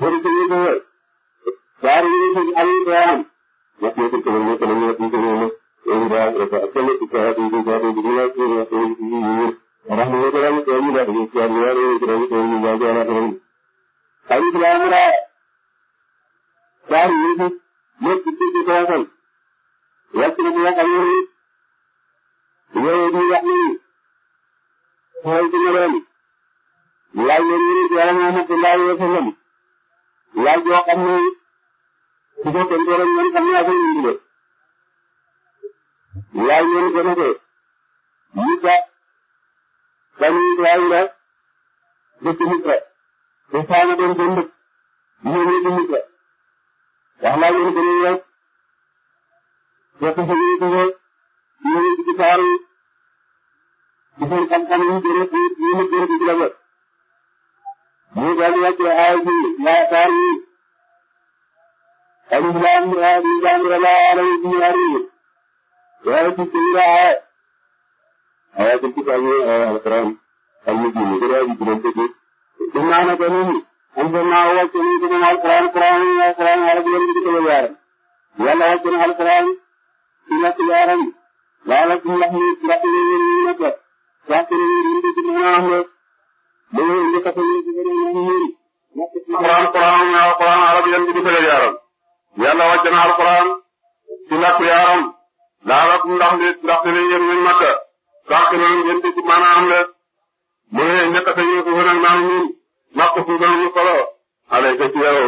Jadi itu dari itu aliran. Jadi itu kalau kalau itu kalau Orang itu kalau kita di di di di di di di orang itu orang itu orang itu orang itu orang itu orang itu orang itu orang itu orang itu Tapi kalau mereka dari itu mereka itu kita akan waktu mereka kali ini dia ini ini Hal itu mereka mulai dari dia mengambil dari Rasulullah yaay joo xam ne su ko tontóoree xam naa koy indilee yaay ñoom ko ne ko Musa bani Israayila dëkk Misra te saana doon seen dëkk ñoom ñu di Misra wax naa leen ko nii rek fekk sa ñu ko ñoom ñu di saaru ci seen xam-xam yi gën a ñu gën a la mu daal di wàcce aaya laa saar yi alif laam raa bi laam ra laa lay bi hari waaye ci ci ra aaya ci ci kañu alquran almu ji ni gara ji dum ko dum na na ko ni am ba na wàcce ni dum alquran alquran alquran wala bi ni ko yar yalla wàcce na alquran ci la ci yaram la la la ni la ni ni ko wàcce ba yéen ñu fas yéene ci beneen yi ñu yéen. alquran alquran ñu alquran arab yan bi di bële yaaram. yàlla wàcc na alquran ci làkku yaaram. laalakum ndax li ndax li yéen ñu màkk. sax ci loolu ngeen di ci maanaam la. mu ne ñett a tëjee ko nag naa ñun. màkk fu gën ñu solo. allé ko ci yow.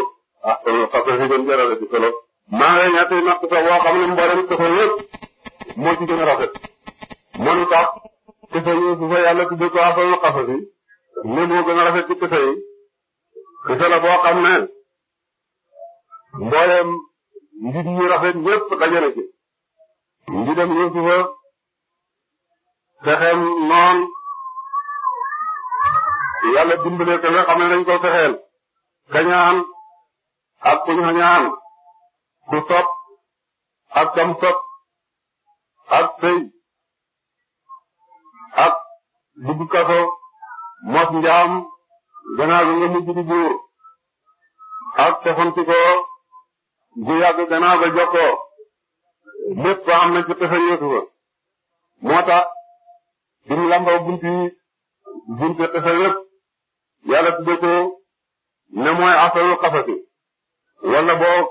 ah kon fas yéene gën jërële ci solo. maa ngi ñaata màkk sa boo xam fa yëpp. moo ci gën a rafet. moo ñu tax. te fa fa yàlla tuddee ko affaire ne moo gën a rafet ci kese yi kese la boo xam ne mbooleem njiit yu rafet ñëpp dajale ci njiitam Yusufa fexeem noon yàlla dimbale ka nga xam ne dañ ko fexeel kañaan ak ku ñañaan ku sopp ak kam sopp ak sëy ak dugg kaso mos njaam gannaaw ba nga mujj buur ak taxantikoo gu yàgg gannaaw ba jokkoo lépp am na ci pexe yëpp ba moo tax bi mu lamboo bunti bunti pexe yëpp yàlla tudde ko ne mooy asalul xasasi wala boog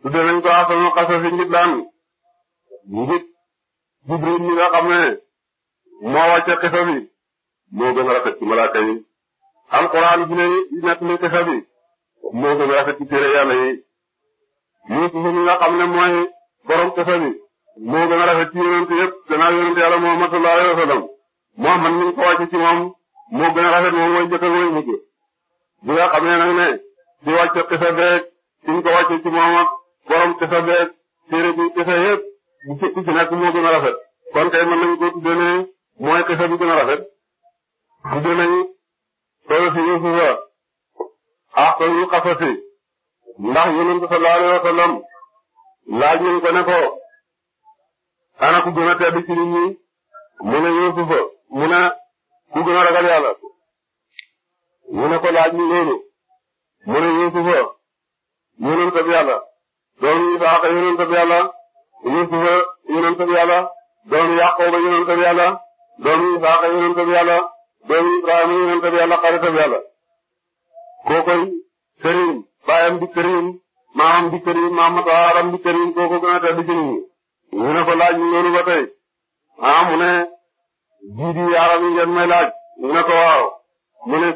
tudde nañ ko asalul xasasi ngir daan ngir Jibril mi nga xam ne moo wàcce xisa bi moo gën a rafet ci malaaka yi alxuraan bi ne nekk na kese moo gën a rafet ci téere yàlla yi Yuusuf mi nga xam ne mooy borom kese moo gën a rafet ci yonent yëpp danaa yonent yàlla Muhammad sallallahu alayhi wa sallam Muhammad mi ko ci moom moo gën a rafet moom mooy jëkk mooy mujj bi nga xam ne nag ne di wàcc kese ci ñu ko ci moom ak borom kese beeg téere bi kese yëpp bu ci nekk moo gën a rafet kon kay mën nañu ko tuddee ne mooy gën a rafet digg nañu suratu Yuusufa ahsanul qasasi ndax yonent sallallahu alayhi wa sallam laaj nañ ko ne ana ku gën a tedd ci nit mu ne Yuusufa mu ku gën a ragal yàlla ñu ne ko laaj ñu loolu mu Yuusufa yonent bi yàlla doomu Isaaqa yonent bi yàlla Yuusufa yonent bi yàlla doomu Yaquba yonent bi yàlla doomu Isaaqa yonent bi yàlla doomu Ibrahima yi yonentab yàlla xaritab yàlla kookoy kërim baayam di kërim maamam di kërim maamata aram di kërim kooko gën a tedd ci nit ñi ñu ne ko laaj ñu loolu ba tey ah mu ne jii di yaaram laaj ñu ne ko waaw mu rek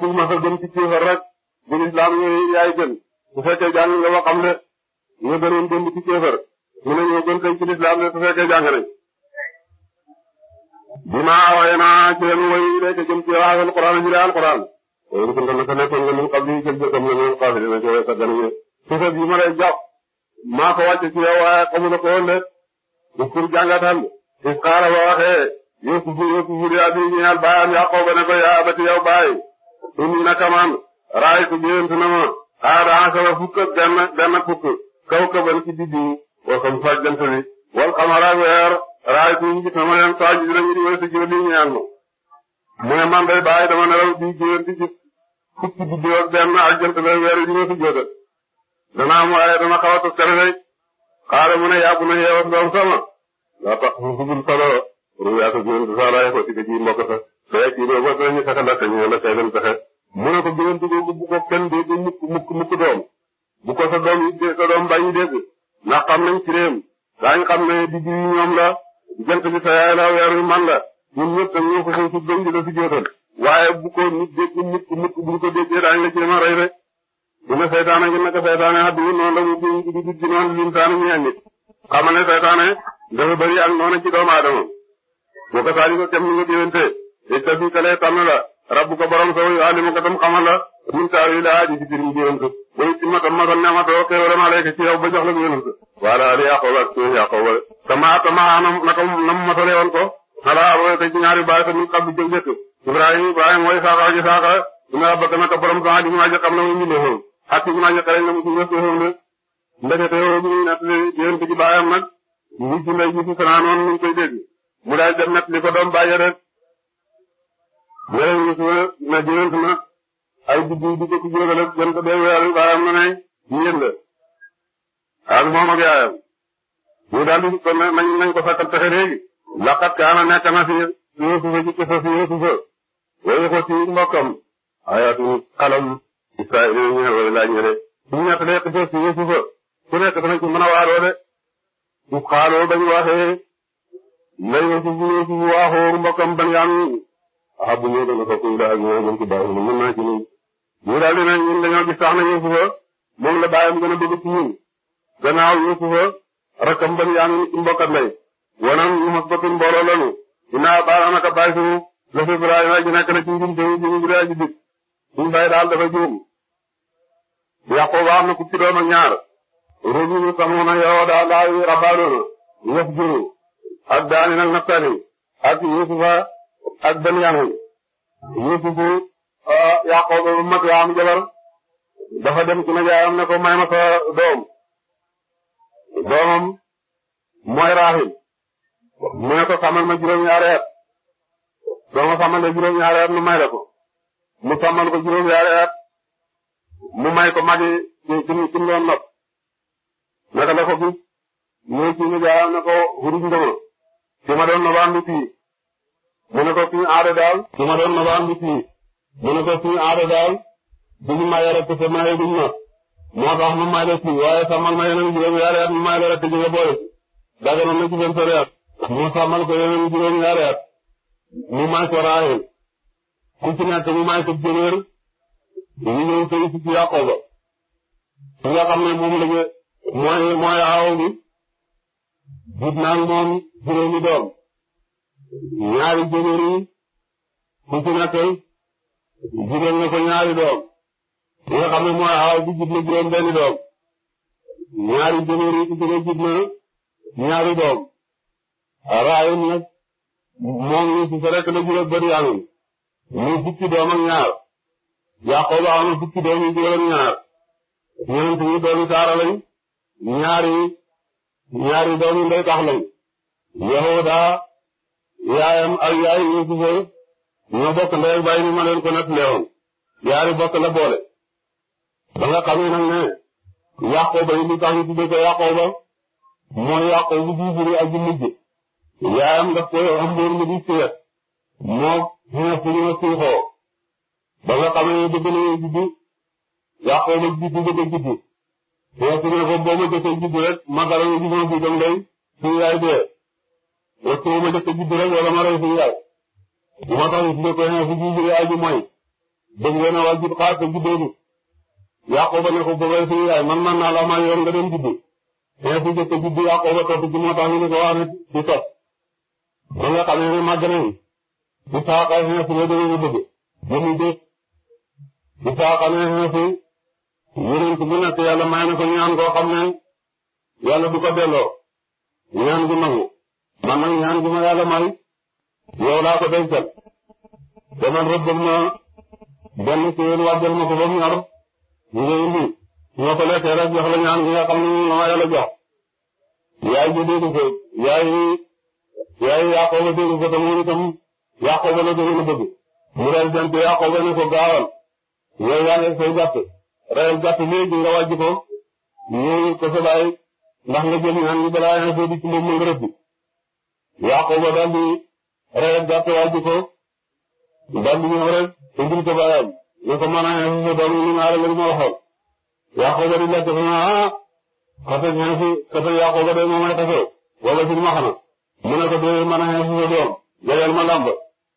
bu lislaam yooyu yaay gën su fekkee jàng nga ba xam ne nga gënoon gëm ci kéefar mu ne ñoo gën tey ci lislaam ne su fekkee jàng bima awayna ci leen way rek jëm ci waa alquran ji la alquran way ko ngam naka nekkoon nga min qabli jël jëkkam nga min qabli na joxe sa ganu sufa bi ma lay jox maa ko wàcce ci yow waaye xamu na ko woon de du is xaara ba waxee yusuf yusuf yu yaa bi ñaal baayam yaqooba ko yaa abati yow baay inni naka man raay ku jéentu na ma xaada asaba fukk ak benn benn fukk kaw ci biddi wal xamara weer raay bi ñu gis ne ma leen saa a tos terefeeg xaaral mu ñoom la jant bi sa yaay la weer wi man la ñun ñëpp dañoo ko xëy si gën di la si jootal waaye bu ko nit dégg mukk mukk bu ñu ko déggee daañu la jéem a rey rek a saytaane ngeen naka saytaane àdduna noonu la mu di di di noonu lim taanu ñeent nit. xam nga ne saytaane dafa bëri ak noonu ci doomu aadama boo ko saali ko kenn ni nga déwéntee te te fi kalee tànn la rabbu sa waa li mu tam xamal la min taaru yi laa ji ci biir mu jéem sa. ba ma lay ci yow ba jox wala li yaqoob ak suñu yaqoob kama atama naka nam matale ko ala aroye te ci ñaari baay te min qablu jëg jëkk ibrahim ibrahim wa isaaka ak isaaka ina rabbaka naka borom sa di mu aje xam na mu mbinde xew ak mu aje xereñ na mu ci ñëf xew mu ci lay gisu mu daal dem nettali ko doom bàyyi su na ay biddi di ko ci jëgal bee weer baayam na ne yéen la ak moom ak yaayam ñu daal di ko nañ nañ ko sàkkal pexe léegi laqat kaana nekk na fi Yuusufa ci kisa si Yuusufa wooyu ko ci mbokkam ayaatu xalam Israël ñu ñëw laaj ñu de bu ñu nettalee kisa si Yuusufa ku nekk danañ ko mën a waaroo de bu xaaloo bañ waxee lay Yuusuf Yuusuf waaxoo mbokkam bañ yaam ah bu ñëw dana ko kuy daal ñu mën ci bàyyi mën naa ñu daal di ne ñun dañoo gis moom la bàyyam gën a bëgg ci gannaaw Yuusufa rakkam Benyamin mbokkat lay wonan nu xasbatun mbooloo lanu dinaa baal anaka baay suñu lëf Ibrahima ji nekk na ci njum te ñu ngi lay ji daal dafa juum Yaquba am na fukki doom ak ñaar Ruuben Samuuna Yahuuda Laawi Rabbaanoona ñëf juru ak Daani nag Naftali ak Yuusufa ak Benyamin Yuusufu ah, Yaquba bu mag yaa am jabar dafa dem ci na jaayam ne ko may doom doomam mooy Rahil mu ne ko ma juróom-ñaari at soo ma sàmmalee juróom-ñaari at mu may la mu sàmmal ko juróom-ñaari at mu may ko magi ci ci ci doon nopp naka la ko gis mu ci ñu jaayam ne ko hurij ndama ci ma doon nobaan bi fii mu ne ko fii aada daal ci ma doon nobaan bi fii mu ne ko fii aada daal duñu mayere sa maye duñu nopp moo tax ma may la ci waaye sàmmal ma yeneen juróom-ñaari at ma may la rek jóge boole daganoon na ci benn sori mu sàmmal ko yeneen juróom-ñaari at mu may ko raayel ku ci nekk mu may ko jëwër ñu ñëw sëy si ci yàqoo ba ki nga xam mooy mooy aaw bi jib naag moom juróomi doom ñaari jëwër yi ku ci nekk jibal na ko ñaari doom li nga mooy aw bi jib na juróom benn doom ñaari jëméer yi ci gën a jib na nag moom ni ci sa rek la bari amin muy fukki doom ak ñaar Yaqooba am na fukki doom yi juróom ñaar ñeent yi doomi Saara lañ ñaari ñaari doomi ndey tax lañ Yahuda yaayam ak yaay Yuusufa ñoo bokk ndey ak baay ni ma leen ko nat leewoon yaari bokk la boole ba nga xamee nag ne Yaquba yi li tax ñu tuddee ko Yaquba mooy bu jiitu ak bu yaayam daf koy ëmboon mu di suyat moo xëy na suñu nga xamee ne dëgg nañu juddu Yaquba na suñu ko ma jotee juddu rek magara yi juddu bi dem day suñu ma jotee juddu rek wala ma rey suñu yaay bu ma tax ñu tuddee ko xëy na su jiitu aju na waa jub xaar sa juddoo a ne ko booba suñu yaay man man naa la ma yoon nga doon juddu mais su jëkk juddu Yaaqooba topp ci moo tax ñu ne ko waa nit di topp ba nga xamee ne màgg nañu Isaaqa xeex la dañu bëgg ba mu dee Isaaqa ne xeex yonent bu nekk yàlla may na ko ñaan koo xam ne yàlla du ko delloo ñaan gu nangu man nag ñaan gu ma yàlla may yow laa ko dencal te man rëbbal ma benn ci yéen wàjjal ma ko ba mu ñor ñu ngi indi su ma ko lekkee rek jox la ñaan gi nga xam ne moom la ma yàlla yaay ji dégg ko yaay yaay Yaaqooba dégg ko te moom itam Yaaqooba la dégg na bëgg mu daal jant Yaaqooba ne ko gaawal yow yaa ngi say gàtt reyal gàtt léegi nga wàjj ko ñu ko sa baay nga jël ñaan gi balaa yaa ngi soo di ci moom mu ngi rëdd Yaaqooba ko daal di ñëw rek ko baayam naka maanaam ñoom ñoom ñoom ñaareel lañ ma waxoon Yaquba di lekk fi ah kese ñaari fi kese Yaquba de moom ay kese wala si ma xanaa mu ne ko déedéet maanaam ñoom ñoom ñaareel ma lamb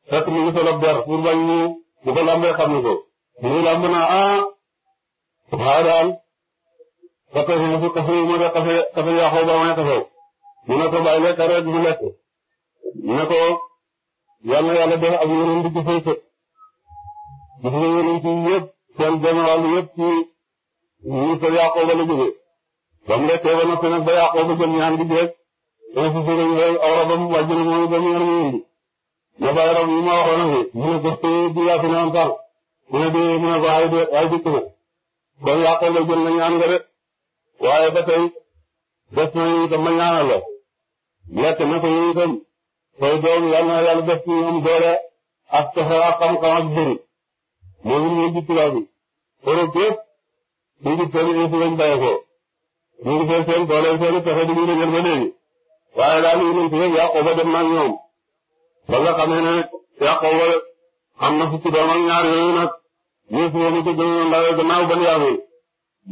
fekk mu ngi sol ab der pour bañ ñu bu ko lambee xam ne ko mu ngi lamb naa ah waaye daal kese fi kese mu ne kese kese Yaquba moom ay mu ne ko bàyyi lekk rek mu lekk ne ko yàlla yàlla def ak yeneen di ci fay dafa yéene ci yëpp seen benn wàll yëpp ci ministère Yaakooba la jóge ba mu lekkee ba noppi nag ba Yaakooba jëm ñaan di jeeg insi sëga ñëw aw rabam wàjj na moom ba mu yor mu indi ma bàyyi rab yi ma waxoon ak mu ne gëstu di yaa fi newoon sànq mu ne dee mu ne ko ay ay dikk na kon jël na ñaan nga de waaye ba tey des na itam ma ñaanal la lekk na ko itam say doom yàlla na yàlla def ci ñoom doole ak taxawaay xam-xam ak bëri mooy ñun ñoo ji tubaab yi. Europe yëpp ñu ngi seen info lañ bàyyi ko ñu ngi seen seen dooleel seen pexe di ñu dëgër ba léegi waaye daal ñu ngi leen Yaquba dem na ñoom ba nga xamee ne Yaquba am na fukki doom ak ñaar yooyu nag ñun si yéen a déglu ñu ndaw gannaaw ba Yaasin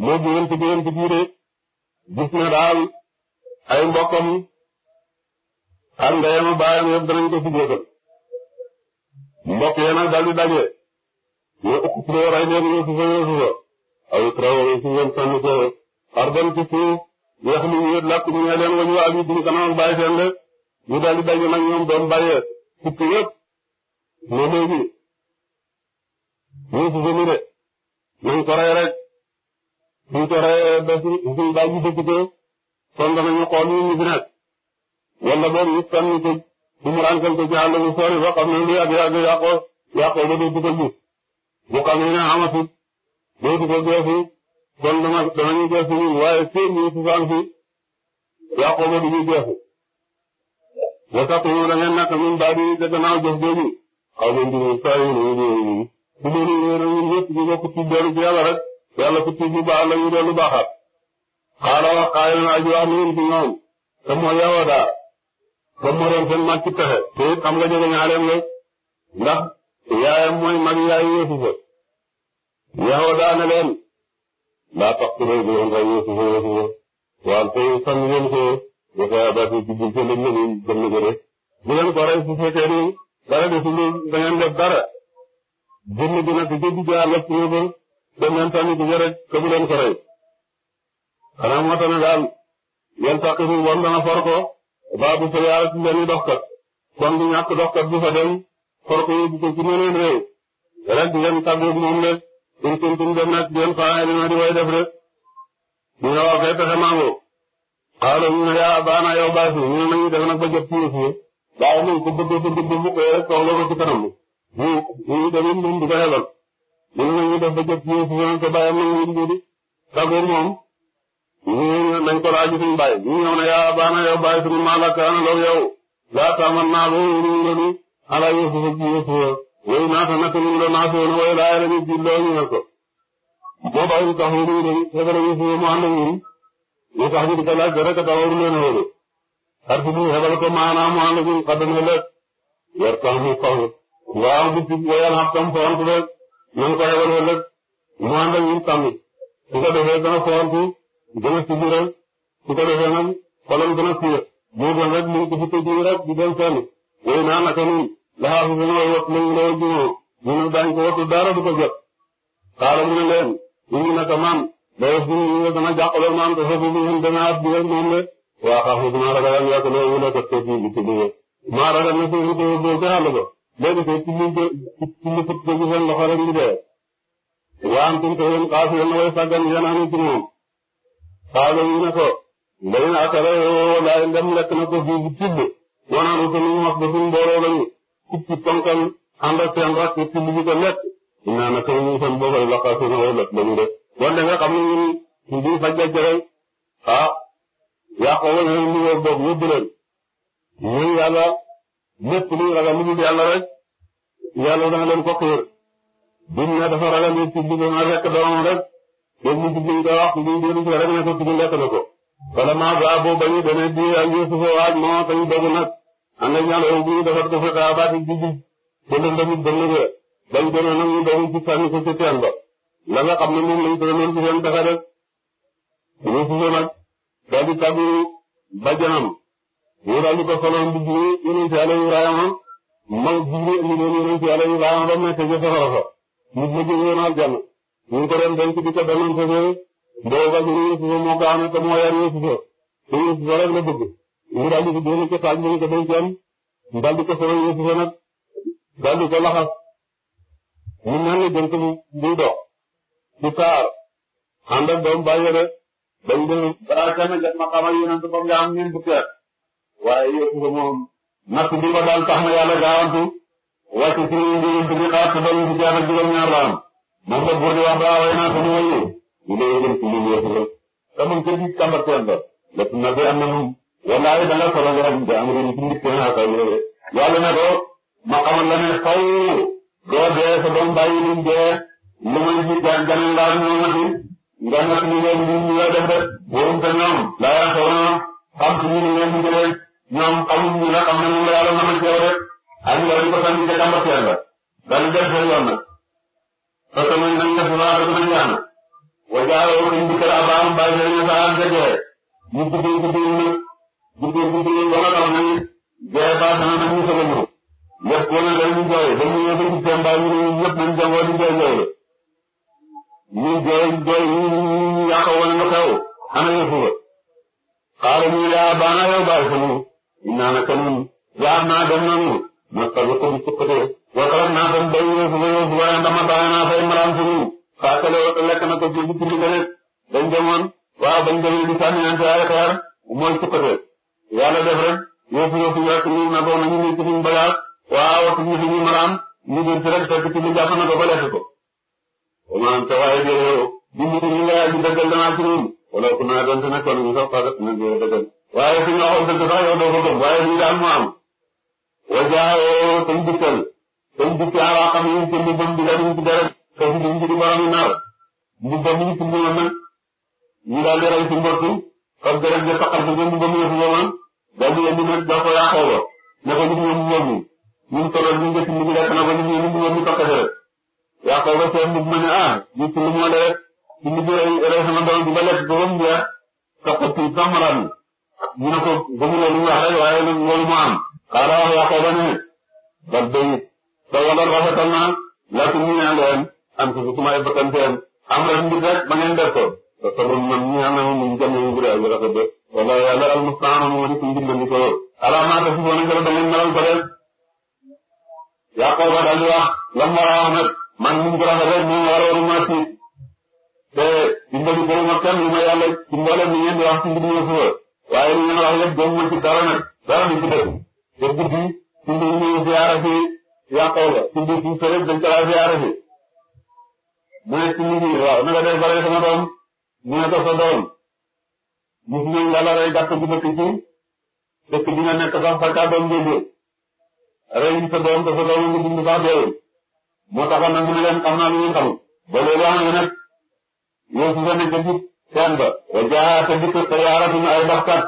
moo jigéen ci jigéen ci biir gis na daal ay mbokkam ak ndeyam baayam yëpp danañ ko si jéggal mbokk yi nag daal di ñoo ëpp ci ñoo ray leen ñu suufa ñoo suufa ay trawoon ci ngeen sànni ko ardan ci suuf yoo xam ne làkk ñu ne ñu duñu kanam ak bàyyi seen ñu daal di daje nag ñoom doon bàyyee fukk yëpp moo léegi ñu suufa mi de nañ ko rek ñu ko ba si suñ bàyyi dëkk ko kon danañu xool ñu ñu fi nekk wala boog ñu sànni ko bu mu rànkal ko ci àll bu sori ba xam ne lu yàgg yàgg yàqoo yàqoo ba doo ko mu xam ne amatul dootu ko geesu kon dama danañu geesu ñun waaye si ñun si saan si Yaaqooba du ñu geesu wa taqulu da ngeen nak min baadi te gannaaw jëf jooju xaw ma ndi moom saa yu ne ñu ñu bu ñu ñëwee na baax la ñu doon lu baaxaat xaala wax xaayal na aju wax ñun ci ñoom te mooy yawadaa ba mu doon seen màcc pexe te it xam nga jóge ñaareem yaayam mooy mag yaay Yuusufa Yahuda ne leen laa taqtuluu bu leen rey Yuusufa Yuusufa wante sànni leen ko dafay abaati ci biir jënd njëriñ jënd ko rek bu ko rey su fekkee ni dara de suñu da ngeen def dara jënd bi nag jënd jaar la suñu ba dem leen rek te bu ko rey xanaa moo tax ne daal yéen taqi bi bon for ko baabu sa yaay si benn doxkat kon du bu fa dem. kooku yóbbu ko ci meneen réew rek ngeen tàggoog moom rek in kuntum dem nag ngeen faaye li ma di way def rek ñu ne waaw kay pexe mango xaalo ñu ne yaa baana yow baas ñu ne nañu def nag ba jot ci yëf yi baaye nañ ko bëgg bëgg bëgg ko rek soxla ko ci kanam ñu ñu tamit moom du ko xelal ñu ne nañu def ba jot ci yëf yi ko bàyyam nañ ñu di tàggoog moom ñu nañ ko laaj suñu bàyyi ñu ñëw ne yaa baana yow baay suñu maalaka ana loolu yow laa taaman naa loolu ala Yuusufa ji Yuusufa way naata naka ñu la naata woon way laa la ñu ji moo tax ñu tax ñu ñu dem fekk na Yuusufa mu ànd ak ñun ñu tax ñu di ko laaj rek tawaru leen woon xar ko maanaam mu ànd ak ñun xadd na lekk yor tax mu tax waaw bu ci wayal rek nañ ko xebal woon rek mu ànd ak ñun tamit su ko defee dana font gën a sigi rek su ko defee rek mu ngi ko fi tëj rek wéy naa naka ñun laxaar fi ñu koy wax mu ngi lay juumoo ñun daañu ko wattu dara du ko jot xaaral mu ne leen ñu ngi naka man day fi ngi dana jàqaloon maam te foofu ñu ngi demee at la waa xaar fi dinaa ragal ak yàq loolu la ko teg ñu ci biir maa ragal na fi ñu koy boo ca àll dee. yaa am tuuti yéen xaar fi a way sàggan yéen a ngi ci moom xaaral ñu ne ko léegi nag ak a lay woo laay dem lekk na ko fii wanaa du tënnu wax ba suñu mbooloo lañu kuppi ponkal ànd ak seen rakk ci ko lekk dinaa ne kay ñu seen bopp rek la xaar seen wala lekk lañu def. wante nga xam ne ñun ñu ngi faj a jafe ah yàqoo ba ñoom ñu ngi bokk yóbbu leen muy yàlla lépp luy ragal lu dul yàlla rek yàlla dana leen ko xiir buñ dafa ragal ci li ko ma rekk doomam rek léegi ñu tudd ñu koy wax ñu ngi leen di rek ne ko tudd lekk na ko. bala maa baax boo bañ a demee bii ak Yuusufa waaj moo tax ñu dogu nag ànd ak ñaar bu ñu defar ko fa daabaati ji ji te dem tamit dem na de bañ demee nag ñu dogu ci sànni ko ci teen ba la nga xam ne moom lañ tëraloon ci seen pexe rek Yuusufa nag daal di tàggu bàjjanam ñu daal di ko soloon di ji yonent Yàlla Ibrahima ma ji indi leen yonent Yàlla Ibrahima ba mu nekk ca safara fa mu mujj yoon aljanna ñu ko doon denc di ko demoon ndey ba ñu Yuusufa moo ko amee te moo yar Yuusufa te Yuusufa rek la bëgg mu daal di ko génne ca saaj ba ñu ko solo Yuusufa nag daal di ko laxas mu mel ni jant bu buy dox doom bàyyi rek dañ doon balaa kenn jot ma xamal yéen a ngi ko am ñeent fukki at waaye Yuusufa moom natt bi na yàlla gaawantu wàcc ci ñun di di xaar naa ko li lay jëm ci lii yëpp rek sama njëg yi tàmbateel la lépp nag am na ñun wallaahi da nga soxla nga xam ne am na ñu ci nit kenn ak ay yore yàlla ne ko ma xamal la ne sa lu mu dee lu muy ji gan gan laaj ñu ngi nga nekk ñu leen ñu ñu lay def rek wóorum te ñoom laa yaa soxla xam ci leen ñu rek ñoom xamul ñu ne xam nañu la yàlla mën a teew rek ak nga di ko sant ca tàmbateel la dañu def seen yoon nag parce que ñun dañu def lu baax rek dañu yaanu wajaare yi ñu dikkal abaam bàyyi leen ne saa jege ñu guddee guddee nit guddee guddee ba nga xam jaay baax na dañuy sëgëmu ñëpp wane dañuy jooy dañuy ñëw dañuy jëm baa ñu ne ñëpp dañu jàngoo ana yëfu ba xaaral ñu yaa na yow bàyyi sunu naan ak kanam yaa naa dem naa fay maram sunu paakale lekk na ko jiw jiw leneen dañ demoon waaw bañ demee di sànni naan ay xeer mooy sukkate yàlla def rek yëpp yëpp yàq na ko ñu nekk suñu bagaas waaw suñu suñu maraam ñu gën ci rek fekk ci lu jàpp na ko ba lekk ko. maanaam te waaye bi yow bi mu ñu nga di dëggal danaa ci ñun wala ku a doon te nekkoon ñu sax parce que dina jëlee dëggal waaye suñu waxoon dëgg sax yow doo yi ñu jënd bi la ñu foofu dañ ci di borom naaw mu dem ñu ci mbiroon nag ñu daal di rey ci mbottu parce que dañ koy taxal ci ñoom ba mu yëfu ñoom daal di leen ko yaa xew ko ñu ñoom ñoom ñu ñun tolloo ñu njëkk ñu ngi lekk na ko ñu ñu ñoom ñu tokkate rek yaa xew ba seen mbub ma ne ah ñu ci lu mu wane rek ci mu jël rey sama doom bi ba lekk ko ko ci sàmmalaan ñu ne ko ba mu loolu wax rek waaye nag sa wala rafetal na laatu ñu ñaan leen am ci suma ay bëkkanteen am rek mbir rek ba ngeen def ko te sabru man ñi nga xam ne moom jënd yu bëri yu rafet de wala yàlla al mustaan mu ngi ci mbir la ñu ko yor alaamaata si woon nga da ngeen melal ko rek Yaqooba daal di wax lam war a wax nag man mu ngi rafet rek moom waroon ma ci te dimbali ko ma kenn lu ma yàlla ci mboolem ni ngeen di wax ci mbir mi suba waaye li ngeen wax yëpp doom ma ci dara nag dara ni ci def te guddi ci mbir mi ziyaara fi Yaqooba ci mbir mi sëriñ dañ ko laa ziyaara fi mu ne ci mujj yi waaw na nga def ba rey sama doom mu ne ko sa doom gis nañ la la rey gàtt bu dëkk ci dëkk bi nga nekk sax sa kàddoom déedéet rey sa doom te sa doom nga dund baax deewul moo taxoon nag mu leen xam naa lu ngeen ba léegi wax nga nag yow si sa nekk ci seen ba. wa jaa te dikk te yaaratuñu ay baxkat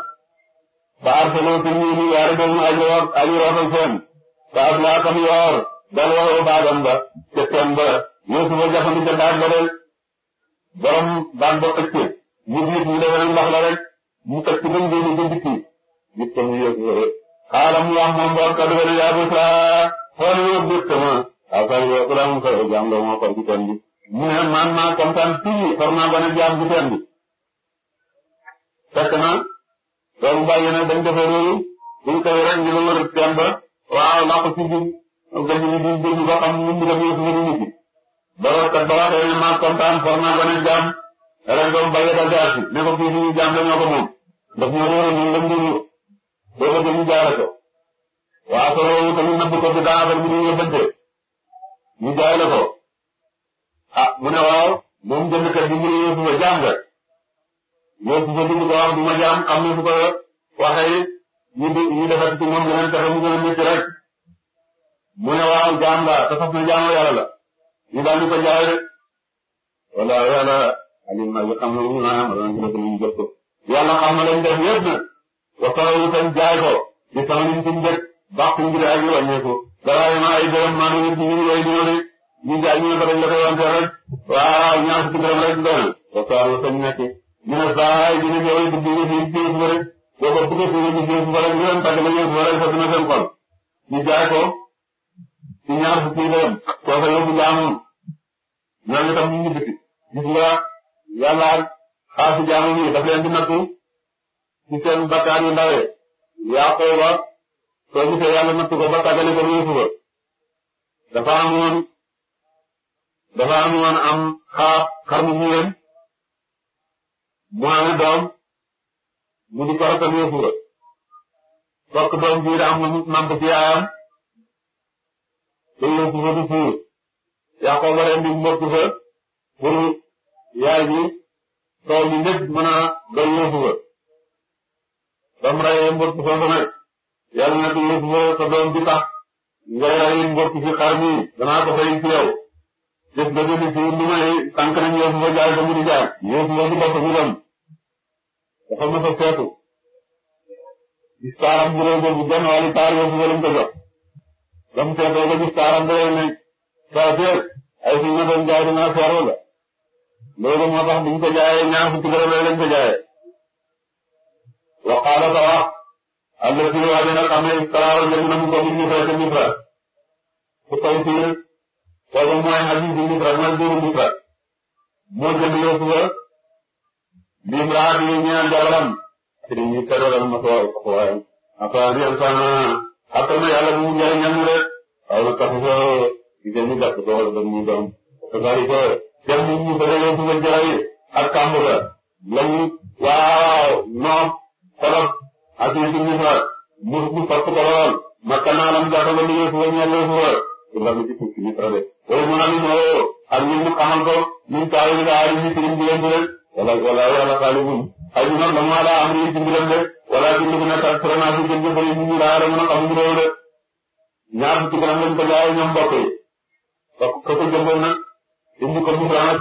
ba arsaloo si ñuy ñu yaare doomu aji wax aji roofal seen. te as laa xam yoor dal waxoo baagam ba te seen ba. yooyu su ma jàppandi ca baag ba rek mu jiit mu demee ndox la rek mu xëcc ba mu génn jënd kii nit ko mu yëg xaaral mu wax moom borom kaddu gi yaa bëgg saa xool nga bëgg sama affaire yooyu balaa mu koy jàng moo koy ci teen bi mu ne man maa kontaan fii xor naa ba ne jaam ci teen bi fekk na loolu bàyyi na dañ defee loolu suñ koy rek ñu la wër teen ba waaw laq ci biir gàncax gi biir ba ba kat balaa koy ne maa kontaan for naa gone jaam ren doom bàyyi ne ko fii suñu jaam la ko moom ndax ñoo réeroon ñun lañ doon wut ko jël waa soo tamit nëbb ko bi daa ba mu ñu yóbbante ñu jaay ko ah mu waaw moom jëndkat bi mu ba jaam nga ba dund ko wax du ma jaam xam ne su ko waxee ñu di ñu defati waaw jaam nga na jaamu yàlla la ñu daal di ko jaay rek wala yàlla alim na xam mu naan wala ñu def ñu jot ko yàlla xam na lañ def yëpp nag ba pare ñu koy jaay ko di sama liñ ci njëkk bàq ngir ay ñu wàññeeku. dara yi ma ay dërëm maa ngi ñu ngi lay ñu ne ñu jaay ñu ne ko dañ la koy wante rek waaw ñaar fukki dërëm rek doy na. ba pare sañ nekk ñu ne a dugg di dugg ba rek jaay ko. ci ñaar fukki yi la yem kooka yow bi jaamu ñooñu tam ñu ngi dëkk gis nga yàlla xaasi jaamu yi daf leen di nattu ci seen bakkaar yu ndawe Yaaqooba soo gisee yàlla nattu ko ba tàggale ko yëfu ba dafa amoon dafa amoon am xaar xar mu ñëwee mu amee doom mu di ko rafetlu yëfu ba fokk doom bii daa am lu mu nàmp ci yaayam. te fa du fuur Yaakooba rendi mbott fa pour yaay ji tool bi lépp mën a fa ba mu rayee mbott foofu nag yàlla na du yóbbu fa sa doom nga rey mbott fi xar danaa ko fay ci yow jëf nga jëli fi lu may fa jaay fa mu di jaay fa du bopp mu dem dafa mos a seetu gis taaram bu réew bu genn wàllu fa lañ ko dam seetoo ba gis taaram ba ne saafeer ay fi ñu doon jaay dinaa seeru loolu moo tax duñ ko jaayee ñaar fukki dara loolu lañ ko jaayee waqaala ta wax allati waaja nga xam ne salaara njëriñ na mu ko bind fa te misra su koy fiir kooku mooy xaji bi misra mooy buuru misra moo jënd yoosuwa limraat yi ñaan jabaram sëriñ yi teroral ma soo waaye ma soo xatal na yàlla mu njëriñam rek waaye lu tax nga gisee ñu ko wala ba mu doon c'est-à-dire que dem ñu ak kàmb ga waaw noom xolot ak yëngu ñu fa mu mu ko lool makka naa la mu gàttal lu yëfu ba ñàll yëfu ba pour de wala mu naan ñu aju nag la mu ala am ni ci mbiram de wala ci lu nekk ak prévention bi jëm jëfandikoo ñu daal mën a xamuñu loolu de ñaar fukki kanam lañ ko jaayee ñoom mbokk yi ba ko ko jëndoon nag indi ko bu baax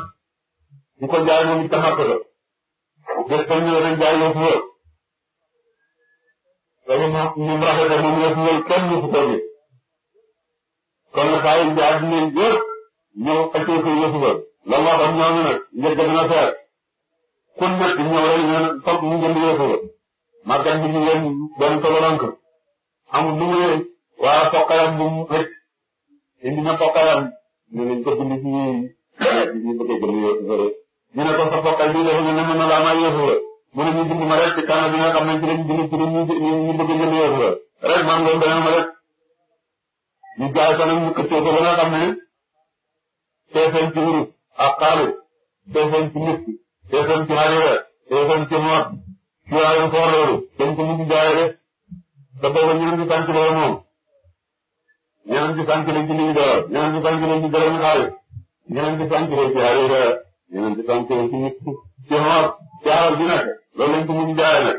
ko jaay moom itam ak la des ko ñëw nañ jaay yoo fi loolu moom moom rafetal moom yoo fi wër kenn du fi toog it kon nag saa yu jaay dinañ yëpp ñëw xëccoo ko yoo fi wër la mu wax ak ñoom nag njëkk dina seet. kun nekk ñëw rek ñu ne toog ñu jënd yéex a yéex màggal bi ñu leen benn tolérance amul lu mu yéex waa Poqalam bu mu rek indi na Poqalam ñu ne ñu ko bind ci ñu bëgg a jënd yéex a rek ñu ne ko sa Poqal bii dafa mel ne mën na laa may yéex a rek mu ne ñu bind ma rek ci kanam bi nga xam ne ci lañ bind ci lañ ñu bëgg a jënd yéex a rek man loolu beneen ma rek ñu jaay kanam ñu këccoo ko ba nga xam ne teefeel ci wurus ak xaalis teefeel ci nit teefan ci xarira teefan ci noot ci waaru koor loolu dañ ko mujj jaay de te booba ñeneen ci tànk la moom ñeneen ci tànk lañ ci liñ dara ñeneen ci tànk lañ ci dara ñu xaalis ñeneen ci tànk lañ ci xarira ñeneen ci tànk lañ ci nit ci noot ci xaral bi nekk loolu lañ ko mujj jaay nag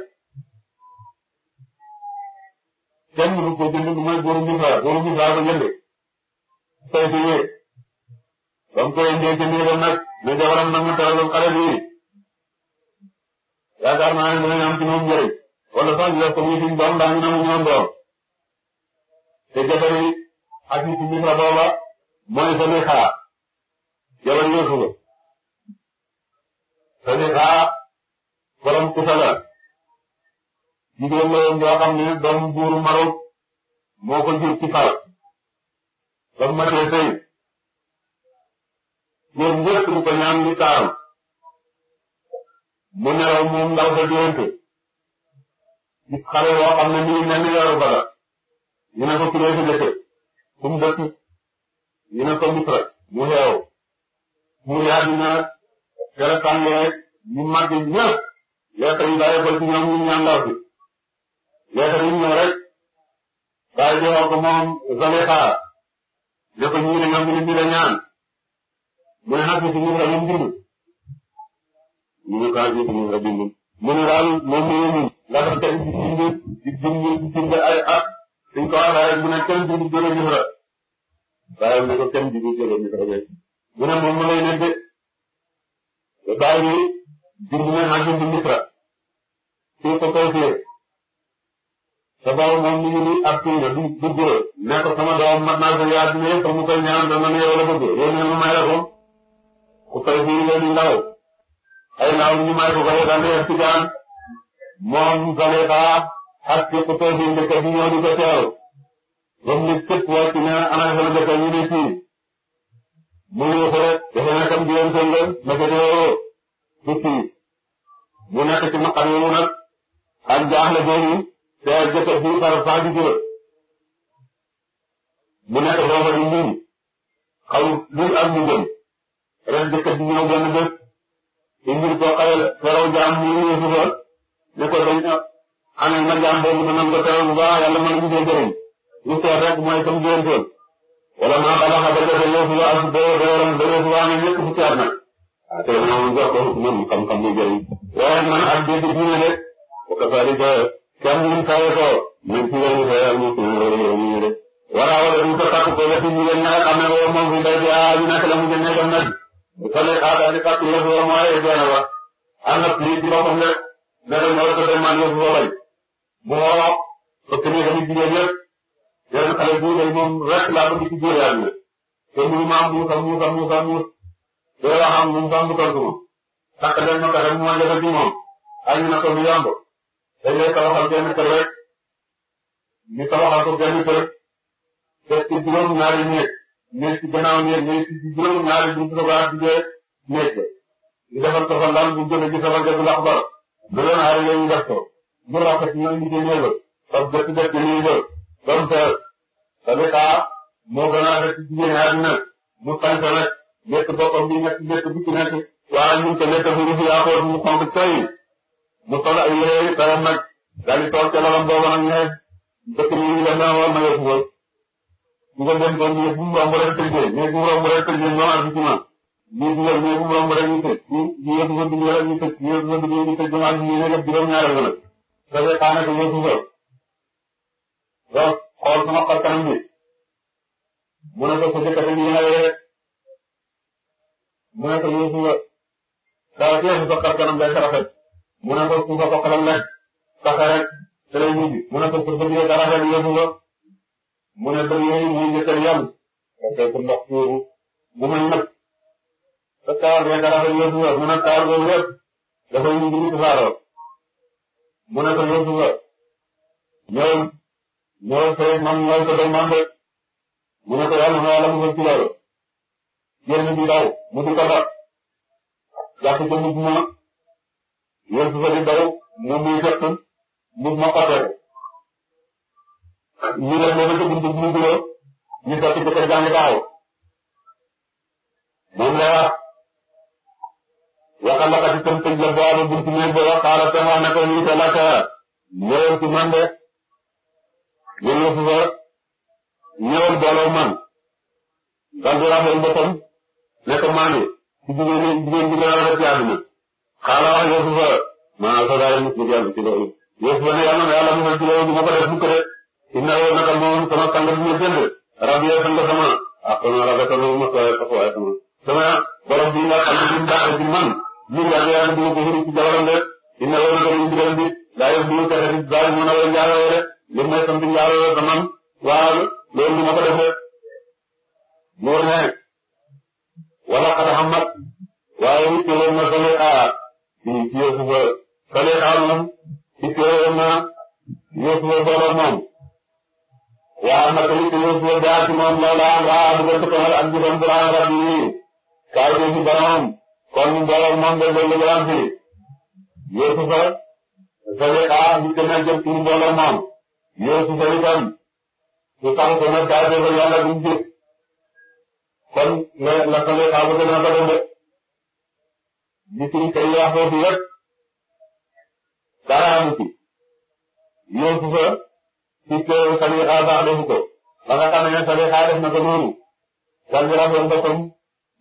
kenn mënu ko jënd mooy góoru misaal góoru misaal ba jënd saytu yee ba mu koy indee ci néegam nag ne jabaram nangu teraloon xale bi yaakaar naa ne dinañ am ci moom njëriñ wala sax ñu def ko muy suñu doom daañu ñoom doom te jabar yi ak booba mooy sëñ jabar yëngu ko sëñ xaar kusala jigéen la woon yoo xam ne doomu buuru moo ko jur ci far ba mu matee sëy ñoom ñëpp ñu mu nelaw moom ndaw sa diwante gis xale boo xam ne nii mel ni weeru bada ñu ne ko kuree sa dëkk fu mu dëkk ñu ne ko Misra mu xeew mu yaatu na gërëm tàngee ñu màgg ñëpp leeta yi bàyyi ko ci ñoom ñu ñaan ndaw si leeta yi ñëw rek bàyyi joxoo ko moom Zalexa ne ko ñii dañoo gën a ñaan mu ne xas na ci Misra ñu dund ñu ngi ko ñu ngi ko bindul. mu ne daal moom la ñu ndax dañ ci bind di bind bind ay at suñ ko waxee rek mu ne kenn du jëlee misra bàyyi mu ne ko kenn du jëlee misra beeg mu ne moom mu lay nekk de bàyyi bi bind na naa bind misra suñ ko koy fiyee te boobu moom mi ngi nii ak suñ la du du jëlee ne ko sama doom mat naa ko yaatu ne comme mu koy ñaan dama ne yow la bëgg yow ne ma may la ko ku koy fii la di ndaw. ay ndaw ñu may ko gën a gàncax gi daan moom Zaleta ak képp koo fi a ji ñëw di ko teew ba mu nekk képp wàcc na ana xel njëkk a ne fii mu ngi ko rek defe naa tam jiwoon seen ngeen naka teewoo ci fii mu nekk ci naqar yooyu nag ak jaaxle boobu te ak jot a fii par saa di jël mu nekk foofa di mbiru xaw lu am lu jëm rek a ji ñëw benn bés. mbir boo xawee la teraw jaam mu ñëw si lool ko dañ amee ma jaam boobu ma nan ko teraw bu baax yàlla mën nañu see jëriñ li seet rek mooy sam jëriñtoon wala maa xam dafa bëgg a yóbbu la ak bëree bëreeram bëree bu baax ne ñëpp ci seet nag. ah tey moom jox ko man xam-xam muy jëriñ. waaye man ak dégg diine de bu ko faa di man ci wàllu xeer ñu ci wàllu yow ñu ah mu jëndee dem nag. bu ko nekk xaaral di fàttali nga fi war a mooy ay benn ba ànd ak lii ci boppam rek nga dem wala sa demande nga fi war a béy bu waroo ba tënee ko nit jigéen ñëpp yeneen xale bu day moom rek laa bëgg ci góor yàlla te mënu maa muus ak muus ak muus ak muus te yoo xam ne mu tontu ma takk leen ma kat rek moo jafe ci moom añu na ko lu yomb dañ lay tabaxal benn kër rek ñu tabaxal ko benn kër te ci juróom ñaari néeg nekk ci gannaaw ñëw nekk ci juróom ñaari buntu ba a duggee nekk ñu defal ko fa lan bu jëlee ci sama gerte ndax ba bu doon aar yooyu def ko bu rafet ñoom ñu koy ñëwal parce que gerte gi ñuy ñëw comme teel tamit ah moo gën a rafet ci jigéen àddina mu sant nag nekk boppam bi nekk nekk bu ci nekk. waaye ñun te nekk bu ñu fi yaakoo mu xonk tey mu sol ay yére yu tawam nag daal di toog ca lalam boobu nag ne dëkk bi ñu def na war na yëfu digal leen benn yëpp bu mu romb rek tëjee mais bu mu romb rek tëjee ñu naan ci ma ñu digal mais bu mu romb rek ñu tëj ñu yëpp nga digal rek ñu tëj ñu yëpp nga digal ñu tëj ñu naan ñu nekk juróom-ñaareel la. parce que xaaral dañoo suufal donc xool sama xar kanam bi mu ne ko sa jëkkër dañuy ñaareel rek mu ne ko ñu suufal daa teew sa xar kanam day rafet mu ne ko suufal ko xalam rek sax rek te lay mujj mu ne ko sa jëkkër daa rafet ñu suufal mu ne ba mu njëkk a yem parce que ndox tuuru bu ma ñëpp te taar rek dafa yóbbu wër mu ne taar boobu yëpp dafa mu ne ko yóbbu wër ñëw ñëw fee man ñëw ko doy mu ne ko yàlla na yàlla mu ngi ci loolu génn mu di mu ma yóbbu fa di daw mu muy fett mu ma xotee lii rek moo bëgg dund dund loo ñu sotti ci kër jàng taxaw moom la wax waxal la kat itam tëj la boo amee buntu néeg ba wax xaaral seen wax naka lii te laata ñëwal ci man de ñëw la fi fa ñëwal booloo man dal di rafetlu boppam nekk maa ngi ci jigéen jigéen bi gën a rafet ci àdduna xaaral wax yow fi fa maanaam sa daal nit ñi jàng ci loolu yow fi fa ne yàlla na yàlla mosal ci loolu du ma ko def mukk de inna woo naka moom sama sang bi ma jënd rabbi ya sang sama ah sama rafetal ma sooy taxawaay sama sama borom bi nga xam ne bi mu baax ci man ñu ngi ak yàlla dina ko xëri ci jabaram de inna woo naka ñu digal bi daa yëg bu fexe ci daal mu nawal njaaloo de li may sant njaaloo de man waaw loolu ma ko defee moo ne wala xata xamat waaye witte woon na sole xaar ci ci Yuusufa sole xaar moom witte woon na Yuusufa borom moom waaw naka li ñu ñëw suba jaar ci moom Maodo am waaw bu ko tëkkal ak juróom bu laa war yi kaay ko ci borom kon borom moom day doon lu am fi Yuusufa sadaqa bi gën a jëm ci mbooloo moom Yuusufa itam su tax ko nag kaay ko yàlla duñ ci kon la la sadaqa bu gën a bëgg de gisuñ kay yaa foofu yëpp dara amu ci Yuusufa si ke Saliha baax defu ko ba nga xam ne Saliha def na ko noonu wàllu rafetlu ko comme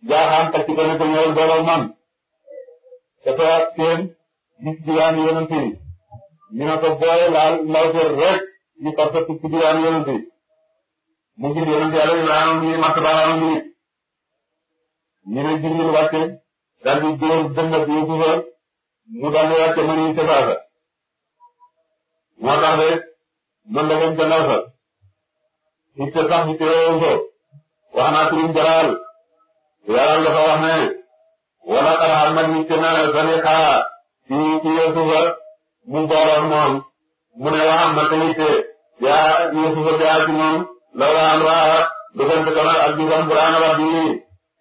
jaaxaan teg ci benn ko ñëwal booloo man dafa ak seen gis diwaan yonent yi ñu ne ko booy laal lawteer rek ñu parce que ci diwaan yonent yi mu gis yonent yàlla Ibrahima ñu mat baaraam ñu ñu ne Jibril wàcce daal di dóor dëndat yi mu daal di wàcce mën yi ca baasa moo tax de noonu la ngeen jëndal fa. itte sax itte woo ko. wax naa turim jalaal. yàlla dafa wax ne. wala xalaat man itte naa sa ne xaar. ci ci Yuusufa mu booloon moom. mu ne waxam na te itte. yaa Yuusufa yaa ci moom. la waan waa. dugante tamit ak biir am buraan wax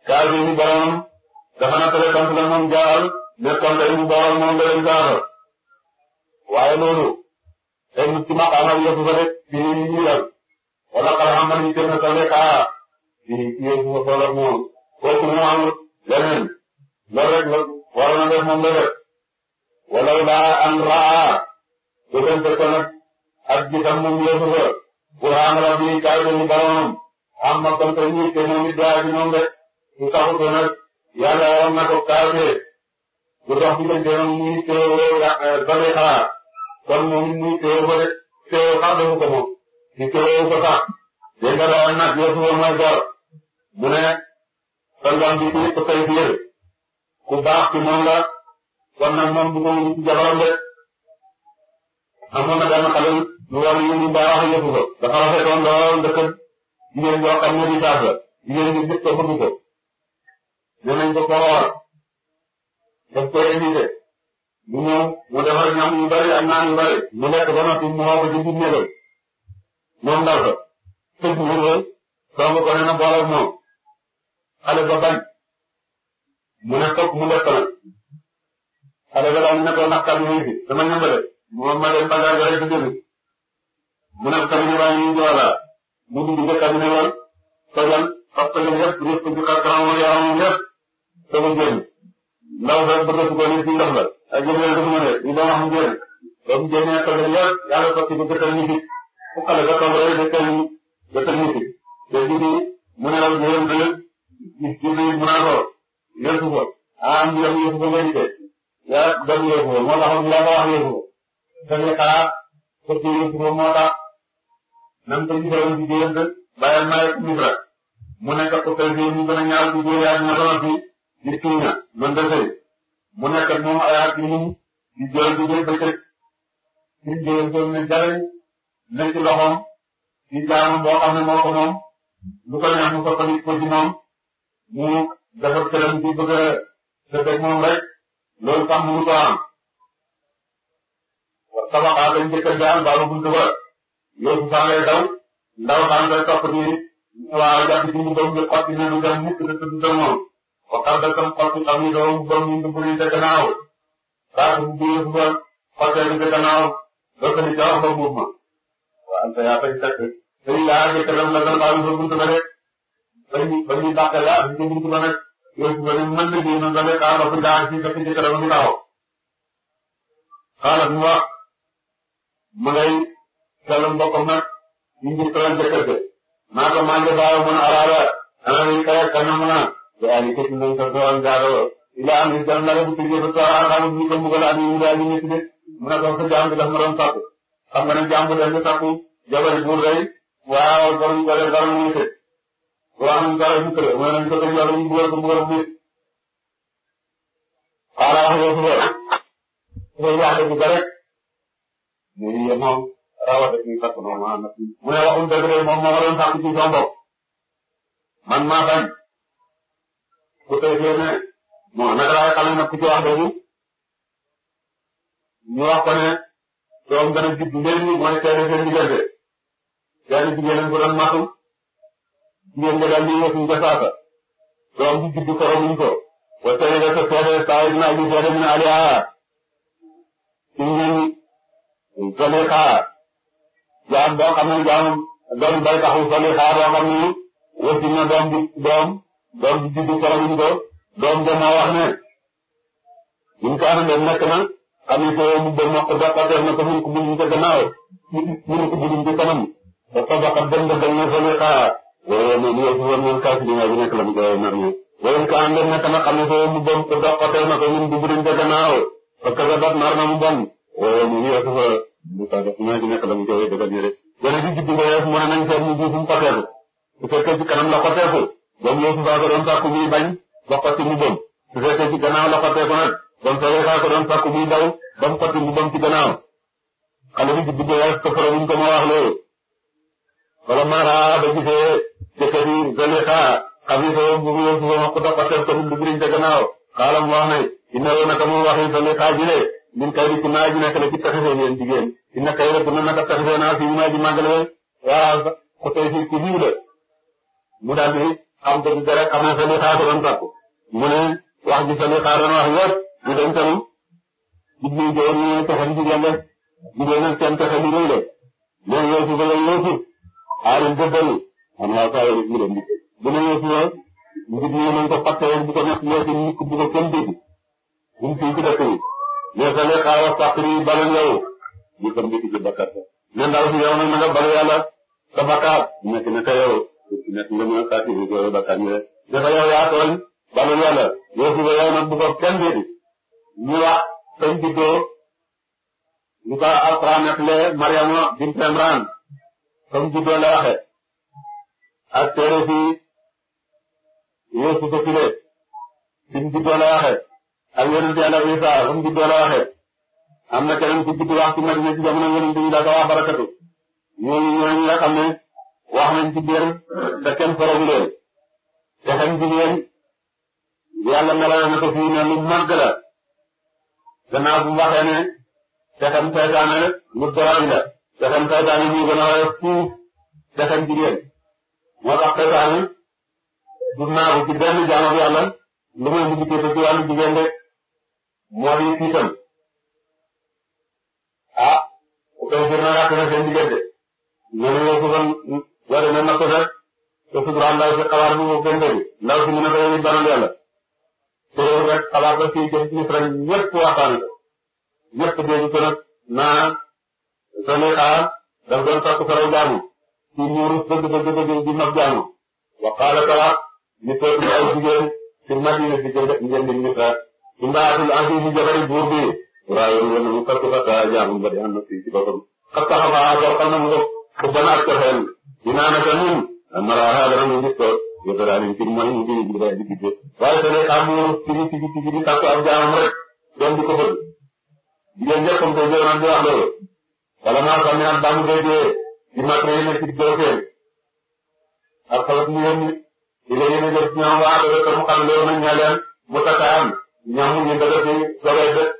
kaa bi ñu borom. dafa na tere sant la moom jaal. ne tontu yi mu booloon moom la leen jaar. waaye te nit ki maqaama bi yëfu ko rek ni ñu ñu dal wala xalaat man ñu demee sa lekkaat ci ko soxla moom kooku mu rek la war na def moom la rek wala laa an raa bu dem ko nag ak gisam moom yëfu ko burhaan rabbi kaay ba ñu boroom am ma kon te ñu te moom it daa ci moom rek su taxu ko nag yàlla waroon na ko kaay bu dox diggante moom muy teewoo ba xaar kon moom it muy teew ko moom ci teew ko sax dégg nga gor mu ne solgan bi kii ko tey biir ku baax ci moom la kon nag moom bu ko ci jabaram na benn xale lu war yu ñu baax yëpp ko dafa rafetoon lool dëkk jigéen boo xam ne di saas la jigéen bi gis ko bëgg ko dinañ ko ko xool daf koy mu ñëw mu defar ñam yu bari ak naan yu bari mu lekk ba noppi mu woo ko ci biir néegam moom ndaw sa tëj mu wër song ko nee na booleel moom xale ba bañ mu ne toog mu lekk nag xale ba daal ñu ne ko ndax kàddu yi fi dama ñëmbale moom ma dem tàngaay ba rek di jënd mu ne ko tamit ñu bàyyi ñu jox laa mu dugg njëkk a dina woon tojal parce que yëpp yëpp ci xar kanam yaramam yëpp te mu jënd ndaw sa bëgg ko ni ci ndox la ay jëm yàlla dafa mën a ñu doon wax mu jëm ba mu jëmee xel rek yàlla yàlla sotti ba jëtal nit fu xale ba toll rek jëtal jëtal nit te nit ñi mu ne la ñu yem ba lépp nit ñi mën a lool yëngu ko ah mu yem yëngu ko nga gisee yàlla dem yëngu ko moo taxoon yàlla wax yëngu ko te ñu xalaat sotti yëngu ko moo tax même te ñu doon di jënd bàyyil maay nit rek mu nekk ko tey jii ñu gën a ñaar di jëlee ak ña doon fi di tuuna mën nga sëy. mu nekk ak moom ay at di jooy di jooy bëccëg di jooy ne jaray nekk ci di jaamam boo xam ne moo ko moom lu ko neex mu soppali ko ci moom mu defar këram di bëgg a defee moom rek loolu sax mënu ko am. tabaxaa dañ njëkk a jaar baalu buntu ba yooyu sax lay daw ndaw xam nga topp di waaw jàpp ci mu doom bi xotti ne lu dem mukk de tudd moom. waxtaan ak tam xottu xam ni doomu doomu dugub yi ca gannaaw saa dugub bi yëpp ba xotee bi ca gannaaw dootu di ca wax ba buub ma waaw te yaa fay fekk te ñu laa gëj a dem la gën baalu ba buntu ba rek ba ñu ba ñu dàqe laa di ca buntu ba rek yooyu ba ñu mën liggéey noonu ba rek ah ba fi daa ci fekk ci kanam ñu taxaw xaaral mu wax ma ngay xelal mbokkam nag ñu ngi tëral ca kër ga maa ko maa ngi baaw mën a alaala xanaa ñu kaay ak kañam naa. ذلك إنهم كفروا جعلوا إلى أن يجعلنا لهم تجيب الطعام على مجيكم مغلا أن يولى أن يسلك mu ne ko sa jàmm bi daf ma doon sàkku xam nga ne jàmm bi dañuy sàkku jabari buur day waaw borom dara dara ngi tëj waaw mu dara mu tëj mu ne nañ ko mu bëgg ko wax nga suba suba wax dëgg ba rek mu ngi yem moom rawate ci sàkku noonu maanaam mu ne waxum dëgg de moom ma doon sàkku ci sama man maa bañ su fekkee ne Muhammad waaye xale na ku ci wax dëgg ñu wax ko ne doom dana judd léegi mooy seede seen diggante benn jigéen ko doon matu nga daal di yëngu suñu jasaasa doom bi judd xoromuñ ko. wa seede sa seede saa yi dina aju seede dina aju aaraa suñ leen solee jaam boo xam jaam doom bay taxul solee xaar boo xam ne wëcc na doom bi doom. doom ji juddu keroog ñu ko kaana ndem nekk na xamee ko mu dem na ko dàqatee na ko mun ko buñ ca gannaaw mun ko buñ ci kanam dafa baqat dem ba dañ ne fa muy xaar waaye li li woon moom kaas bi nekk la mu koy nar ñu waaye in kaana nekk na xamee ko mu dem ko dàqatee na ko mun ko buñ ca gannaaw parce que na mu bon waaye li li woon fa mu tax def naa ci nekk mu koy dëggal ñu rek. yéen a ngi juddu nga yees ne nañ seet mu jiw ñoom Youssouf a ko doon sàkku bañ ba xotti mbubbam su fekkee ci gannaaw la ko nag doon Saliha a ko doon sàkku daw ba mu xotti mbubbam ci gannaaw xale bi di dugg rek toppatoo buñ ko ma wax loolu. wala Mara ba gisee jëkkëri Saliha xam nga soo bëgg Youssouf ma ko dox ba teel ko mu dugg ca gannaaw xaalam wax ne dina woon naka mu waxee Saliha ji de ñun kay di ci naaj bi nekk na ci taxisee ngeen jigéen dina kay rek dina naka taxisee naa fi naaj bi màggale waaw côté fii ku jiw am dëgg dara xam ne sali xaar doon takku mu ne wax ji sali xaar doon wax yëpp di dem tamit jigéen jigéen ñi ñu pexe jigéen rek jigéen ak seen pexe bi ñuy def ñoom ñoo si bële ñoo si aarul am naa saa yële ñu bu ne ñoo si rek ngir ñu mën ko fàtte bu ko nekk ñoo si nit bu ko kenn dégg buñ fi ci dëkk yi mais sali xaar wax ni bale yow ñu ko mbir ci bakkat ne ndaw si yow nag na nga bale yàlla sa bakkaat nekk na ka yow nekk nga mën a sacrifice wala bakkan yi rek. yaa tooñ balul wala yow suba yow nag bu ko kenn déeti ñu wax sañ juddoo lu ko alquran appelé Mariama bint Imran sañ juddoo la waxe ak téere fi Yuusuf a file sañ juddoo la waxe ak yonent Yàlla Isa sañ juddoo la waxe am na keneen ku judd wax ci Madina ci jamono yonent bi la ko wax barakatu ñooñu ñooñu nga xam ne wax nañ ci biir te kenn faragu leen te na ko fii ne lu màgg la lu doran la te xam saytaane ñu fuuf te xañ moo tax saytaane du naagu benn jaamu yàlla lu muy mujj ko ci wàllu jigéen moo tiitam ah kon jur na ràkk na seen diggante ñoom ñoo loolu moom la ko fekk te la ndaw si xabaar bi moom gën bëri ndaw si mën a bëri banal yàlla te loolu rek xabaar ba fii jëm ci rek ñëpp waxtaan ko ñëpp dégg ko nag naa Zulaykha daf doon takk saraw jaamu ci muuru bëgg bëgg bëgg di wa qaala talaq ñu toog ñu ay Madina di jënd Misra ci mbaatul aziz bi jabari buur bi waaye lu woon mu takk fa jaamu ba di ànd fii ci boppam. xas taxaw ba àggal xam ah, na mu ko pour ban inaanaka ñun maraha dana mu gis ko yëpp mooy ñu ngi di di di gis. waaye te day am tigi tigi tigi di tàkk ak jaamam rek doon di ko bëgg jigéen ñëpp comme que jooju naan di wax loolu. wala maa xam ne ak bànn béy bee ci matériel yi nekk ci góorgóorlu ak xalaat ñu yónni di nga yéene jot ñoom waa ba ba mu xam loolu nag ña leen mu tasaam ñoom ñu ngi dëgg ci doole bët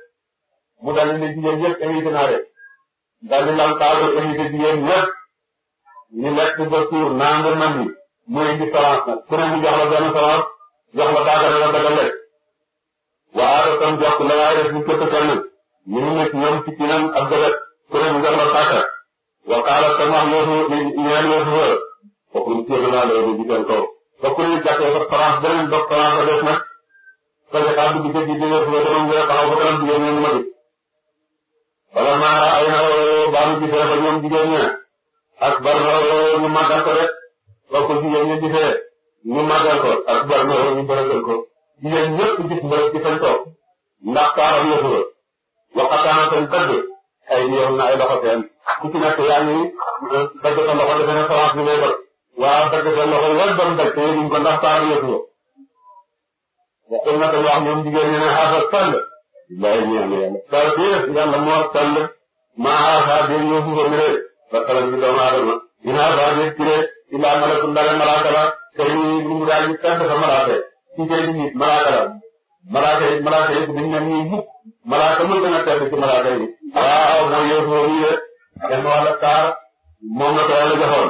mu daal di ne jigéen ñëpp invité naa de daal di lan taal invité jigéen ñu lekk ba suur naan ba mandi muy indi différence nag ku ne mu jox la benn différence jox la daa gën a la lekk waaye dafa am jox la waaye dafa képp kenn ñu ngi nekk ñoom ci kinam ak dëgg ku ne mu jox la sàkka wa qaala tam wax loosu ñeen loosu wër foofu ñu téye naa loolu di seen kaw ba ku ne jàppee ba France beneen ba France la def nag sa jotaat bi di ko jiite loosu wër dama ngeen taxaw ba kanam jigéen ñi ma gis bala maa ay na baalu gisee ba ñoom jigéen ñi akbar na woo ñu màggal ko rek soo ko jigéen ñi gisee ñu màggal ko akbar na woo ñu bërëgal ko jigéen ñëpp gis mbërëg ci seen toog ndax taaram yëfu la waxataana seen dëgg ay yoon na ay loxo seen ku ci nekk yaa ngi dëgg sa loxo defe ne France bi lay bëgg waaw dëgg sa loxo yëpp doon te yëguñ ko ndax taaram yëfu la waxul na ko wax ñoom jigéen ñi ne xaasa sell lay ñeex na yàlla saa yëf moo sell maa xaasa bi ñoo fufa mi ba xelal ci doomu aadama ñu naan waa ñëpp turee illaa malakun ndare malaaka la tey nii li mu daal di sant fa malaaka yi ci tey nit malaaka la malaaka yi malaaka yi dañu ne nii mukk malaaka mën gën a tedd ci malaaka yi. waaw mooy yow foofu yi de kenn wàll taar moom la ko yàlla joxoon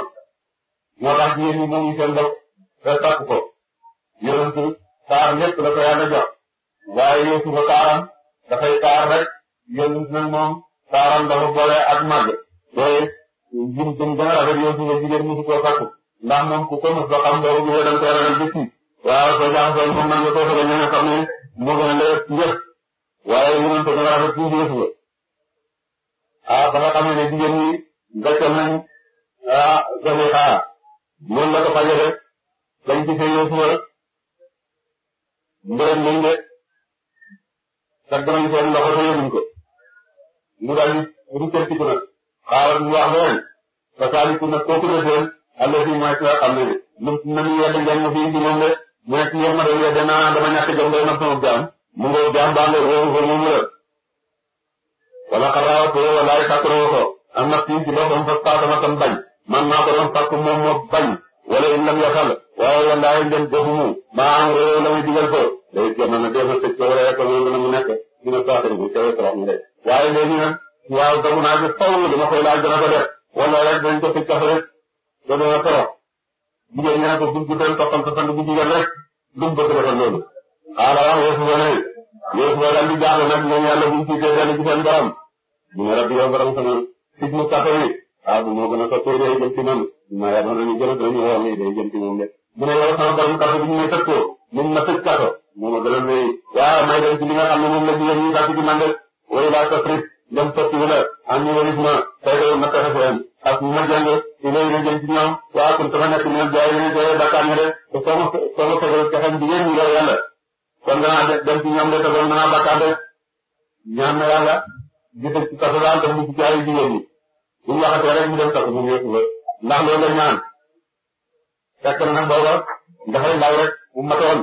moo tax yéen ñi moom ñu seen bopp te takk ko yonent taar ñëpp la ko yàlla jox waaye yow suba taaram dafay taar rek yonent nag moom taaram dafa boole ak màgg. jëm jëm gën a rafet yow si nga jigéen ñi ndax moom ku ko mos ba xam loolu bu dee da nga koy ragal bés yi waaw soo jaaxasee moom man nga xam ne moo gën a lay waaye ñu doon fexe rafet si biir suba ah ba nga xam ne jigéen ñi gàcce nañ ah jafe xaar loolu la ko fajee rek dañ ci fee yow suba ngërëm lañ loxo te yëguñ ko mu daal di rucceel ci ko xaaral ñu wax leen fasaaliku nag kooku la seen àll bi mooy ki nga xam ne lu nañu yedd njàng fii ci moom de mu nekk yéen ma de yedd naa dama ñàkk jëm day nag sama jaam mu ngoog jaam baa ngoog loolu loolu moom la. wala xarala ko walaay fàkk na ko am na fii ci boppam fa paatama tam bañ man naa ko doon fàkk moom moo bañ wala in lam yaxal waaye walaay ngeen defu mu maa am réew la muy digal ko day jamono dee fa tëj ko wala yàq loolu la mu nekk dina paatali bu tewee trop mu de waaye waaw dama naa gis taw la dama koy laaj dana ko def wala rek dañ ko fekk rek ba dana trop jigéen ña ko buñ ko doon toppal ko fan bu rek lu mu bëgg defal loolu. xaaral yéen suba ne yéen suba daal di jaaxle nag ñoom yàlla buñ ciy gëj a nekk ci seen borom ñu ne rek yow borom sama fii mu kàttan ma gën a sottee day jëm ci man ma yaakaar naa ñu gën a doon yow mii day jëm ci mu ne yow sama ma tëj kàttan moom a gën a nuyu waaw may dem de yan sotti bi la am waris ma tey ko naka def ren ak ñu ma jàng ilay la jëm ci ñoom waa kon sama nekk ñoom jaay yéen jaay bakkaar ña de te soo ma soo ma fegal ca xam la yàlla kon danaa dem ci ñoom de te doon danaa bakkaar de ñaan na yàlla gis ci kaso daal te mu ci jaay jigéen ñi bu ñu waxatee rek ñu dem kaso bu ñu yëpp ndax loolu la ñaan fekk na nag booba dafay law rek bu matoon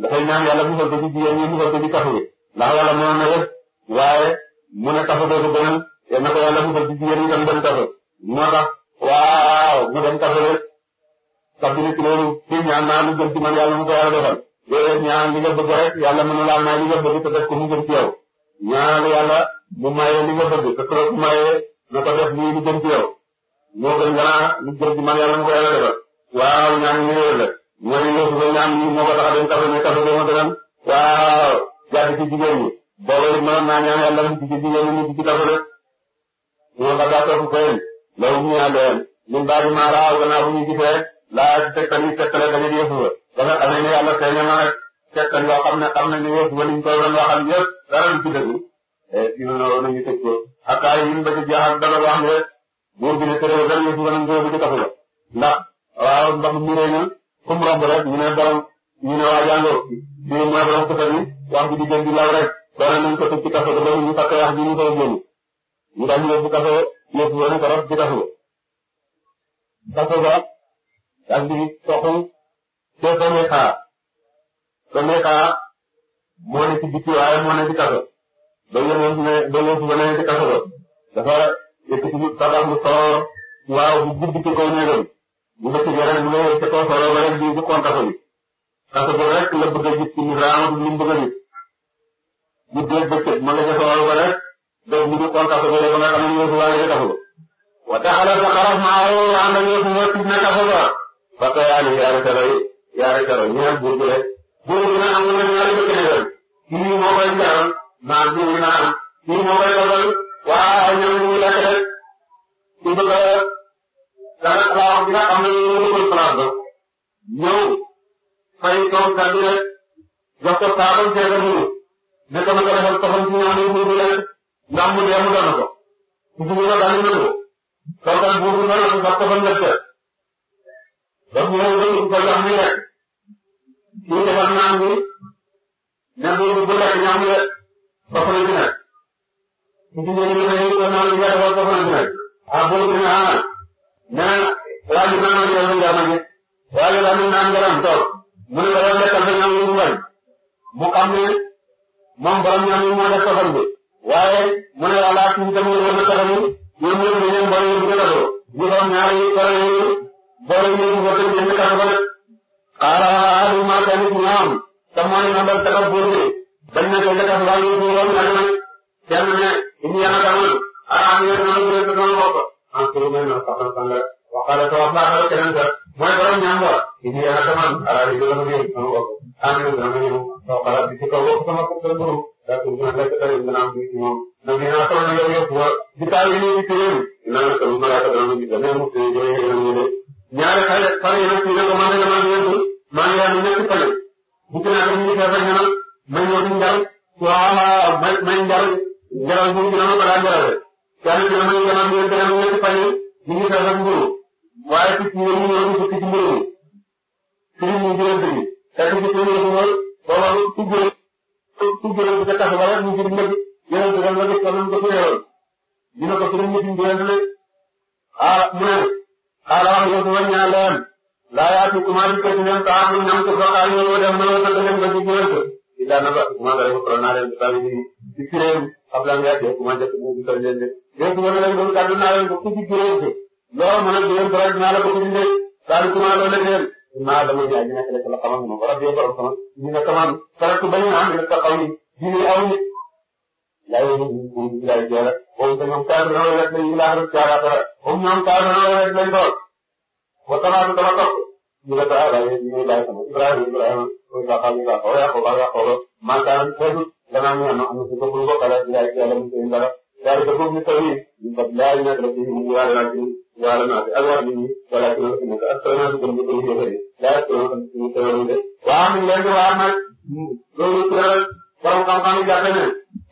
dafay ñaan yàlla mu fal ko ci jigéen ñi mu fal ko ci kaso mu ne kaso dootu beneen yal na ko yàlla musal ci jigéen ñi tam kaso. moo tax waaw mu dem kaso rek sabili ci loolu fii ñaan yàlla mu ko yàlla defal. yooyu ñaan li nga rek yàlla mën na laa may li nga te def ko mu jëm ci ñaan yàlla mu maye li nga te trop ko def nii lu jëm ci yow. moo gën gannaaw yàlla mu ko yàlla defal. waaw ñaan ñu yooyu la. ñooñu yëpp ñaan ñi moo ko tax a dem kaso ne kaso doomu beneen. waaw jàpp ci jigéen ñi. booba it mënoon naa ñaan yàlla ci ci jigéen ñi ci kaso rek ñoom daal daa toog foofu la ñu ñaan leen ñun daal di maaraaw gannaaw bu ñu gisee laa ci tegtal yi tegtale dañuy yëfu ba. ba nga xamee ne yàlla feeñe na rek tegtal yoo xam ne xam ne yëfu ba liñ koy doon waxal yëpp dara du ci dëgg. fii mu ne woon nañu tëj ko ak ay yu ñu bëgg a jeexal buur bi ne tëree dara yëfu ba nañ ko yóbbu ndax waaw ndax mu rëy na fu romb rek ñu doole nañ ko tëj ci kaso ba ñu takk wax ji ñu koy génn ñu daal di yóbbu kaso yóbbu woon ko rek ci kaso ba kaso ba daal di toxu te Sonexa Sonexa moo ne ci bitti waaye moo ne ci kaso ba yóbbu ne ba yóbbu ba ne ci kaso ba dafa yëkkati tabax mu soor waaw bu gudd ci kaw néegam bu dëkk bi rek mu ne ci kaw soor ba rek di ci kontaako bi kaso ba rek la bëgg a gis ci ni raam li mu bëgg a gis bu dee bëccëg mën nga soxla ko rek def bu dul kontaan ko ba nga xam ne yéen waa yéen a ko. waaw te xalaat ba xalaat maa woo ànd ak yéen moo tudd nekk ko quoi. parce que yaa ngi yaari kero yi yaari kero ñeent buur bi rek. buur bi nag amul nag ñaari bëccëg la. kii moo koy jaral naan kii naan kii moo koy dogal waaw ñoom ñu ngi lekk rek. su bëgg a dara xalaat bi nga xam ne ñu ngi ko xalaat ba. ñëw fay toog gàddu rek jox ko saako ceeb ak dugub. ne ko naka defal toxal ci ñaari buubu lekk ndax mu dee mu dana ko su dugg la daal di nëbbu toogal buubu ba noppi ba toxal nga teel ba mu ñëw dëgg ko jox mu lekk kii defal naan bi ne buubu bu lekk ñam le toxal ci nekk su dugg la dina yëg ko naan nga defal toxal ci nekk ah buubu dina amal mais waa ji naanoo yow nga ma gis waa ji daal di naan nga dem toog mu ne ko yow lekkal ba ñam lu mu bañ mu xam ne moom borom ñaar ñi moo def tafam bi waaye mu ne yàlla ci itam ñu ne tafam yi ñoom ñoom dañu leen boole ñu gëlado ñu xam ñaar yi boole ñu boole ñu ko tëj ñu tax ba nag xaala aadu ma ka nit ñu am te mooy na mbal taxaw boobu bañ na ko tax ba ñu ñu woon nag nag kenn ne ñu yana tamal aam ñu na ñu ko sama bopp en ko may na taxal sang waxale ko wax na keneen sa mooy borom ñaan wa ñu yana tamal ala ñu ko sama bopp amee danañu soo xalaat di ci kaw wax sama kër sa borom daa ko gën a lekk tamit dina am ci moom ndax nee naa sama yow yëpp waa di taal yi ñuy ci réew naa la tamit malaaka dana ñu gën a mu tëye jëlee yéen ñu de ñaare xale xale yi nag ñu ne ko man de damaa ñëw maa ngi am ñetti fan bu ci naa dañuy def rek nag may ñëw di njar waa may may njar njaral bu dina ma ko daa njarale yàlla dina ma ñu gën a ñëw dina ma ñetti fan yi ñu ngi def rek mburu waaye ci ci ñëw ñu ñëw di ci mburu mi ci ñu jëlee dëgg fekk ci téeméer bi mooy loolu tujjee tujjee bu ca tax ba rek ñu ngi nekk yeneen bi nga gis ko nañ ko téyewoon ñu ne ko suñu nit ñi di leen ne ah mu ne xaaral wax nga ko wàññi ànd leen laa yaa ci commencé ko ci ñoom saa amul ñoom ci bokk ak ñoom dem na la ko dem ba ci ñoom ko. dinaa na ba commencé rek ko naa leen saa yu di di kuréel xam naa nga yàggee commencé mu ngi toll leen de. léegi su ma leen doon kàddu naa leen ko ku ci kuréel ko loolu mu ne di leen ko rek naa la ko ci dindee saa yu commencé leen maa dama jaay ñu nekk la xamal moom rajo borom sama ñu ne xamal taraktu benn am ñu ne xaw ma ji nii aw nit laa yéene ñu ñu ñu jaay jeex rek moom te ñoom kàddu na rek lañu laa xam caaraata rek moom ñoom kàddu na rek lañ doon ba tabaatu dama topp ñu ne ko ah laa yéen ñu ngi jaay sama Ibrahima Ibrahima muy baaxal ñu baaxoo yàqoo ba yàqoo ba man daan tegu danaa ñu am am ci ko bu bokkale ak jaay ci yàlla mu seen dara daal de boobu ñu tawi ñu ko laa ñu nekk rek ñu mu yaay laa ci waalo naaf ak waa nit ñi wala ci loolu nekk ak semence bi ñu koy jëfee daal semence bi ñu koy jëfee. waaw ñu leen di wax nag loolu ci la borom xam-xam yi jàppee ne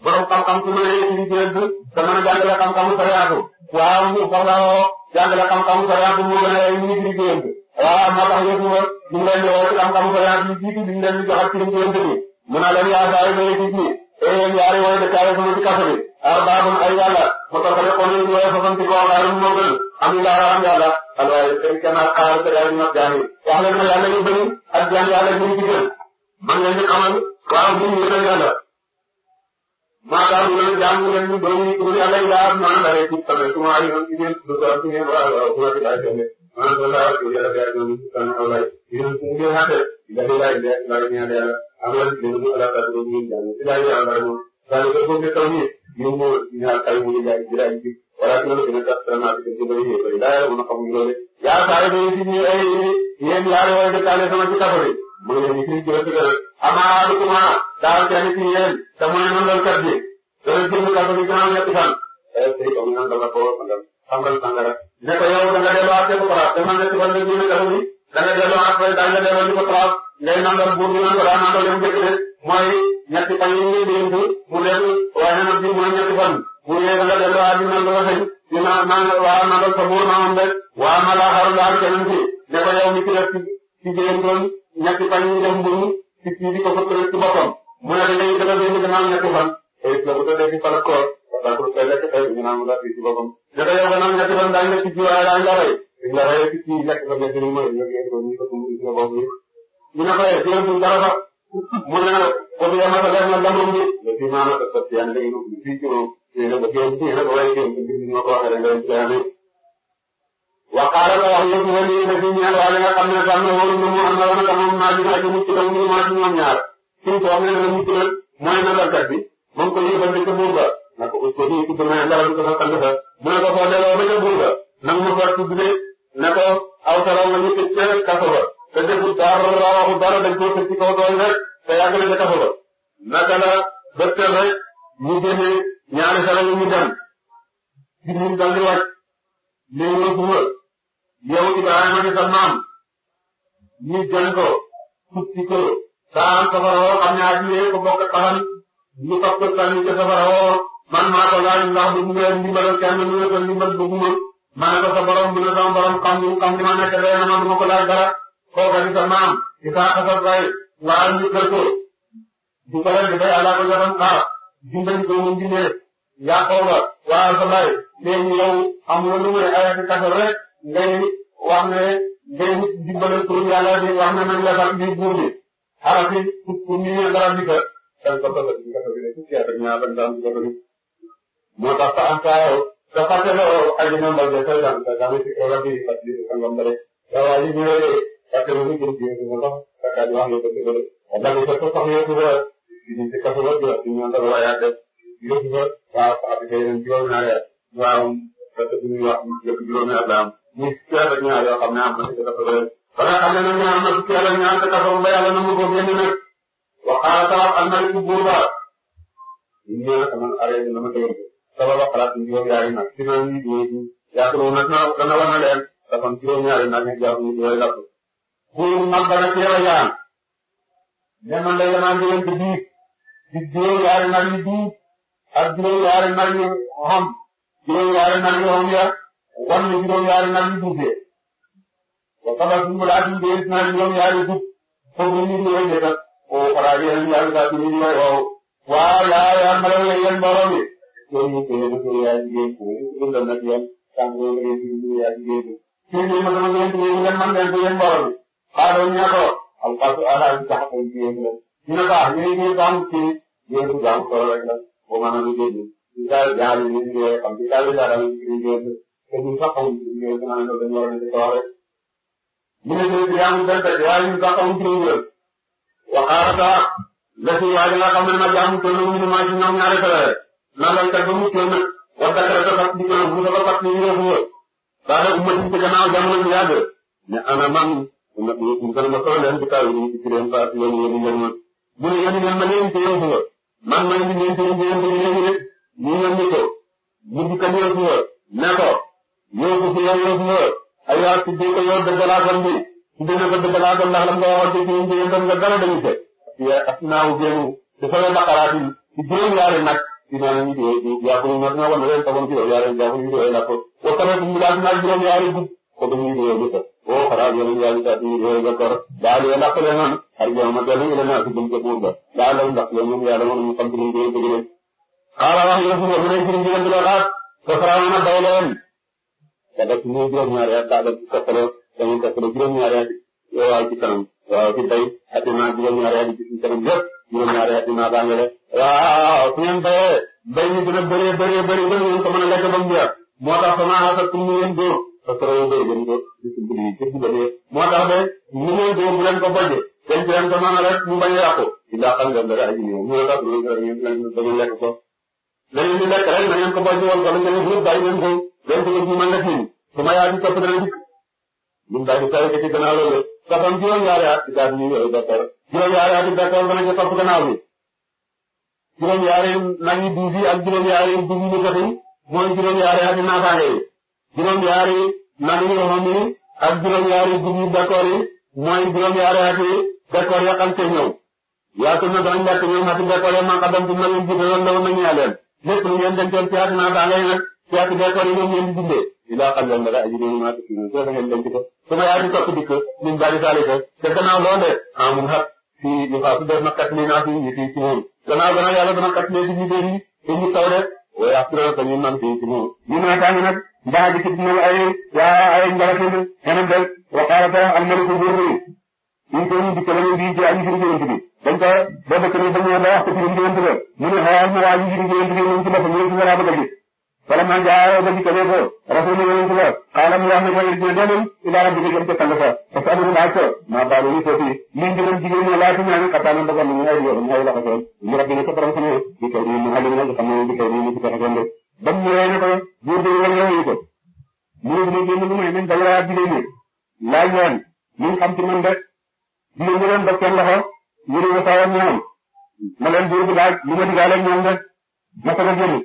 borom xam-xam su ma leen indi ci yéen bi te mën a jàngale xam-xamu sariyaatu. waaw ñu soxlawoo jàngale xam-xamu sariyaatu moo gën a indi ci yéen bi. waaw moo tax yëpp ñu ngi leen di woo ci xam-xamu sariyaatu yi jiitu ñu di jox ak ci liñ ci yéen bi. mu naa leen yaa saa yu bëri ci kii. te yéen yaari wooy de kaay sama ci kaso bi. arbaatum ba tax a def on est wala fasan ci kaw xaaral moo gën am na laa am yàlla alwaaye tey kenn xaaral te daal di ñor jaam yi. wax leen ne yàlla ñu bëri ak jaam yàlla ñu ngi ci gën man ngeen di xamal waaw bu ñu gën a yàlla maanaam ñu leen jaam ñu leen ñu bëri ñu yàlla yi daal maanaam da ngay ci tamit souvent ay yoon ci ngeen du ko ci ngeen waaw waaw bu ma ci laaj tamit maanaam loolu laa wax ci yàlla gerte gi ci tamit alwaaye yéen su ngeen xaatee dafa laaj laaj ñaan yàlla am na ci dëgg bu alaakaati ba mu ngi jàng ci laaj yàlla moom daal di ko bëgg taw yi ñoom ñoo ñaar xarit mu ngi jaay jëlaat yi wala ak loolu dina tax vraiment di ko jëndee yéen bëri daa yàlla mën a xamuñ loole. yaakaar naa ne ñu ay yéen yaar yoo dëkkaale sama ci kafari mu ngi leen di fi jëlee si gërëm amaat ku ma daal kenn ci yéen te mu ne man loolu kat bi loolu jënd kafari gannaaw ñetti fan. ay tey comme ñoom dafa ko sangal sangal sangara. ne ko yow da nga delloo ak képp xalaat dafa nekk fan la ñu ne kafari da nga delloo ak fay daa nga delloo di ko xalaat ngay nangal buur bi nangu daa nangal dem jëkkëre mooy ñetti fan yi ñu diggante mu dem waaye nag bii mooy ñetti fan mu yee la dellu waa dina la sëñ di ma ma waa magal sa buur maamam rek waa ma laa xaru daal keneen ci ne ko yow mi ci def ci jëyantoon ñetti fan yi def mbuñu ci ci di ko fëttali ci boppam mu ne dañuy def ak yéen gannaaw ñetti fan te it la bu tëddee ci fan ak koor parce que tey lekk tey ñu naan mu def ci boppam ne ko yow gannaaw ñetti fan daañu la ci jiwaay daañu la rey nga rey ci ci lekk ba nga jëriñ mooy nga jëriñ ko ñu ko tumb ci boppam ñu ne ko yow jëriñ dara sax mu ne ko a yàlla def na ndam bi le fii maanaam ak kër Thiel léegi nag fii ci moom fii nag ba fii fii nag waaye fii bi ma ko waxee rek nga a bi. wax dëgg yàlla wax dëgg yàlla lii dañuy ñaar waaye nga xam ne daal na wóorul ne mu am na wala moom maa ji maa ji mucc la mu ngi maa ji ñoom ñaar suñu ko waxee dana mucc la moom ko yëgal ne ca buur ba nag ko ko ci tudd na dara du ko fa tànn fa mu ne ko foo delloo ba ca buur ba nag mu fa tudd ne ne ko aw saraw nga ba te dëggu dara waxu dara dañ koo teg ci kaw tooñ rek te yàgg na ca kaso ba naka la bëttel rek mu génne ñaari sara yu ñu dem ci ñun dal di wàcc léegi la buga yow Ibrahima di sa ko tukki ko saan safara woo xam ne man maa ko laaj ndax bu mu leen ndimbal kenn mu ne ko ndimbal bëgguma ma ne ko sa borom bu ne sama borom xam xam li ma nekk dee na ma kooka di sa maam di saa a bay waaye ñu jël ko di ko leen di bay àll ko mu bindee yàqoo nga waaye sa bay léegi yow amuloo lu muy ayati kasal rek ngay wax ne ngay dimbali pour di wax ne nañ la sax di buur bi xaaral di ko. dañ ko bëgg di ko bëgg rek fukki at ak ñaar dañ daan di ko bëgg moo tax sa am saa yoo sa la oo aji na mbal de sa yàlla sa gàllankoor bi fàttali ko sa ngam ba rek. waaw waaye li ñu parce que loolu jërëjëf jërëjëf ñu ndox kàddu wax nga dëgg dëgg. waaw daal di def ko soxna Yacou Ba di di kàddu ba di ñu ndox waaye ak Yacou Ba waaw Fatick day dem juróom-ñaari at. waaw parce que ñu wax dëgg juróom-ñaari at ñu si waat ak ñaar yoo xam ne am na si kàddu ba. ba nga xam ne nag ñaar na si waat ak ñaar te kàddu ba yàlla na mu góob yéen nag. waxaana tawax al malik buur ba. ñu ñëw sama arrêt bi na ma déglu. sababa xalaat juróom-ñaari nag. si naan yi ñu ngi yaakaaroo nag dana war na leen. dafa juróom-ñaari nag ñu jàpp ñu koy lakk. buur mag dana teel a ñaan ñemande yanaan diggante diig di juróom yaari nag yu diig ak juróom yaari nag yu xam juróom yaari nag yu xam ya wan ni juróom yaari nag yu duufee wa sabab suñu laaj ñu dee naa juróom yaari dugub foofu ñu di wéy jëkkat o xalaat yéen yàlla saa si ñu may waaw waa yaa yaa ma lay yéen borom yi loolu ñu koy yéen koy yaa jigéen ko ñu dem nag yéen tànk yéen yaa jigéen ko ñu ma sama yéen yéen man leen ko yéen borom yi Fado ñu ne ko alxames alxames sax ay jiyeeg la ñu ne ko ah ñu ne ñu ne jaamu kii yéen si jaamu solo rek la boo mën a liggéey bi. ñu daal di jaay ñu ngi lay xam ñu daal di jaay ñu ngi lay te ñu sax xamuñ ci liggéey bi naan la dañu war a nekk soo rek. ñu ne ñu ne jaamu benn benn waaye ñu sax xamuñ ci liggéey waxaarata la si waa ji nga xam ne ma jaamu toll mu ne maa ci ñoom ñaari fële rek. nan lañ kat ba mu toll nag war dakara sa fas di ko bu sa fas ñu ngi lay fu wër. daa ne umma ci gannaaw jamono bi yàgg ne ana man mu mu gën a ba soxla leen ci kaw yi ci ci leen faa ci yéen yéen yéen mu ne yéen yéen ma leen ci yéen suba man ma leen ci yéen ci yéen ci yéen rek ñu ñëw ñu ko mu di ko ñëw suba ne ko ñëw ko ci yow yow suba ay waa ci biir ko yow dëggalaatam bi ci dina ko dëggalaatam ndax lam ko waxoon ci yéen ci yéen nga dara dañu fekk ci asnaaw génn ci sama baqaraat yi ci juróom yaari nag ci naan ñu ci yaa ko ñu nga ko ne leen tagoon ci yow yaari yaa ko ñu ci yow la ko wa tamit mu daal nag juróom yaari gub ko dañuy yow di fekk o xalaat yéen a ngi daal di daal di kër ma teel a ngi leen a si jëm ca Koungheul daal di ndax yow moom yàlla moom ñu xam ci liñ koy dëgg leen. xaaral wax nga fi nga mën a bay leen. dafa ci ñuy juróom-ñaari at daal di toppaloo dañuy toppaloo juróom-ñaari at yow waaye ci kanam waaw ci bay ati naa juróom-ñaari at ci kanam su ngeen bayee bay ñu gën a bëree bëree bëri ngeen ko a lekk ba mu jeex moo tax sama xasat pour mu ngeen dóor te traité day gën ko ci ci ci moo tax de mu ñëw bu leen ko bojjee seen seen ko mën a rek mu bañ a yàqu ci daaxal ngeen dara aji ñëw mu ne tax ñu dañu lekk ko. dañu ñu lekk rek na ngeen ko bojjee woon wala ngeen ñu bàyyi leen ko leen ko ñu mën nga fi su ma yaa di topp dana dikk. ñun daal di tawee ci gannaaw loolu sax am juróom-ñaari at ci daal ñu yooyu d'accord juróom-ñaari at ci d'accord dana ca topp gannaaw bi juróom-ñaari nag yi duus yi ak juróom-ñaari duus yi ñu mooy juróom-ñaari at yi naataange yi juróom-ñaari nag yu romb yi ak juróom-ñaari dugub yu bekkoor yi mooy juróom-ñaari at yi bekkoor ya xam te ñëw yaakaar naa danañ lekk ñoom ati bekkoor ya maa ko dem ci mën leen jiite yoon dama nañ ñaareel lépp lu ngeen dencoon ci at naa daa ngay nag ci at bekkoor yi ñoom ngeen di dundee. ilaa xam leen dara aji réew maa ko fii di topp dikk te gannaaw loo de ah mu xat fii ñu faa su def na kat lii naa fi ñu fii ci moom gannaaw gannaaw yàlla dana kat lee di ñu dee ñu taw de waaye ak ci loolu mbaa gis it moom ay waa ay njabootu yeneen béy waxtaan ak almalik buur bi ñu ngi koy indi ci lañu di ci ay njëriñ yonent bi dañ ko ba dëkk ni dañu ko ci yonent bi mu ne xaw ma waa njëriñ yonent bi moom ci boppam ñu ngi laa bëgg a gis wala maa jaa ba gis ko ko rasul yonent bi xaalam bi gëm ca tàng fa maa baalu ñu foofu liñ gënoon jigéen ñi laaj ñaan xataa na ay la ko ñu rabbi ne ko borom sama bi kay ni kay ni mu ci taxaw ba mu ñëwee ne ko góor gi wala wala ko mu ne bii lu may nañ dajalaat jigéen ñi laaj leen ñu xam ci man de ñu ñu leen dog seen loxo ñu ne wasaare ak ñoom ma leen góor gi laaj li ma digaale ak ñoom de naka la jënd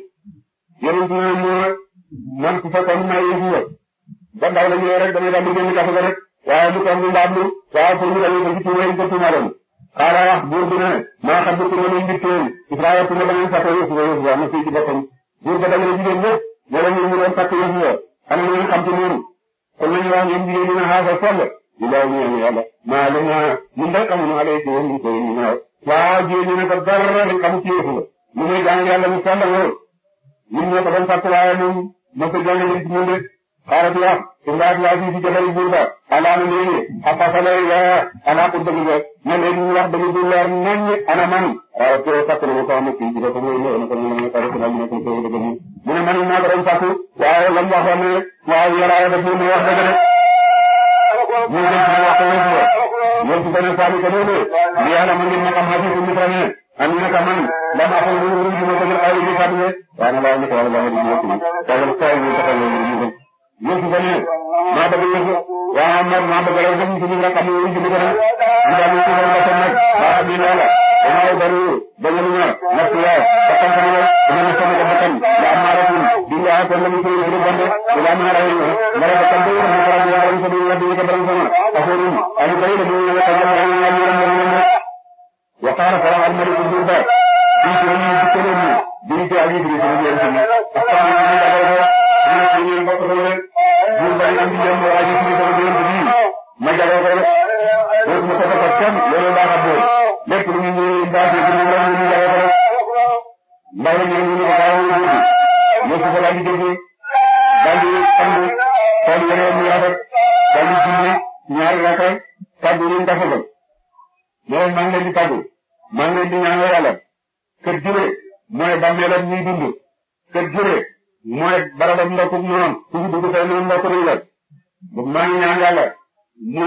yéen it ñoom ñoo man su fekkoon maa yëngu ñëpp ba ndaw la ñëwee rek damay daal di génn kaso rek waaye lu toog ñu ndaam lu waaye pour ñu dañuy ko ci tuuma yi ko tuuma doon xaaral wax góor gi ne maa xam ne ku ne leen di téye Israaël ku ne da ngeen fàtte yëfu ba yëfu ba ma fii ci boppam buur ba dajale jigéen ñëpp wala ñu ñu doon takk yëf ñëw xam ne ñu xam ci noonu kon nañu wax ñoom jigéen ñi na xaasal sonn di daw ñu am yàlla maa la naa ñun day xamuñu alee ci woon ñu koy ñu naaw waaw jigéen ñi ne ko dara di xam ci yëf la mu ngi jàng yàlla mu sonn wóor ñun ñoo ko doon fàtt waaye moom mos a jàng ci moom rek قالت له امرأة العزيز جبل بودا على أمرين حفظنا إلى أنا قد بجد من أجل الله بجد الله من أنا من رأيت فكرة وقامت في جبل بودا أنا كنا من يتعرف على من يكون في جبل من من ما برأي فكرة وآية الله أمر وآية رأي بجد من وحدة جبل من جبل وقامت يوم تبني فعلي كبيرة لأنا من من مقام حديث المترمين أمين كمن لم أقل من رجل وقامت آية بفعله وأنا لا أملك على الله بجد وقامت فهذا القائم يتقل من رجل Yuusufa ne maa bëgg Yuusuf waaye am na maa bëgg rek dem ci biir xam ne wuñ ci bëgg rek ñu daal di suufal ba sa nag waaye bii loola damaa bëri bañ a lu ñor natt yaay ba xam sama yoon dina ma sonn ko bakkan ya am naa rafetlu bi nga xam ne mu ngi tudd bonde da daa mën a rafetlu nga rafet kan ba yërëm ko rabbi yàlla sa biir rabbi ko borom sama affaire yi ali bay da muy yàlla ko yàlla yàlla yërëm yërëm yërëm wa qaala salaam al malik bi ba bi ci ñu ci kelo ni bi ci ali bi ci ñu yërëm sama ak fa ñu ngi dagal ko ñu ñu bokk ko buur bari am ci jëm wala ñu ci sama diggante bii ma jagoo ko rek loolu mu ko defal kenn loolu baax a boobu lépp lu ñu ñëwee baasi bu ñu rek ñu jagoo ko rek mbaa la ñu ñu ko baaxoo ñu wuti ñu ko fa daal di déggee daal di ànd xool yeneen mu yaafat daal di julli ñaari rakka tàggu ñu dafa ko loolu maa ngi leen di tàggu maa ngi leen di ñaanal yàlla kër jure mooy bàmmeelam ñuy dund kër jure mooy barabam mbokku noonu ku ci dugg tey noonu mbokku nañ la ba maa ngi ñaan yàlla mu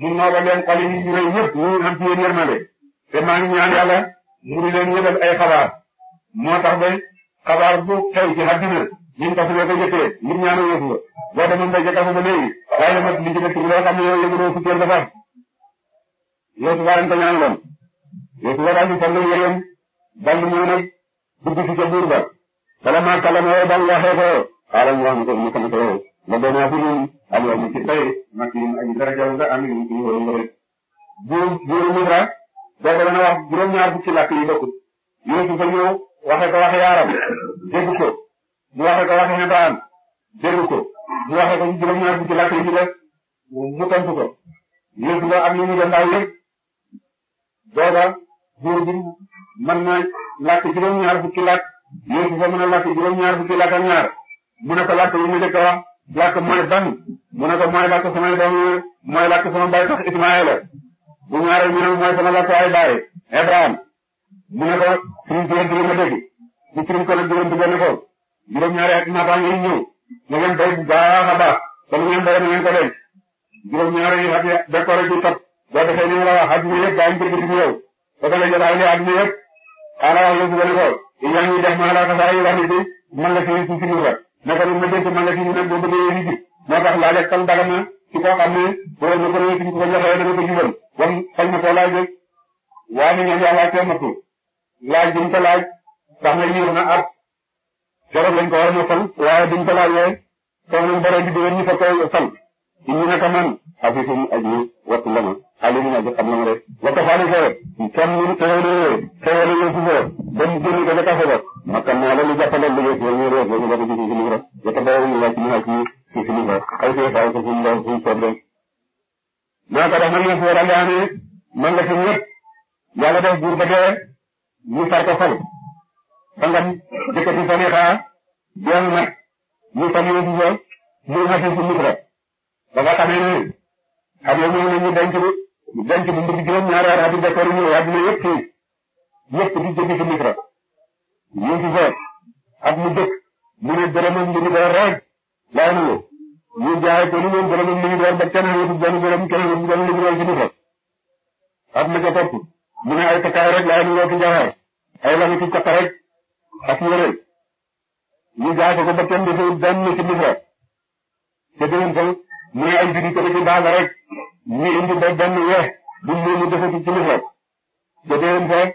mu nooba leen xol yi ñu rëy ñëpp ñu am ci yéen yërmande te maa ngi ñaan mu di leen yëgal ay xabaar moo tax ba xabaar bu xew ci àddina ñun tax na ko jëkkee ngir ñaanal yëfu la boo demoon ba jëkkafu ba léegi waaye nag li ci nekk loo xam ne yow yëngu doo fukkeel defar yëfu baax nañ ko ñaanaloon yëfu la daal di faral di yëngu bal mu nag dugg ci buur ba. فلما كلمه بل وحده قال الله مكرم كمته ربنا كلهم اليوم في خير مكرم أي درجة أمين في ولد جور جور مدرا دغنا wax juróom ñaar fukki làkk yi bokku Yuusuf fa ñëw waxe ko waxe Arab dégg ko bu waxe ko waxe Ibrahim dégg ko bu waxe ko juróom ñaar fukki làkk yi def mu tontu ko Yuusuf ak ni mu doon daaw yëpp dooga buur bi mën na làkk juróom ñaar fukki làkk yéen dafa mën a lakk juróom-ñaar fukki lakk ak ñaar mu ne ko lakk lu mu njëkk a wax lakk mooy ban mu ne ko mooy lakk samay doom mooy lakk sama baay tax Ismaayla bu ñaaree ñu ne mooy sama lakk ay baay Ibrahima mu ne ko suñu diggante la ma dégg bu turim ko nag diggante benn ko juróom-ñaari ak naataange yi ñëw na ngeen bay bu baax a baax te lu ngeen bayee na ngeen ko denc juróom-ñaari yi ak décoré ji topp boo defee ni nga la wax adduna yëpp daañu ko gis yow ba ko lay jot aay ne adduna yëpp xaaral wax la si benn ko yàlla ñuy def ma laata saa yu wax ne man la fi ci suñu war naka la ma dégg man la fi ñu ne boo bëggee yéegi moo tax laaj ak daga na ci koo xam ne wala na ko ne ci ko joxee dana ko jubal kon xal ma ko laaj rek waa ni ñoom yàlla cee matu laaj duñ ko laaj tax na yiir na at keroog lañ ko war a ma fal waaye duñ ko laajee comme ni mu bëree di déwén ñu fa koy fal ñu ne ko man xasee ak ñun waxtu la ma xale ñu naan xam na ma rek. wax ko Fane Seye kenn ñu teewlu yooyu teewlu yooyu si foofu ba mu génn ko ba kaso ba makka naa la lu jàppandal liggéey si ñu réer ñu dafa gis si ñu rek yàlla ba ñu wàcc ñu wàcc ñu si si ñu ko xëy si xaw ko suñu doon suñu soob rek. naa ko def man nga si war a gaane man nga si ñëpp yàlla def buur ba dee ñu far ko fal sangam jëkkati sa neexaa jéem nag ñu fal yooyu si foofu mu nga si si micro ba nga xamee ni xam nga moom la ñu denc bi denc bi mbir juróom-ñaari at at yu njëkkoon yi ñëw àdduna yëpp fii yëpp di jóge ci Misra ñu ngi fi at mu dëkk mu ne dërëmam li ñu door rek laaj na ñu jaay ko ni ñoom dërëmam li ñu door ba kenn xëyatu benn dërëm kenn xëyatu benn li ñu door ci Misra at ma ca topp mu ne ay takkaay rek laaj na ci jaxar ay la ci takka rek ak yére ñu jaay ko ko ba kenn defee mu ne ay judd kër gi daal rek ñu indi ba benn weex bu mu mu defati ci lu xeet jotee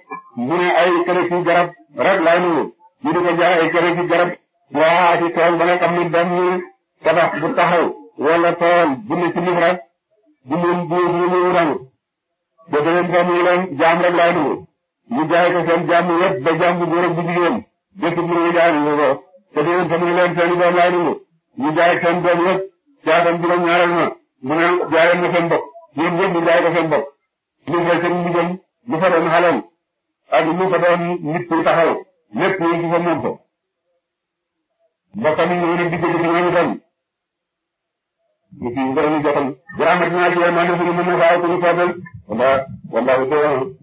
mu ne ay kër gi garab rek laay nuyu ñu di ko jaay ay kër gi garab waaw ci tool ba nekk am na benn tabax bu taxaw wala tool bu ne ci lif bu mu bu mu mu rangu jotee fekk mu leen jaam rek laay nuyu ñu jaay ko jaam yëpp ba jaam bu góor ak bu jigéen dëkk bu ñu jaay nuyu ko jotee fekk mu leen seen jaay seen doom yëpp caagam juróom-ñaareel na mu ne jaayal na seen bopp ñoom ñoom ñu jaay ko seen bopp ñu ngi seen ndigam lu fa doon xalal ak lu fa doon nit kuy taxaw fa moom ko mbokkam yi ñu ngi diggante ci ñoom itam ñu fi ngërëm jotam jaramat naa ci yéen maa ngi fi mën na faa ko ñu toobal wala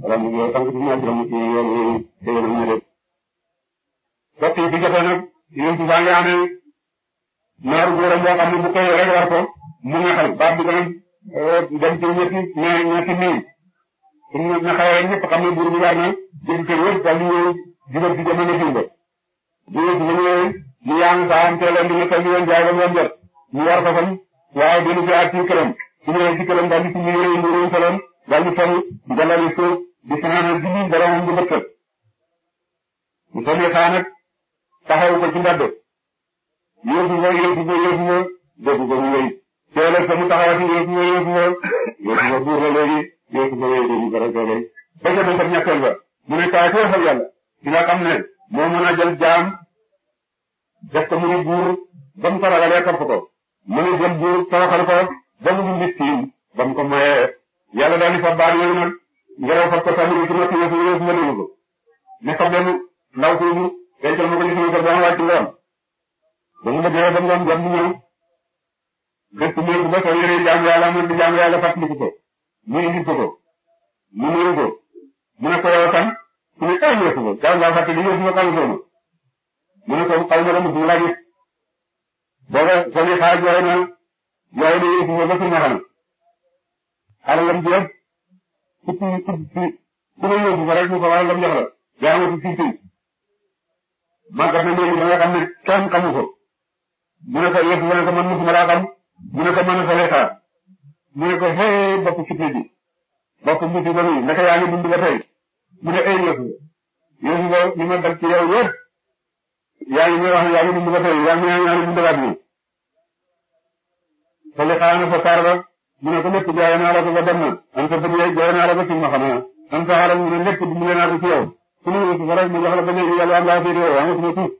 wala mu ngi tànk dinaa juróom ci yoon ñaari góor moo xam ne bu rek war ko mu ñaxal baat bi dana eh, dem ci ñetti ñaari ñetti miin suñu ñaxalee rek ñëpp xam ne buur bi daal na jëm kër yëpp daal di ñëw jubal ci jamono jiw ba. jiw bi mu ñëwee mu yaanu saa am teel a jaay ba jot mu war ko fan waaye dina fi àgg ci këram su ñëwee ci këram daal di ci ñu yore ñu yore saloon daal di faru gannaaw di suuf di fanaanal ji bi boromam di bëtt. yéesu ma yéesu ma yéesu ma dégg ko mu wéy teel a mu taxawati yéesu ma yéesu ma yéesu ma buur la léegi yéesu ma wéy léegi dara dara ba ca bëccëg ñetteel ba mu ne kaay feexal yàlla di nga xam ne moo mën a jël jaam def ko mu ne buur ba mu ko ragalee topp ko mu ne jël buur toroxal ko ba mu dindi tiim ba mu ko mayee yàlla daal di fa baal yooyu nag ngelaw fa ko sànni ci noppi yéesu yéesu ma déglu ko ne fa benn ndaw suufu dencal ma ko ci sama kër ba mu wàcc ngoon ba mu liggéeyee ba mu doon jot mu ñëw bés bu néew ba soo yoree jaamu yàlla moom di jaamu yàlla fàttaliku ko mu indi ko ko mu nuyu ko mu ne ko yow tam su ne ay ñëw ko jaamu yàlla fàttali ñëw ma xamu ko mu ne ko xaw ma la mu la gis booba soo ñu xaar jooy na jooy na yëf ma ba su ma xam alalam jeex ku ci ku ci ku ma yóbbu fa rek mu ko waral lam jox la jaamu ci ci ci màggat na léegi ba nga xam ne kenn xamu ko mu ne ko yëpp mu ne ko man mosuma laa xam mu ne ko mën a fa leetaa mu ne ko xëy bopp fitna bi bopp miti ba nii naka yaa ngi dund ba tey mu ne ay yëfu yëfu ba ñu ma dal ci yow yëpp yaa ngi may wax yaa ngi dund ba tey yaa ngi ñaan ñaan dund baat bi fa leetaa na fa saar ba mu ne ko lépp jaay naa la ko ba dem na am sa bëgg yaay jaay naa la ko ci ma xam naa am sa xaaral mu ne lépp mu ne naa ko ci yow su ma yëfu fa rek mu jox la ba léegi yàlla am laa fi réew am na su ma tuut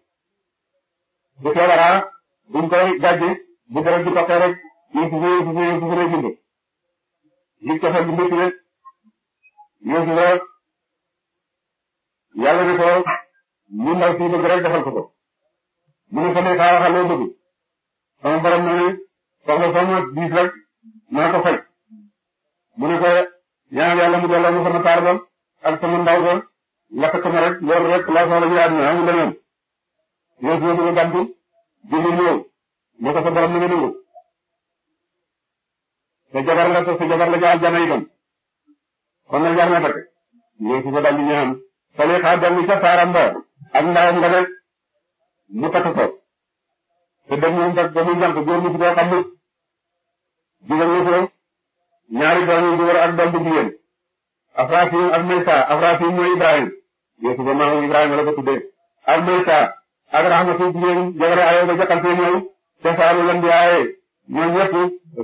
bu feebaraa buñ koy gàjjee bu deret di toqee rek Yuusuf Yuusuf Yuusuf lay bind. li cofeel bu njëkk rek Yuusuf rek yàlla ne ko ñu ndaw si bëgg rek defal ko ko mu ne ko ne kaa waxal loo bëgg sama borom na ne soxla sama diis rek naa ko fay mu ne ko ñaan yàlla mu delloo ma sama taar ba ak sama ndaw ba lakk sama rek loolu rek laa soxla ñu àdduna amul leneen Yuusuf la bëgg a gàddu jullit ñëw moo ko sa borom na nga sa jabar la jaal jana itam kon nag jar na takk ñëw si fa daldi ñaan Saliha dellu ca saaram ba ak ndawam nga rek mu takk ko te dem moom fekk ba mu mu si koo xam ne na ko ñaari doom yu góor ak doom bu jigéen ak Maysa Afrafin mooy Ibrahima yéesu ba maamu Ibrahima la ko tuddee ak Maysa ak rahmatu jigéen jabare ayo ba jaqal seen yow ca saaru lam bi aaye ñoom ñëpp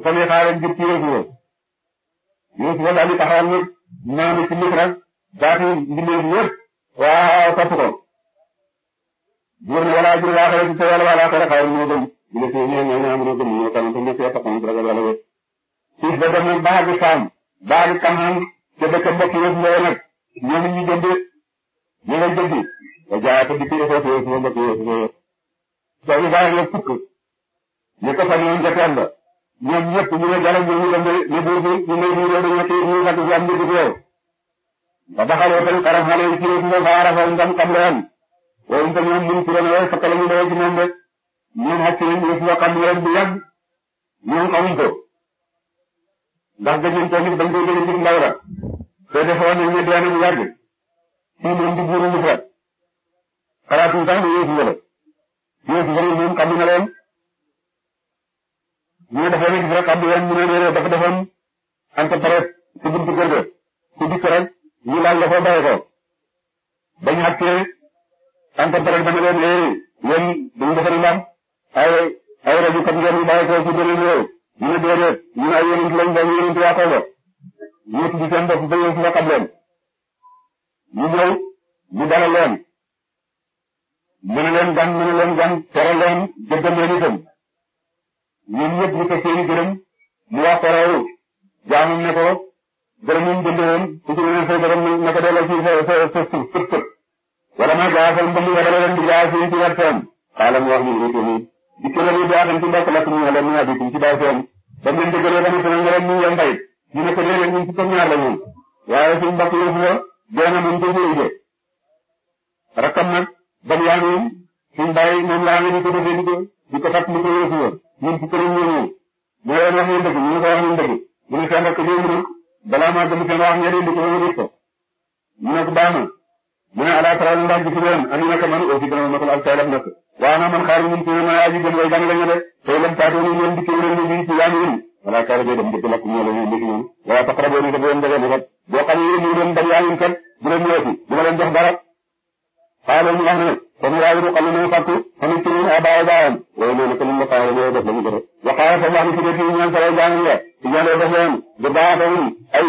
fami xaaren jib tiira suba Yuusufa daal di taxawal nag noonu ci Misra baati mbindeef ñëpp waaw topp ko jigéen ne wala jur laa xere ci sa yàlla wala xere xaaren moo gëm ila si ñëw ñëw ne am na gëm ñëw kanam te ñu fee taxaw ragal yàlla wér siis ba dem nag baax gi saam baax gi kam xam ca dëkk mbokk nga jaayee ko di kii defee suñu suñu mbokk yi suñu yëpp. soo ñu bàyyi leen fukk ñu ko fan yii njëkk ànd ñoom ñëpp ñu ne Jalle ñu ngi dem ba ñu buur bi ñu ngi ñu ngi ñu ngi sant si am nit yi réew. ba taxawoo tam la yan. loolu itam ñoom ñu ngi ci doon waaye fokk la ñu doon ci moom rek ñun ak yéen ñu ngi loo xam ne ren bu yàgg ñun amuñ ko. ndax gëjëm tamit dañ koy gëj a mbir ndaw la. te defoon nañ ne dee nañ di buuru lu fa xalaat yi sax dañoo yéex leen ñu ne dafa nekk rek kaddu yéen mu ne dafa defoon entreprise ci buntu kër ga ci dikk rek ñu laaj la foo bàyyi leen léegi eh, yéen dañu defar ndam ay ay rajo comme ngeen bàyyi ko ci beneen réew ñu ne déedéet ñu ne ay yonent lañ ba yonent ba yéen si la xam leen ñu ñëw leen. mënu leen gan mënu leen gan teral leen jëggal leen itam ñun ñëpp ñu teg seeni gërëm mu wax Farao ne ko gërëm ñu jënd woon su ci leen say gërëm na ko delloo ci sa sa sa suuf sëpp sëpp wala ma gaasal mbënd wala leen di gaas yi ci wàtteem xaaral mu wax ñu ngi nii di kër yi baaxal ci mbokk lakk ñu ba mu leen dëggalee ba mu tënk ngërëm ñu yem mbay ñu ne ko déedéet ñun ci sa ñaar la ñun waaye suñu mbokk yëfu la dee na mun ban yaa ngi woon suñu bàyyi moom laa ngeen di ko defee di ko di ko fàttali ko yëngu woon ñun ci keneen ñoom ñoom ñu leen wax ñu dëgg ñu ngi ko wax ñu dëgg bu ñu ko wér ko ñu ne ko baax na mu ne ala taala ndax gisu leen am na man aussi dana ma ko ak taylam nak waaw naa man xaar ñun ci ma aji gën way jàng lañu de tey lam taatoo ñu ñoom dikki leen ñu ci yaam yéen wala kaara jee dem dëgg lakk ñoo la ñuy dëgg ko bu leen dëgg kat boo xam ne yéen ñu leen bari xaaral ñu wax ne kon waaye du xam ne moom fàttu xam ne ci ñun ay baaw baawam waaye loolu que luñ la faa yore def lañu def waxaana sa wax ne ci dëkk yi ñaan sa lay jaam la ci ñaan def leen ba baaxoon ay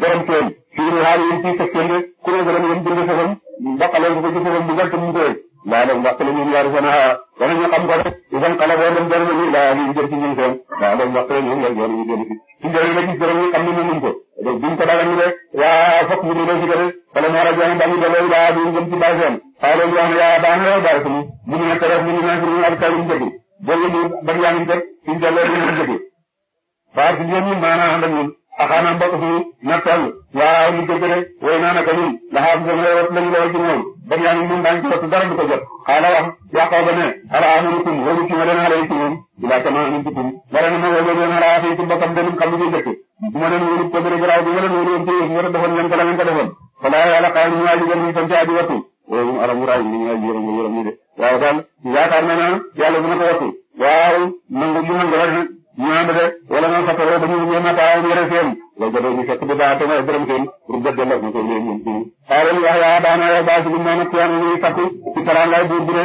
borom tool fii nii xaaral yéen fii sa tool rek ku ne gërëm yéen bind sa bopp mbaqaloo ko ci sa bopp bu gerte mu koy laa def mbaq la ñuy yar seen aa wala ñu xam ko rek isan xala boo dem jëriñ ni laa ñu jël ci ñun seen laa def mbaq la ñuy yar yoon ñu jël ci ci jëriñ la gis jëriñ ñu xam ne ñu mën ko donc buñ ko dagal ni rek yaa fokk ñu dee ci gërëm wala ñu war a jëriñ ba ñu delloo laa ñu jëm ci bàyyi seen Pawulo di wax ne yàlla baax na yàlla baax na mu ne keroog mu ne naa fi mu ne ab kaw bi mu dëgg boobu ñu ba yaa ngi dëgg suñ delloo bi ñu dëgg waaw si ñoom ñun maanaam ànd ak ñun axaanam mbokk fi nattal waaw ñu dëgg rek way naa naka ñun ndax am na la ñu lawal ci moom ba yaa ngi ñun daañu ci wattu dara du ko jot xaala wax yàqoo ba ne ala amanukum wóolu ci ma dana ala ci moom ilaa kama antum wara na ma wóolu leen ala afi ci mbokkam dañu xam lu dëkk bu ma leen wóolu ko dëgg raaw bi ma leen wóolu woon ci yéen wara defoon ngeen ko la ngeen ko defoon fa laa yàlla xaal ñu waa ji gën ñu sant aji wattu wala mu alam raay ñu ñëwaat yërëm nga yërëm ñu de waaye daal yaakaar naa ne ah yàlla dina ko wattu waaw nangu ñu nangu rek ñu ànd de wala man sax ba ñu ñëw na taawam yore seen la jëlee ñu fekk bu baax te mooy borom seen pour jëndee la ñu ko léegi ñun. xaaral wax yaa daanaka baax si lu mu a a takku ci taraan laay buur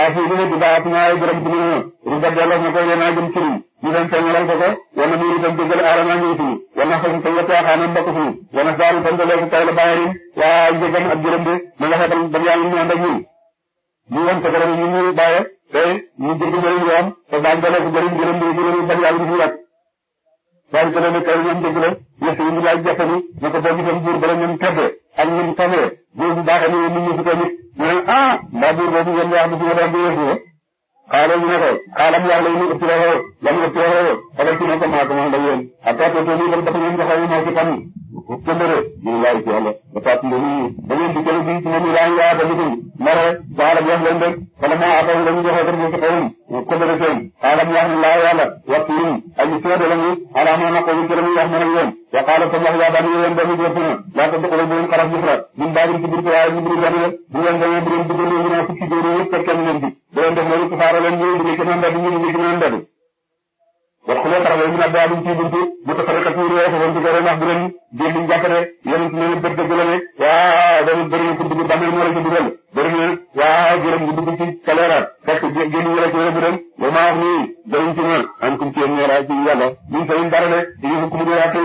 affaire yi di baax naa yu gërëm ci biir ñoom. Louga Diallo ñu koy yéen a jëm Serigne ñu dem feeñalal ko ko wala muy itam déggal aarama ñëw fii wala sax ñu koy yëpp waxaanam bokk fii wala saa la bàyyi waa njëgam ak jërëm de nga xetal ba yàlla ñu ànd ak ñun. ñu wan ko waaye ba léegi kay ñoom dëgg la ñett yi ñu laaj jafe ni ne ko boo gisoon buur bële ñoom teddee ak ñoom tawee buur bu baax a ñëwee nit ñi si tamit ñu ne ah mbaa buur boobu ngeen wax du si wala du yëngu rek xaaral ñu ne ko xaaral ñu wax la ñu ëpp la xew la ñu ëpp la xew xale ci ne maa ko moom la yéen ak kàttan te nii dafa ñoom joxewul moo ci bu pëndëree ñu laay ci yàlla ba fàtt lu ñu ba ngeen di jële bii ci ne ñu daan yaa ba bi wax leen fala moo ataw lañu joxe rek ci xewum pëndëre seen xaala mu wax laa yàlla waxtu yi ak seede lañu ala ma na ko ñu jële muy wax man ak yéen wa qaala sa wax yaa bani yéen ba muy jëfuna laa ko dëkkale bu leen xaraf jufra min baadim ci biir ko waaye ñu biir bari la bu ngeen demee bu leen dugg ñu naa fukki góor yëpp kenn leen di bu leen def loolu ku leen ñu indi waxtu boo xarale yi ñu naan daal di ci buntu mu tëfale kat ñu réew ak góor yi ndax bu leen jéem a jàppale yéen a ngi bët dëgg la ne waaw dañu bëri na pour bu dugg ci kaleeraat fekk génn ñu la ci bu dem ba maa wax nii dañu ci ñëw am kum ci ñëra ci yàlla ñu fa ñu dara ne ñu ko mu ñëra ci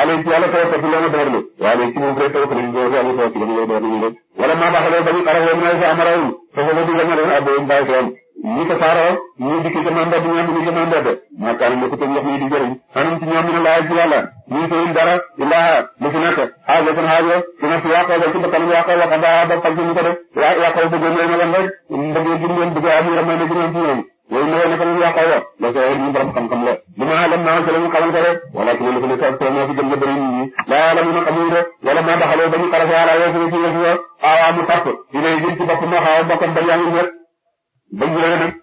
ale ci yàlla taw taw la dara lu waaw léegi ci moom rek taw ko ñu do yàlla taw ci la ñu do wala ma baxale bañu xaraw ñu ay sa amaraw fa fa du nga ne abo mbay mu tasaaroo mu dikk jamono mbedd ñoom ñu jamono mbedd ma kaanu lépp tey wax ni di jëriñ xanum ci ñoom ñu laaj ci yàlla ñu teyul dara illaa lu fi nekk xaajo seen xaajo dina fi yàqoo ba ci bakkanam yàqoo wax ba ba fal ñu ko def yaa yàqoo bëggoon leen leen rek mbëggee gi ngeen bëgg am yaram ne gënoon ci ñoom loolu mooy naka la ñu yàqoo wax la sa ñu borom xam-xam la bu ma lam naa ci la ñu xamante rek wala ci lu ko nekk ko moo fi gën la bëri nit ñi laa la ñu awaa mu fàpp dina jël ci bopp ma xaw bokkam ba yaa ngi bëgg la nag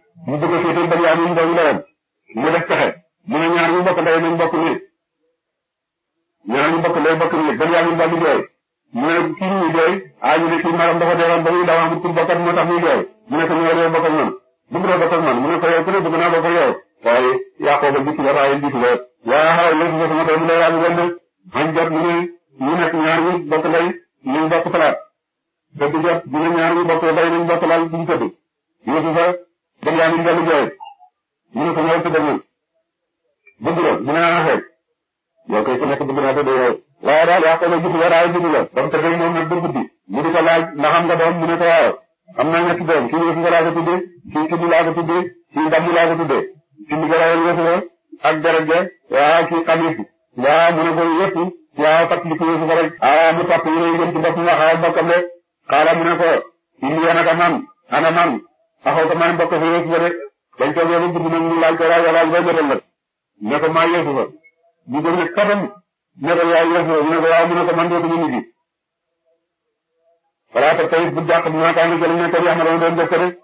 yaqub ma kaana jël na ko yahmadu doon defare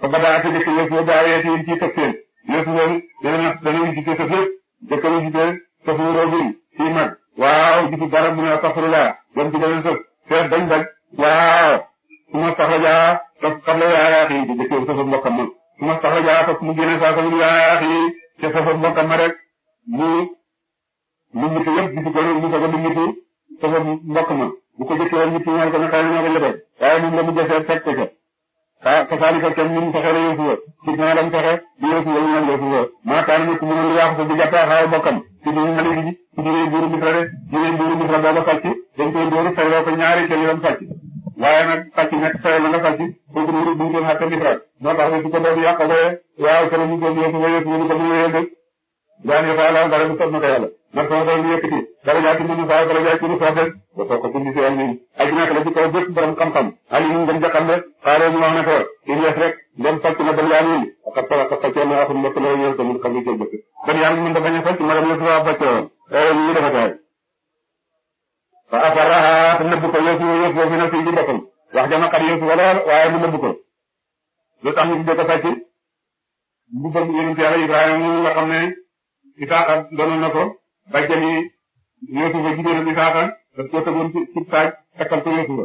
te ba daa tëjee yëpp yëpp daa yëpp yëpp ciy tëfteen yëpp loolu dana dana gisee tëf yëpp dëkk bi gisee tëfu roobin fii mag waaw gisu garab bu ne astafurlah dem ci beneen tëf seet dañ daj waaw su ma saxla jaa toog xam la yaa xii di dëkk tëfa mbokkam ma su ma saxla jaa toog mu génne saa sama yaa xii te tëfa mbokkam ma rek mu mu mutu yëpp gisu ko mu soog a du mutu tëfa mbokk ma bu ko jëkkee woon mutu ñaar ko ne xëy na ñoo ko yëgal waaye moom la mu jëfee fekk ko ah Kafaari kenn mënu fexe ba yëngu wër si dina dem fexe di yëngu wër ñu yëngu wër maa taal nit mu mën di yàqu di jàpp xaaw bokkam si biir Malick bi si biir buuru Misra de si biir buuru Misra booba sàcc dañ koy dóoru fayloo ko ñaari kër yi doon waaye nag sàcc nekk fayal la nga sàcc kooku mu ngi buñ ko xàtte Misra moo tax du ko doon yàq ba waaw keroog ñu doon yëngu ba yëngu ñu ko bu ñu jaan yi fa laal dara mu soob na ko yàlla ndax sama borom yëkkati dara jaay ci mbiru saa dara jaay ci mbiru saa fekk ba soog ko bind si ay ñun. ak nekk la ci kaw bépp borom xam-xam Aliou ngeen jàkkaam ne xaaral ñu wax ne ko il yees rek ngeen fàcc na ban yaa ngi indi ak ak ak fàccee na waxum mbokk loolu yëpp tamit xam nga cee bëgg. ban yaa ngi mën dafa ñu fàcc ma dem yëpp dafa fàccee woon loolu ñu ngi dafa taay. fa asarraha nëbb ko yëpp yëpp boo fi nekk ci boppam wax jama xat yëpp wala waaye mu nëbb ko lu tax ñu tuddee ko fàcc mbubbam yonent yàlla Ibrahima mu nga xam ne Isaaxa donoon na ko bajjani Yusufa jigéenam Isaaxa daf ko tegoon ci ci taaj takkal ko Yusufa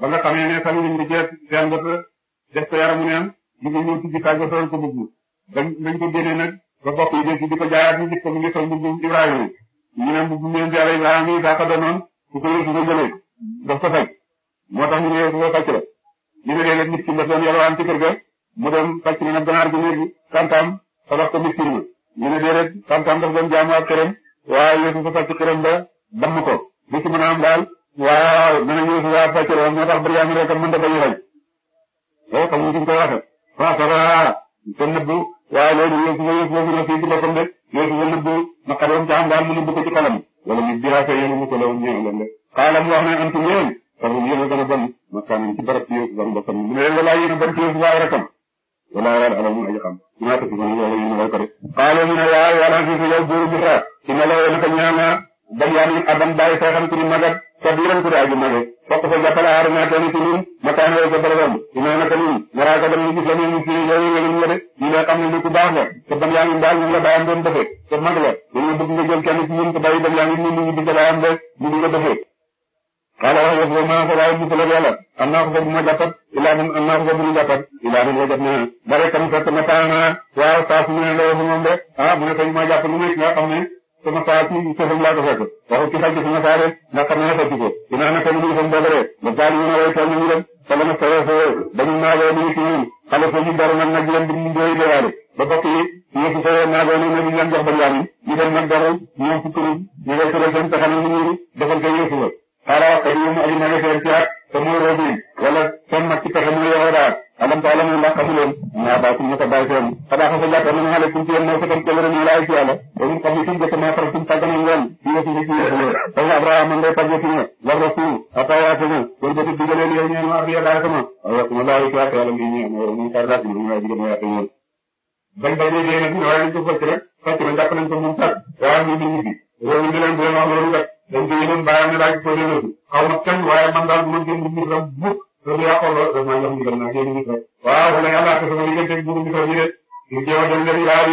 ba nga xamee ne sami nañ di jeex seen bët def ko neen ñu ngi ñëw taaj ba soxal ko mbubb dañ dañ ko génnee ba bokk yi di ko jaayaat ñu ko mu ngi sol mbubb Ibrahima ñu ne mbubb mu leen jaare Ibrahima yi Isaaxa doonoon su ko Yusufa jëlee daf ko moo tax ñu ne Yusufa faj la ñu ne léeg-léeg nit ki daf doon yalwaan mu dem faj na nag ñu ne déedéet tantam daf doon jaamu ak këram waaye yéesu sa sàcc këram ba damm ko li ci mën a am daal waaw dana yéesu waa sàcc la moo tax bëriyaami rek mën da bañu rey loolu xam nga suñ ko waxe faasara te nëbbu waaye loolu yéesu la yéesu la mën a fii ci boppam de yéesu la nëbbu na xadoon ca daal mu nëbbu ko ci xalam wala mu biraase yéen mu ko la ñëw leen de xaalam wax ne antum yéen sax yéen a a bon ma kaanam ci barab ci yéesu ci yéesu waaye rakam wala wala ala mu aji xam maa ko tudd wala ñu ngi ko def. xaaral ñu ne waaye yàlla na bi xaar. ci ne la wala ko ñaanaa dañu yàlla ñu abam bàyyi xeexam ci magat te biiram ku di aji mage. fokk sa jàppale aar naa kenn ci ñun ma kaan yow sa borom dinaa naka ñun naraa ko dem ñu gis la ñu ci yow la ñu yore ñu ni baax la te ban yaa ngi daal ñu la bàyyam doon defee te mag la dañu bëgg nga jël kenn ci ñun te bàyyi ban yaa ngi ni ñu di ko bàyyam rek ñu di ko defee xaala wax dëgg yow maa ko daal di gëstoo ak yàlla am naa ko jot ma jàppat ilaa man am naa ko jot ma jàppat ilaa man wajat naa bare kam fekk ma taa naa waaw saa su ne la yow moom de ah mu ne kañ ma jàpp lu nekk nga xam ne sama saa ci cëfam laa ko fekk waxu a xaj sama saa de ko dinaa ne kañ muy fan boobu de la daal ñu ne way toll ñu dem te la ma sawee sa dañu naagoo ñu ci ñun xale ko ñu dara nag nag leen di doy doyaale ba bokk yi ñu ci sawee naagoo ñu ne ñu leen jox ba jaam ñu dem nag dara ñoom ci turu ñu xaaral kër yi mu aju na nga seen ci at te muy rëbbi wala seen mag ci a muy yore daal alam ta alam a xamuleen naa baa suñu ko bàyyi seen xadaa xasa jàkka nañu xale suñu seen nekk tam jëlëre ñu laay ci yàlla dañu xam ne suñu jëkk maa far suñu tàgg nañ leen ci yëf yi ci yëf yi dañ Abraham man ngay tàgg ci laa ci yàlla ngi ñëw mooy ñu tar laaj ñu lay digal ma yàq ñoon bañ bay dee nag ñu waaye ñu ko fëcc rek fëcc na jàpp nañ ko moom sax waaye ñu ñu ñibbi dañ ko yéeneem bàyyi am ne daal di ko réeréer xaw ma kenn waaye man daal man jënd Misra mukk te lool daf maa jox ndigal naa jënd Misra waaw xanaa yàlla ak de a ne yaa yi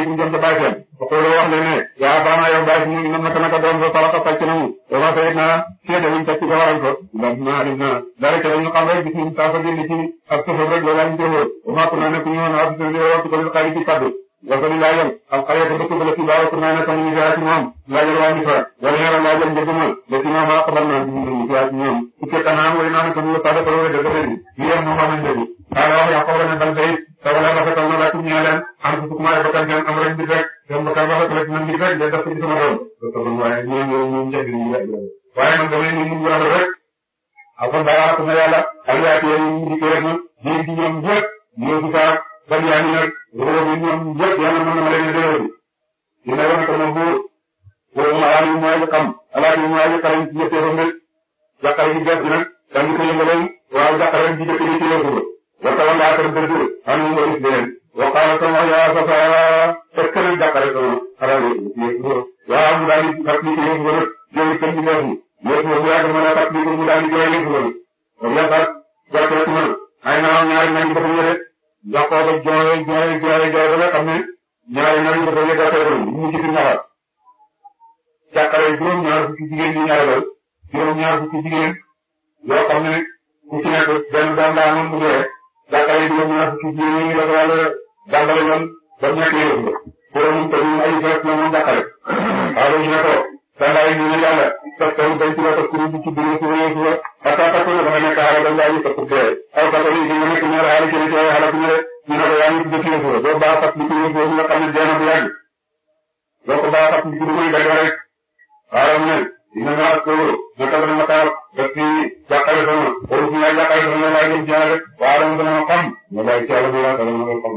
ñu jëm te bàyyi seen waxooloo wax ne ne yaa baax naa yow bàyyi si ñun naka naka doom ba farata pàcc na mu dafa fekk naa fii dañuy pàcc ba waral ko ndax naa dem naa dara ca dañu xam rek bis ñu saa fa génn ci ak sofam rek loolu lañ jëfoo ba màpp naa ne ku a wax dëgg laa jël ak xale bu dëkk ba a tournée nag ñu jaay ci moom laa jël waa Moussa wala yàlla laa jël njëgg ñoom. su fekkee naa wala naa ne que ñu la tàggatoo wala dëgg la lii lii yëpp moom am nañu dëgg. xaaral wax yaa ko war a ne ban tey sabala rafetal na laajte ñu ne leen am na suuf maa yëg ba kan ngeen am rek di fekk ba kan rafetal ak man di fekk day def ko ci sama doom. parce que waaye yi ñu ngi bal yaa ngi nag réew mën na ma leen réew mi dina wan ko moom bu wóoruma alaaji mooy li xam alaaji mooy li xarañ ci ñettee ba mbir jàkkaare gi gerte nag dañu ko yëngaloon waaw jàkkaare gi jëkkëri ci yëngu ko waxta wala ak ak dëgg am nga gis beneen waxaana yaa sa saa fekk na jàkkaare sama xalaat yëngu waaw mu daal di fàttali ko yëngu nag jëli kenn ci gerte yëngu a fàttali ko mu daal di jooy yëngu loolu. kon yaakaar jàkkaare ci man ay naaw ñaari nañ ko fa ñëwee Yakoba jooy jooy jooy jooy ba xam ne ñaari ñooñu dafa yegg a feebaru ñu ngi ci ñaar càqare juróom-ñaar fukki jigéen ñi ñaareel juróom-ñaar fukki yoo xam ne ku ci nekk benn daan daa amoon mu dee càqare juróom-ñaar fukki jigéen ñi la ko yàlla dàmbale ñoom ba ñàkk yëngu ba. pour que ñun tamit ay gerte la moom càqare. waaw loolu ñu ne ko. tàngaay bi ñu yàlla parce que béy ci la ko kuréel gi ci biir ci wéyee ci wéyee parce que parce que dafa nekk aar dañ laa ñu topp teewee aw kàttan yi dañu nekk ñaar aar ci la ci waaye xalaat ñu rek ñu ne ko yaa ngi tuddee ci wéyee boo baax fat bi ci wéyee nga xam ne dee na bu yàgg boo ko baax fat bi ci wéyee dañoo rek waaram ne dina nga ak kóoro naka la ma taal ba ci jàqale sama wala ci ñaar jàqale sama laa jëm ci rek waaram dana ma xam ma bàyyi ci yàlla bu yàgg dana ma koy xam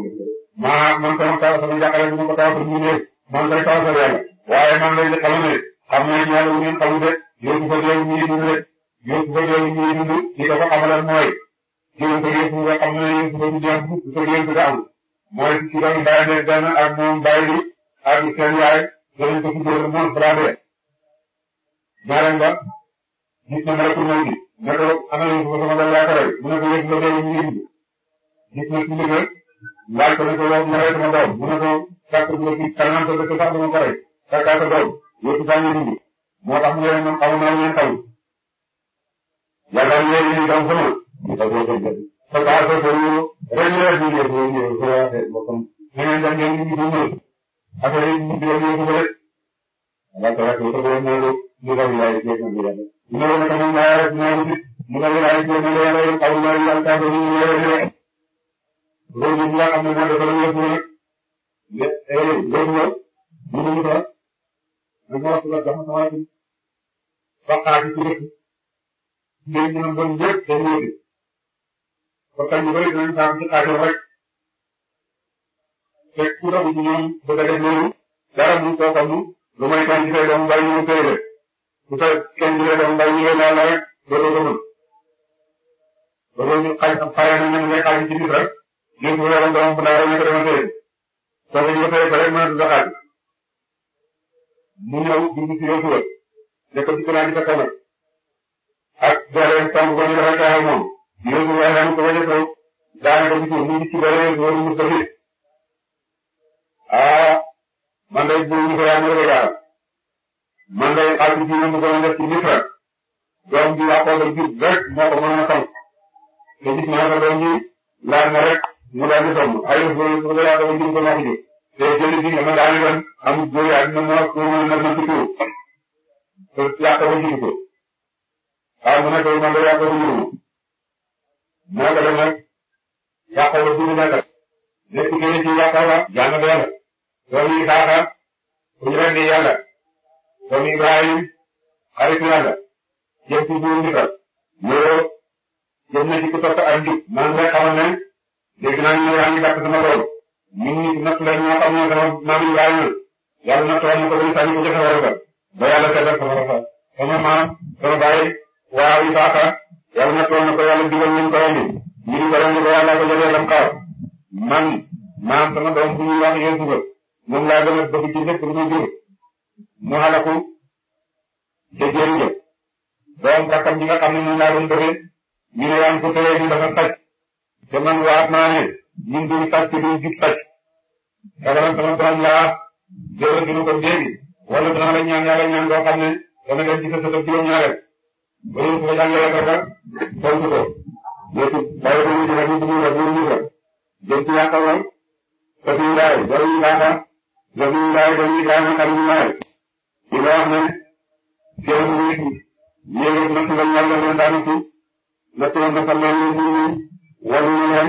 maa man sama taal sama jàqale bi ma ko taal pour ñu dee man koy taal sa yàlla waaye man lay xamane xam nañ ne yàlla bu ngeen xamul rek yóbbu ko dee ñu ngi dund rek yóbbu ko dee ñu ngi dund li ko fa xam ne yóbbu ko dee yóbbu ko dee nga amul. mooy ci doon bàyyi ne benn ak moom bàyyi li ak seen yaay danañ ko tuddee moom na maraku ñëw bi ne ko ana yóbbu ko sama benn yaakaar yi mu ne ko yóbbu ko dee na ci ndigal laaj ko ne ko yow ñaareel sama doom mu ne ko sàkk mu ne ko kanam sa dëkk sax dama ko rey sàkkaat sa yépp saa ngeen indi moo tax ñu ne ñoom xamu naa leen xamu yaakaar naa indi tam sama. ñu taw boo koy jël te kaa ko tey ñu ren yéen ñu ngi koy ñëw ko yaa xeet bokkam ñu ne ndax ngeen indi ko ñëw affaire yi ñu jël ñëw ko ba rek. waaw kay ak yow tamit moo doon ñu ko wilaay ci ñu ko yàlla. ñu ne ko nag moom laa rek ñaar nit mu ne wilaay ci ñu ko yàlla yow xamu naa leen yàlla kaa ko ñu ñu yore ñu rek. loolu ñu nga xam ne moo dafa la ñu rek mu ne. lépp loolu la ñu ko da nga wax la dafa xawaati baqaati ci dëkk ngeen ñu mën bon yëpp dañu yëg ba kañ bëri dinañ saa ci xaajal rek fekk ku rabu ci ñoom ba def loolu dara mu koo xam lu may kan ci fay doon bàyyi ñu tëye su fekk kenn ci fay doon bàyyi ñu la la rek dootoo ko mën dootoo ñu xaj xaajal nañ leen ngay xaajal ci bis rek ñun bu doon doon bu ndaw rek ñu ko doon tëye soo ko ñu ko tëye ba rek mën a dund xaajal mu ñëw dugg ci yow turam nekkati ko naan di ko ak dooleem tànk ba ñu dafay taxaw moom yow du waaye daanaka bañ a taw daanaka du tur mu ngi ci dooleem yow du mu tëddee ah man de bu ñu ko yaa ñëw rek man de ak ji ñu ko def ci Misra doom bi yaa ko doon jur rek moo ko mën a tànk te gis naa ko doom ji laaj na rek mu daal di sonn ay yëf ba ko yaa ko doon jur ko moo ko jur te jëli ji dama daan yoon amul góor ak moom ak moom la ma tudd ko te yàq ba jiitu ko waaye mu nekk man de yàq ba jiitu moo ko def nag yàq ba jiitu nekk nekk kenn ci yàq ba jàng doole doomu Isaaxa ku ñu rendi yàlla doomu Ibrahim xarit yàlla jëm ci buur ndigal loolu jëm na ci ku topp ak njub man de xamal ne dégg naa ñu yaa ngi gàtt sama loolu ñun nit nag la ñoo xam ne dafa maam Ibrahima yàlla na toog na ko ba ñu ko joxe wala ba yàlla tegal sama rafet sama maam sama baay waaw Isaaka yàlla na toog na ko yàlla digal ñu ko rendi ñu di ko rendi ba yàlla ko joxee lam xaar man maam sama doom bu ñuy wax Yuusufa moom laa gën a bëgg ci lépp lu muy jur mu xalaku ca jéeri ja doom kàkkam ji nga xam ne moom laa doon bëgg ñu ne yaa ngi ko tëjee ñu dafa taj te man waat naa ne jiw bi pàcc bi jub pàcc nga demoon sama laa jëloon dina ko jéegi wala dina ñaan yàlla ñaan boo xam ne dana nga gis sa dëkk juróom-ñaareel ba yéen su ko jàngalee ba pare tontu ko yéen it bàyyi ko ñu dina dugg ñu la ñu ñu ko jëm ci yaakaaroon sa suñu daay jaruñu baaxa sa suñu daay dañuy ne jërëm bu nit ñi yéen leen daanu ci natt leen.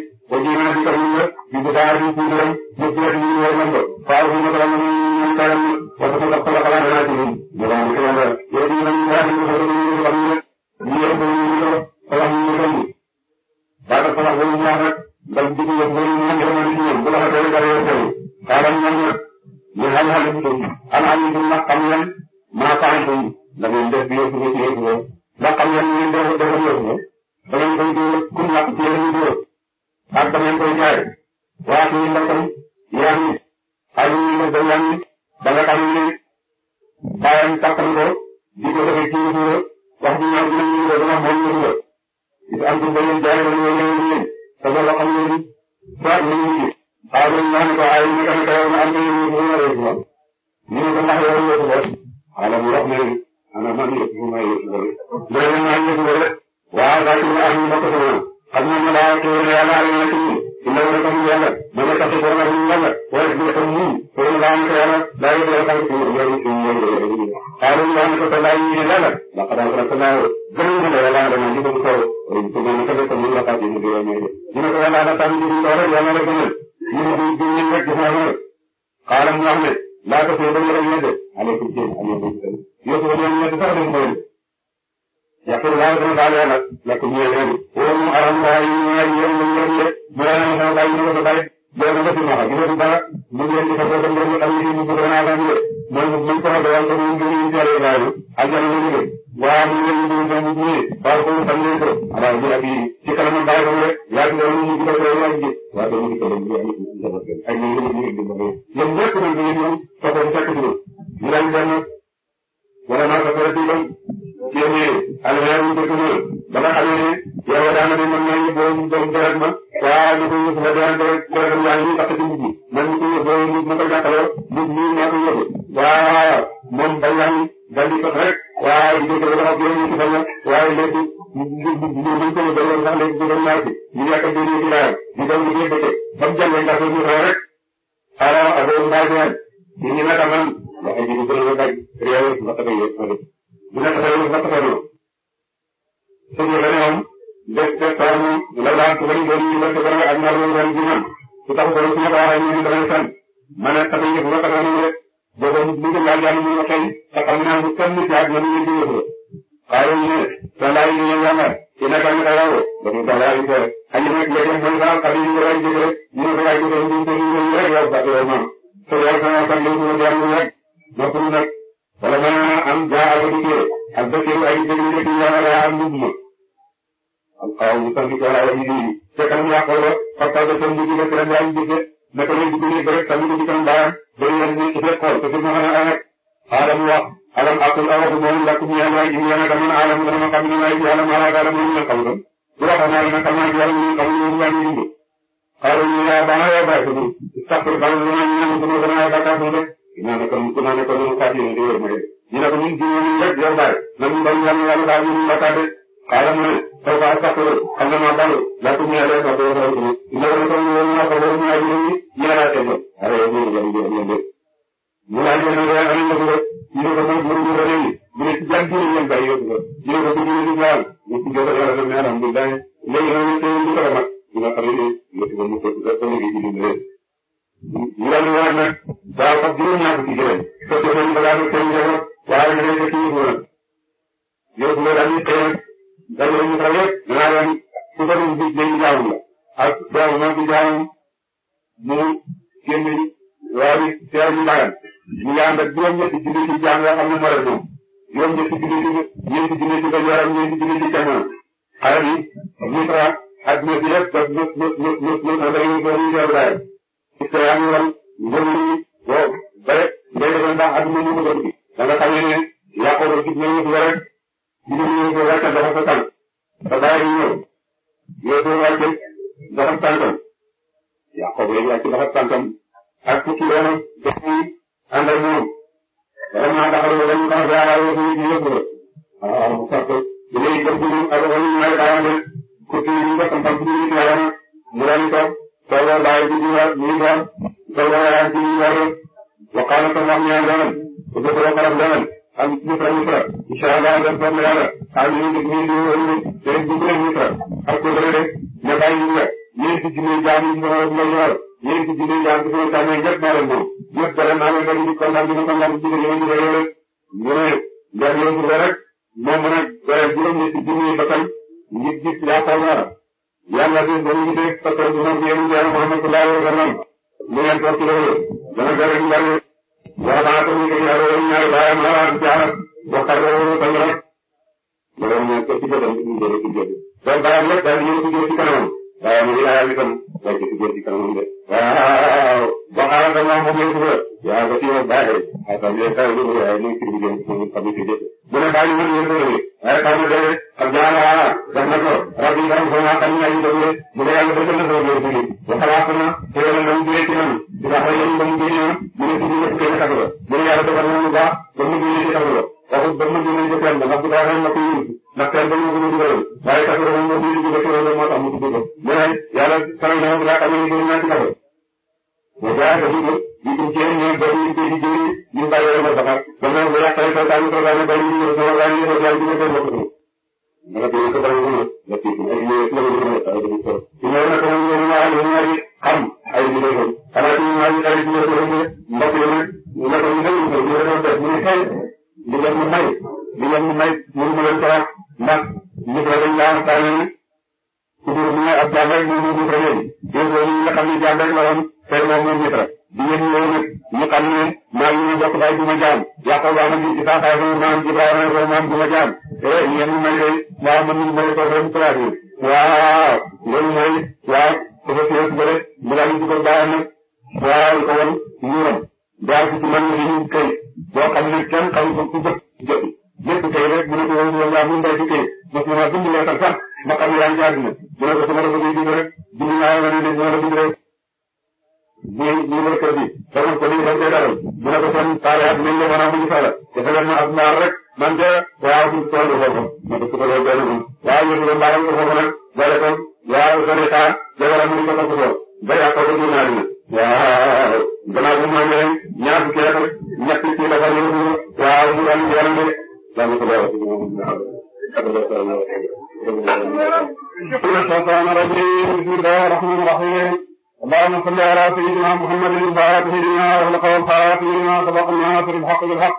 génnaat ci sëriñ la di bidaa di diidal di seet li ñu war a mën ko waaye bu ñu ko amee ñu ñu xaram wala ko ko la xalaat naa ci ñun ñu daal di xëyal rek yow ñu dañu daal di ko ñu ko xam ne ñu yëpp ko ñu ko xalaat ñu ko ñu baata xalaat bu ñu wax rek ndax di ko yëpp ñu ñu ko ñu ñu bu la ko tele dara yow tele xaaral ñu ñu ñu hal hal ci ñu am am ñu ma xam leen ma faam ci da ngeen def yow ci yow ndax xam leen ñu def def yow da ngeen koy def ku ñu la ko ci yow ak ba ngeen koy jaay waaye fi ay ñu ñu nekk yaa ngi ba nga xam ne bàyyam tàqal ko di ko defee ci ñu wax ñu ñaan dinañ ñu dana xool ñu la it am ba ngeen jaay ba ngeen ñëw ñu te ba la xam ne baat ñu ñu waaw loolu ñaan ko ay ñu ko nekk yow na am na ñu ñu ñu rek la ñu ko ndax yow ñu ne ana man ñu ko may ñu ko def loolu ñaan ñu ak ñoom ñu laaj teewul yàlla àll na ci ñun dina wër sax ñu yàlla dina sax si borom ak ñu yàlla wala dina ko ñun teewul laa am sa yàlla laa yëg la sax si ñun ñoom ñoom ñoom ñoom xaaral ñu am sa sa laaj ñu yàlla ndax daal sa sa laaj gën ñu la yàlla dama ñu ko kaw su ma ñu ko def ñu la xaati ñu di yoon ñooy dina ko yàlla la tax ñu di doole yàlla la gënal ñu di di ñu rek gis naa lool xaaral ñu am ne laa ko fi dañu la ñëde alaykum jeen alaykum jeen yow ko dañu ñëde sax dañu ko yaqin daal dina baal yoon nag nekk bi yéen rek. wala mu xaram daal ñu ngi lay yéen ñu ngi leen di leen mu daal ñu xaw daal ñu ngi ko bàyyi yoon nga ci noxa gisatu dara mu ngi leen di fekk dem dem am ñu bëgg naa ko ñu mooy buñ ko waxee yàlla ko ñu ngi ñu jëlee daal ak yàlla ñu ngi waaw ñu ngi leen di ñu ngi baal ko ñu xam leen ko waaw ñu ak yii ci kanam ñu bàyyi ko rek yaa ngi doon ñu ko doon laaj ji waaw doon ñu ko doon ñu am ñu ko doon ak ñu ngi ñu ngi ko doon ñoom ñëpp ñu ngi ñu ko doon fekk ñu ñu daal dem wala naa ko rek ñu téeméeri alwaaye bu njëkk ba ba nga xamee ne yàlla daan na ne man maa ngi boobu boobu deret ma waaw ñu koy yóbbu la deret deret deretam yaa ngi tax ci mbubb mi man ñu koy yóbbu mbubb ma koy jàkkaloo mbubb mi maa koy yóbbu waaw moom bañ yaa ngi daldi tos rek waaw ñu koy dafa gën ñu tifal la waaye léegi ñu ñu koy yóbbu loolu sax léegi ñu doon naaj ñu nekk ak ñu gilaay ñu doon liggéey bëccëg ba mu jàllee ndax ñu xaw rek alors affaire mbaay bi ñu ne man wax dëgg gën a daj réew ma ko koy yóbbu mu nekk sa yëngu sa tëtëru su ñu gën a am des des taal ñu la laal su bëri bëri ñu bëri bëri ak ñaar ñu bëri ñu ñëw su tax bëri su ñu ko waxee ñu ñu damay fenn ma ne sa yëngu nga tëtëru rek boobu ñu ngi laaj yàlla ñu nga xëy te xam naa ne kenn nit ak ñoom ñu ngi yëngu waaye ñu ne sa laaj ñu ñu yàngal ci nekk ñu ko yàngal dafa sax laaj ñu ko rek ak ñu nekk léegi mooy sax xam ñu ngi lay jóg rek ñu ngi lay jóg rek ñu ngi ko ñu rek yow sax yow moom te yow sama fan lañ ko jàng rek ma pour nag wala man ma am jaa ay liggéey ak dëkk yu ay liggéey yu nekk yaa la am mbubb ma am xaw ñu sant ko ay liggéey yi te kanam yàqoo la parce que seen mujj nekk rek yaa ñu gisee naka lay dugg nii ba rek tamit di kan baayam day leen ni ci école te dina mën a anak alam wax alam akul awatu moom lakk mu yàlla ji mu yàlla ka man alam dana ma xam ne may yàlla ma laaka alam ñu xam doon bu la xamee na xam naa yàlla ñu ah, xam ñu ñu ñu ñu xaru ñu ya bana ya baay ko sax ko bana ñu ñu ko bana ya ka ko ñu ne ko ñu ne ko ñun kàddu yi di wér mooy ñu ne ko ñun jiw yi rek yor baay nañu mbañ lan lan daal ñu mbañ kàddu xaaral mu ne xaw ma àgg xam na maa bàll laaj ko mu ne rek wax dëgg yàlla ñu ne ko ñu ne ñu ne ko loolu ñu ne ñu ne ñu laaj ko ñu. waaye yow ñu ngi leen di leen leen dégg ñu laaj leen ne yaa ngi leen di ñu ne ko moom mënuñu ko léegi ñu ne ci jàpp jiw yi leen bàyyi yóbbu ko ñu ne ko bu ñu ñu baal ñu ci jot a yàlla dem ne alhamdulilah léegi nag ñu teewul du ko mag ñu nga xam ne ñu ne ko mu ko ko liggéey ci loolu mooy nag daaw sax juróom-ñaar ci gërëm. parce que man balaa doon seen njaboot waaye da ngay def ci wóor yow su ma daal di xëy nag dañu leen sax yëpp danaa leen su ko doon gis léegi jaawu la ak mu génn waa bi teew ñu mbaayam ñu ngi ànd ak juróom-ñetti junni ne moo def moom juróom-ñetti junni ci ñeenti junni ci Kajoor ak ñeenti junni ci Cameroun xale bi Misra ak ñoom yëpp daf ñoom te yaa ngi wan njëriñ li boo bëre ngay defal ndax adduna ñu mu doon ji. da nga xam ne yàqoo ba gis nañu ko rek gis nañu ko wàccal dafa sa tànk ba bàyyi ñëw yow soo wàccal dafa tànkam yàqoo ba wàcc dafa tànkam ak fukki doon dañuy ànd ak moom vraiment dafa doon dañu ko yaakaar yow suñu ji yëpp la waaw parce que dañuy dem ci ñun ak wàllu ñaari kaayam rek fukki ñu nga xam-xam ci ñu ci yaakaar mu daal di toog soxla bàyyi ci biir ak biir ak soxla yaay ci biir ak waxaana ko wax ñaar beneen bu dee ko waxaana beneen ak ñu fa ñu fa incha allah def ko mu yàlla ak ñu ngi ñu ngi woon ni te bu dee ñu fa ak ko bëri rek ne bàyyi ñu la ñeen ci jëlee jaam yi sama sama ñor ñeen ci jëlee jaam sama sama ñëpp maa leen moom ñëpp bare maa leen bëri di kontaan di ma kontaan ci jigéen ñi rek ñu ne jàng leen rek moom nag juróom-ñetti junni bakkan ngir gis yaa ko war yàlla bi ba mu dégg parce que dina jéem jéem wax dëgg yàlla yor nañ. mu nekk foofu loolu. dana gërëm yàlla. waaw maa ko ñu yàlla yor ñaari baayam la waa jaar waxtaan la woon tam rek. loolu mooy képp ci bëtam ci biir ci biir. donc baayam lépp daal di ñëw ci biir ci kanamam. baayam li laa yàlla itam daal di ci biir ci kanamam de. waaw waxaana dama am lu ñu yaa ngi ko siy wax baaxee ah xam nga saa yu bëri waaye ñu ngi ci biir ñu xam nga ci dëkk. bu ne baax ñu wër ñu wër waaye xam nga dëgg ak jaaraama def na ko rab yi tam xam naa xam naa ñu dëgg mu ne yàlla dëgg na sama biir biir ba xalaat na te yàlla na mu jëlee ci man di tax rek yéen ba mu jëlee ma mu ne ci biir yëpp kenn xatu la mu ne yàlla defal na mu baax ba mu jëlee ci xatu la waxut ba mu jëlee ci kenn ndax bu daa ren ma ko yëngu ndax kenn ba mu ko dugaloon waaye xatu la moom moo tax mu tudd ko mu ne yàlla sama na bu daa xamee ni وجاء به يمكن جيري جيري جيري جيري من بايو ما بكار لما هو يحتاج كان كان بايو من هو غير من هو جاي من هو ما بده يتبعه لكن اللي يتبعه يتبعه إنما كان يوم على يوم كم أي من أنا في ما يتعلم من هو ما بيعمل ولا بيعمل من هو ده من هاي من هاي من هاي من هو ده ما من هو ده تعالى كبر من أبدا من هو ده يقول لك من جابر لهم tey moom ñoom ñëpp rek di ngeen ñëw nag ñu xam ne maa ngi bokk baay bu ma jaam Yaaqoob am na Isaaqa am na maam Ibrahima am na maam bu ma jaam te eh, yéen ñu may lay waaw man ñu may ko ren plateau waaw loolu mooy waaw su ko siy suba rek mu daal di dugal baayam nag waaw ko woon nguuram daal ci man li ñu kay boo xam ne kenn xam ko ku jot jot jëpp kay rek mu ne ko woon yow yaa mun day ci kay ma bind leetal sax ma xam yaa mu ne bu bu lekkee bi teewul ko lii dañ koy dalal bu ne ko seen taaree ak nañ la mën a am lu ñu soxla te fexe na ak mbaar rek man de waaw fi mu toll foofu ma def ko loolu benn moom. waaw yëpp la mbaaram ko foofu nag boole ko waaw sa nekkaa da war a mën ko topp soo ba yàq ko ba ñu naan la. waaw gannaaw bi mu amee ñaar fukki at rek ñett ci dafa ñëw waaw mu am yoon de daal ko daal بسم الله الرحمن الرحيم اللهم صل على سيدنا محمد المبارك سيدنا وخلق والخالق سيدنا سبق الناصر الحق بالحق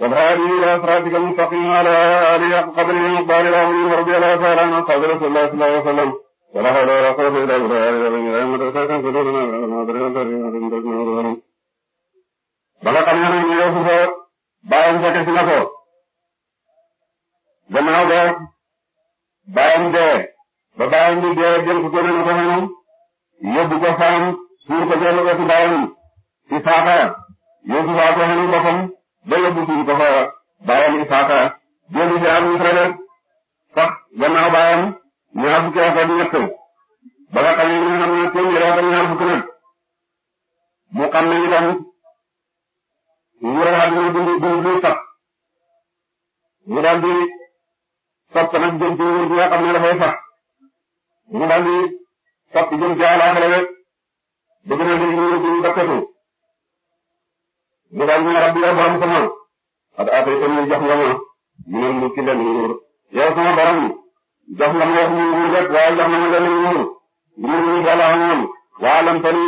والهادي إلى صراطك المستقيم على آله حق قدره ومقداره العظيم ورضي الله تعالى عن أصحاب رسول الله صلى الله عليه وسلم ولا حول ولا قوة إلا بالله bala xam nga ne yow su ko bàyyam fekk si na ko gannaaw ba bàyyam dee ba bàyyam di dee jël ko gën a na ko xanam yóbbu ko faam suur ko jënd ko ci baayam Isaaxa Yuusufa ko xëy boppam ba yóbbu suur ko fa baayam Isaaxa jënd si am trajet sax gannaaw baayam ñaar fukki at ak ñett ba nga xam ne ñu xam ne téeméer ak ñaar fukki nag mu xam ne itam nguural àdduna dund dund du sax mu daal di topp nag jëm ci nguur gi nga xam ne dafay sax mu daal di topp jëm ci àllaxira rek bëgg na leen ñu ñu dëkkatu mu daal rabbi yow borom sama at atay tam ñu ma mu ne mu ci leen nguur yow sama borom jox nga ma wax ñu nguur rek waaye jox nga ma leen nguur nguur ñu dala amoon waa lam tani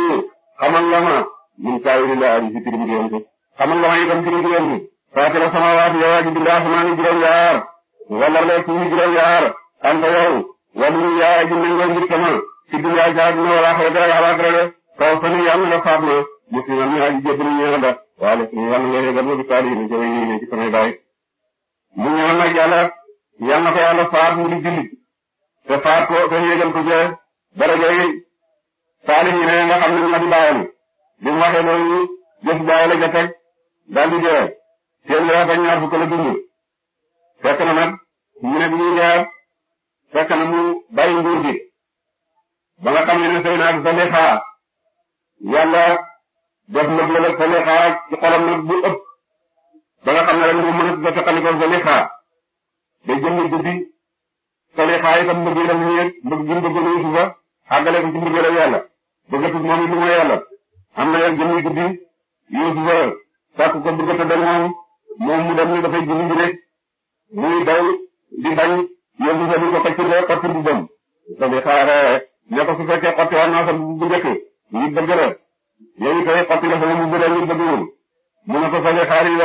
xamal nga ma min kaayiri la ari ci tirim ngeen bi xamal nga ma itam tirim ngeen bi faati la sama waati yow aji bind asamaani juróom yaar wala leeg ci juróom yaar anta yow wala yaay aji nangoo ngir sama ci dunyaay garab na wala xaw dara alaxira kaw fa ni yàlla nga faat na musliman ñu aji jébbalu ñeel da wala ci yàlla nga yegal bi taali ni jëme ñu ne ci samay baay mu ñaan nag yàlla yàlla na ko yàlla faat mu di julli faat ko te yegal ko jee daraja yi taali ñu ne nga xam ne nga di baayam bi mu waxee loolu jëf baay la jotee daal di jee seen la fa ñaar fukk la dund fekk na nag mu na mu bàyyi nguur gi ba nga xam ne sëy na ak Zalixa yàlla def na bu ak Zalixa ci xolam nag bu ëpp ba nga xam ne rek moom mën a teqalikoo Zalixa day jënd guddi Zalixa itam mbëggeelam ñëwee mbëgg gën bëgg Yuusufa àggale ko ci mbëggeelam yàlla bëggatul moom it lu mooy yàlla am na yàlla jënd guddi Yuusufa sàkk ko bëgg a moom moom mu dem ni dafay jënd rek muy daw di bañ Yuusufa di ko xëcc ba xottu bu bon Zalixa ne ko su fekkee xotti woon naa sa bu njëkk ñu bëgg la yow it tey xotti nga sama bu bële ñu bëggul mu ne ko fële xaar yi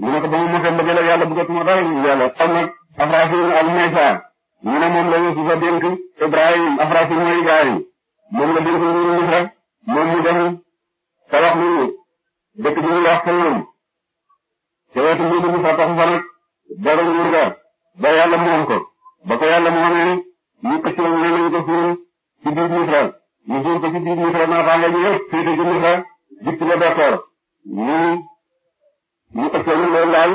mu ne ko ba mu mos a bëgg la yàlla bëggatuma dara yàlla xam nag Afrasim al Maysa ñu ne moom la Yusufa dénk Ibrahim Afrasim mooy gaar yi moom la dénk nguuru Misra moom mu dem tabax lu dëkk bi ñu wax ko moom te wetu mbiru Musa taxu fa nag dara nguur ga ba yàlla moom ko ba ko yàlla moomee yëkkati woon nga leen ko fii ci biir Misra mu jëm ko ci biir Misra maa baa nga ñu yëpp fii ci Misra dikk la doktoor mu mu ko seen loolu daal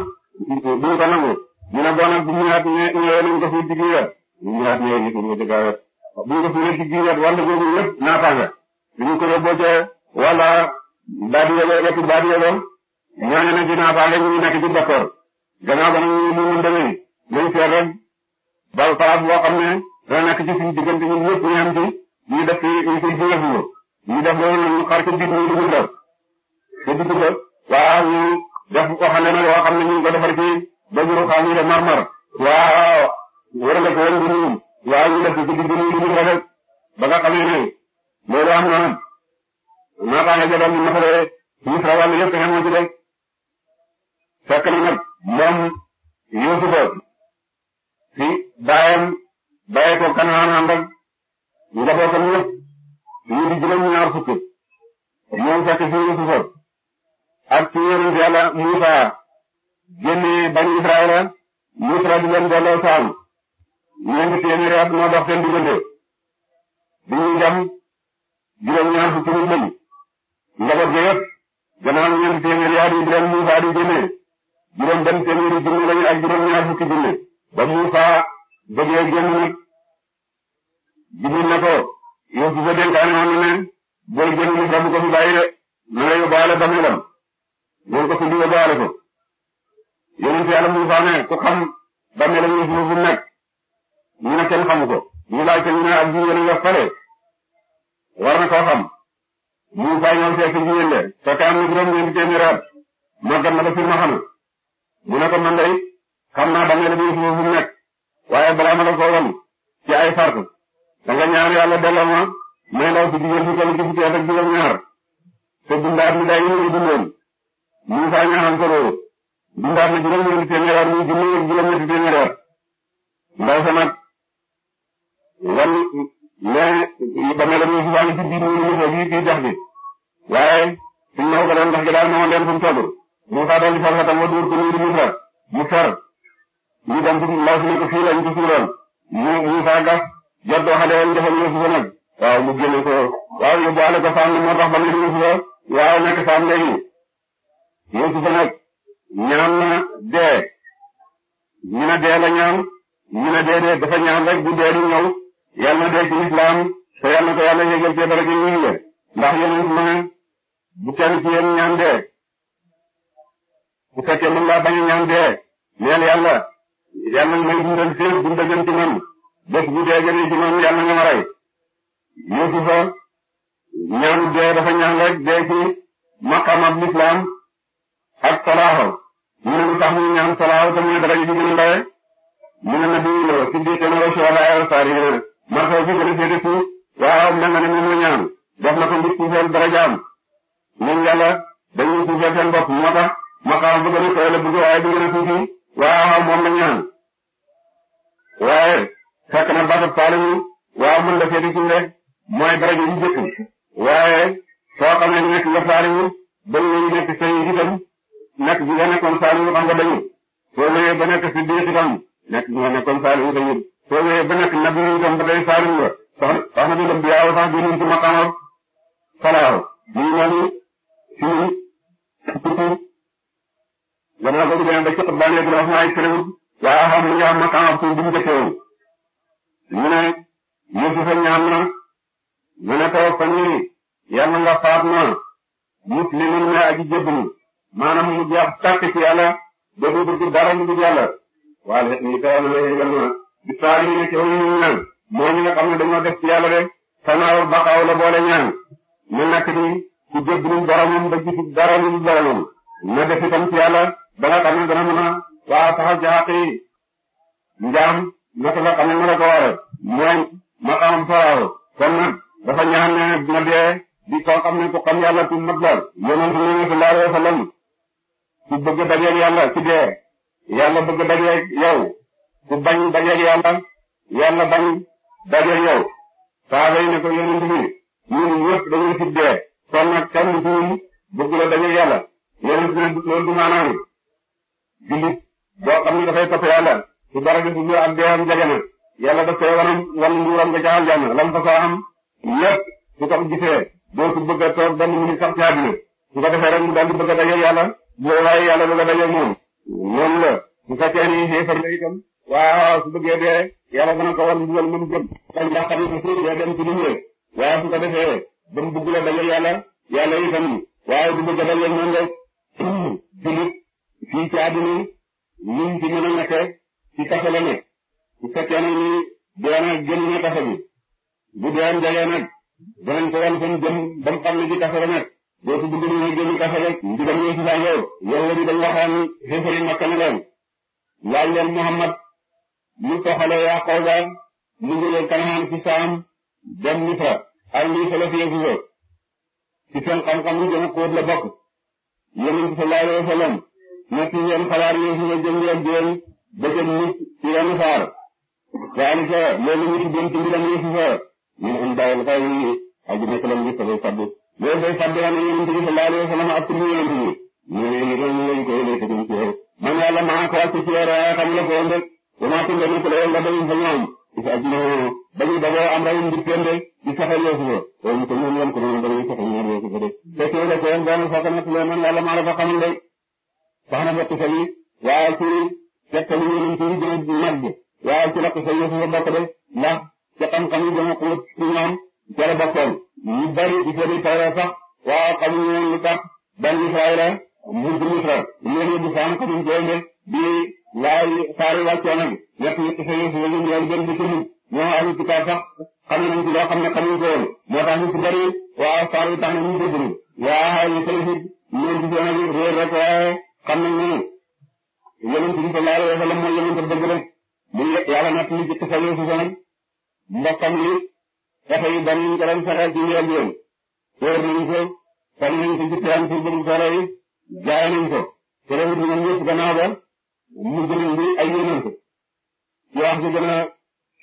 duñ ko nangu ñu ne bon ak bu ñëwaat ne ñëwee nañ ko fii digg wet bu ñëwaat ñëwee ñu ko digg wet bu ñu ko fii digg wet wàllu googu yëpp naataange ñu ko yóbboo ca wala daa di yëgoo wetu daa di yëgoo ñooñu nag dinaa baale ñu nekk ci doktoor gannaaw ba ñu ñu mën demee nañ seet rek ba palaas boo xam ne dana nekk ci suñu diggante ñun ñëpp ñu am ci ñu def ñu koy jëfandikoo ñu def loolu ñu xar ci biir ñu dugg ndaw te dugg ndaw waaw ñu def ko xam ne nag yoo xam ne ñu ngi ko defar ci bëj-bëj xam ñu def marmar. waaw war nga ko woon du ñu waaw ñu def ko ci biir ñu dugg rafet ba nga xamee ne loolu am na naataange jabal ñu nafaree ñu sa wàll yëpp xeex na ci de fekk na nag moom Yuusufa si baayam bàyyi ko Kanaan ànd ak njabootam yëpp ñu di juróom-ñaar fukki ñoom fekk ci Yusufa ak ci yonent Yàlla Muusa génnee bani Israayila Misra di leen delloo Saam ñeenti téeméeri at moo dox seen diggante bi ñuy dem juróom-ñaar fukki nit lañu njaboot ga yëpp gannaaw ñeenti téeméeri at yi di leen Muusa di génnee juróom benn téeméeri junne lañu ak juróom-ñaar fukki junne ba Muusa bëggee génn nag jigéen na ko yow ci sa dénkaane woon na ne booy jënd lu ko fi bàyyi de na la yóbbaale bàmmeelam loolu ko suñu yóbbaale ko yonent yàlla mu faa ne ku xam bàmmeelam yi fu nekk ñu ne kenn xamu ko ñu laaj ñu ne ak jigéen yi wax fale war na koo xam mu faa ñëw fekk jigéen de fekk am na juróom-ñeenti téeméer at màggat na ba fi ma xam mu ko man day xam naa bàmmeelam yi fu nekk waaye balaa ma la ko won ci ay fàrt danga ñaan yàlla delloo ma may ndaw si jigéen si kenn gis teet ak juróom ñaar te dundaat mi day ñu dundoon Musaa ñaanal ko loolu dundaat na juróom ñeenti téeméer at muy junni ak juróom ñetti téeméer at ndaw sa nag wan mais ba mel ni Musaa ni ci biir ñu mu yi jax bi waaye suñ naw ko doon ndax gi daal moo leen fu mu toll Musaa daal di far xatam wa dóor ko mu fer mu fer ñu dem mu Musaa jot doo xale woon joxoon Yuusufa nag waaw mu génne ko waaw yóbbuwaale ko Sàmm moo tax ba mu Yuusufa waaw nekk Sàmm léegi nag ñaan na dee ñu ne dee la ñaan ñu ne dee dee dafa ñaan rek bu dee du ñëw yàlla na dee ci lislaam te yàlla na ko yàlla yëgal ci dara gi ñu ngi ndax yéen a ngi bu kenn ci yéen dee bu fekkee mën ngaa bañ a ñaan dee neel yàlla yàlla may dundal fii dundal jëm ci man bés bu dee gën ci moom yàlla nga ma rey Yuusufa ñaan dee dafa ñaan rek dee ci maqamab lislaam ak salaaho ñu ne lu tax mu ñaan salaaho te mu ne dara ji gën a ndawe mu ne la siddiqe sari na martaba fi gën a féete suuf waaw mel na ne moom la ñaan def na ko ngir suufeel darajaam ñun yàlla dañuy suufeel seen bopp moo tax maqamab bu gën a kawe la bëgg waaye bu alamin waaw mën la seeti ci rek mooy daraja waaw saar wi tax na ñu déglu waaw xay ñu koy fit ñoom rek waaye xam nañ ne yonent bi sallallahu alayhi wa sallam mooy yonent dëgg rek bu yàlla natt li ci tësal yooyu si sonal mbokkam li fexe yi ban ñu ko doon fexeel ci njëriñ yoon wër nañ ko fan nañ ko ci teyaan pour bëgg soore yi ba mu jëriñ bi ay yonent ci wax ci gën a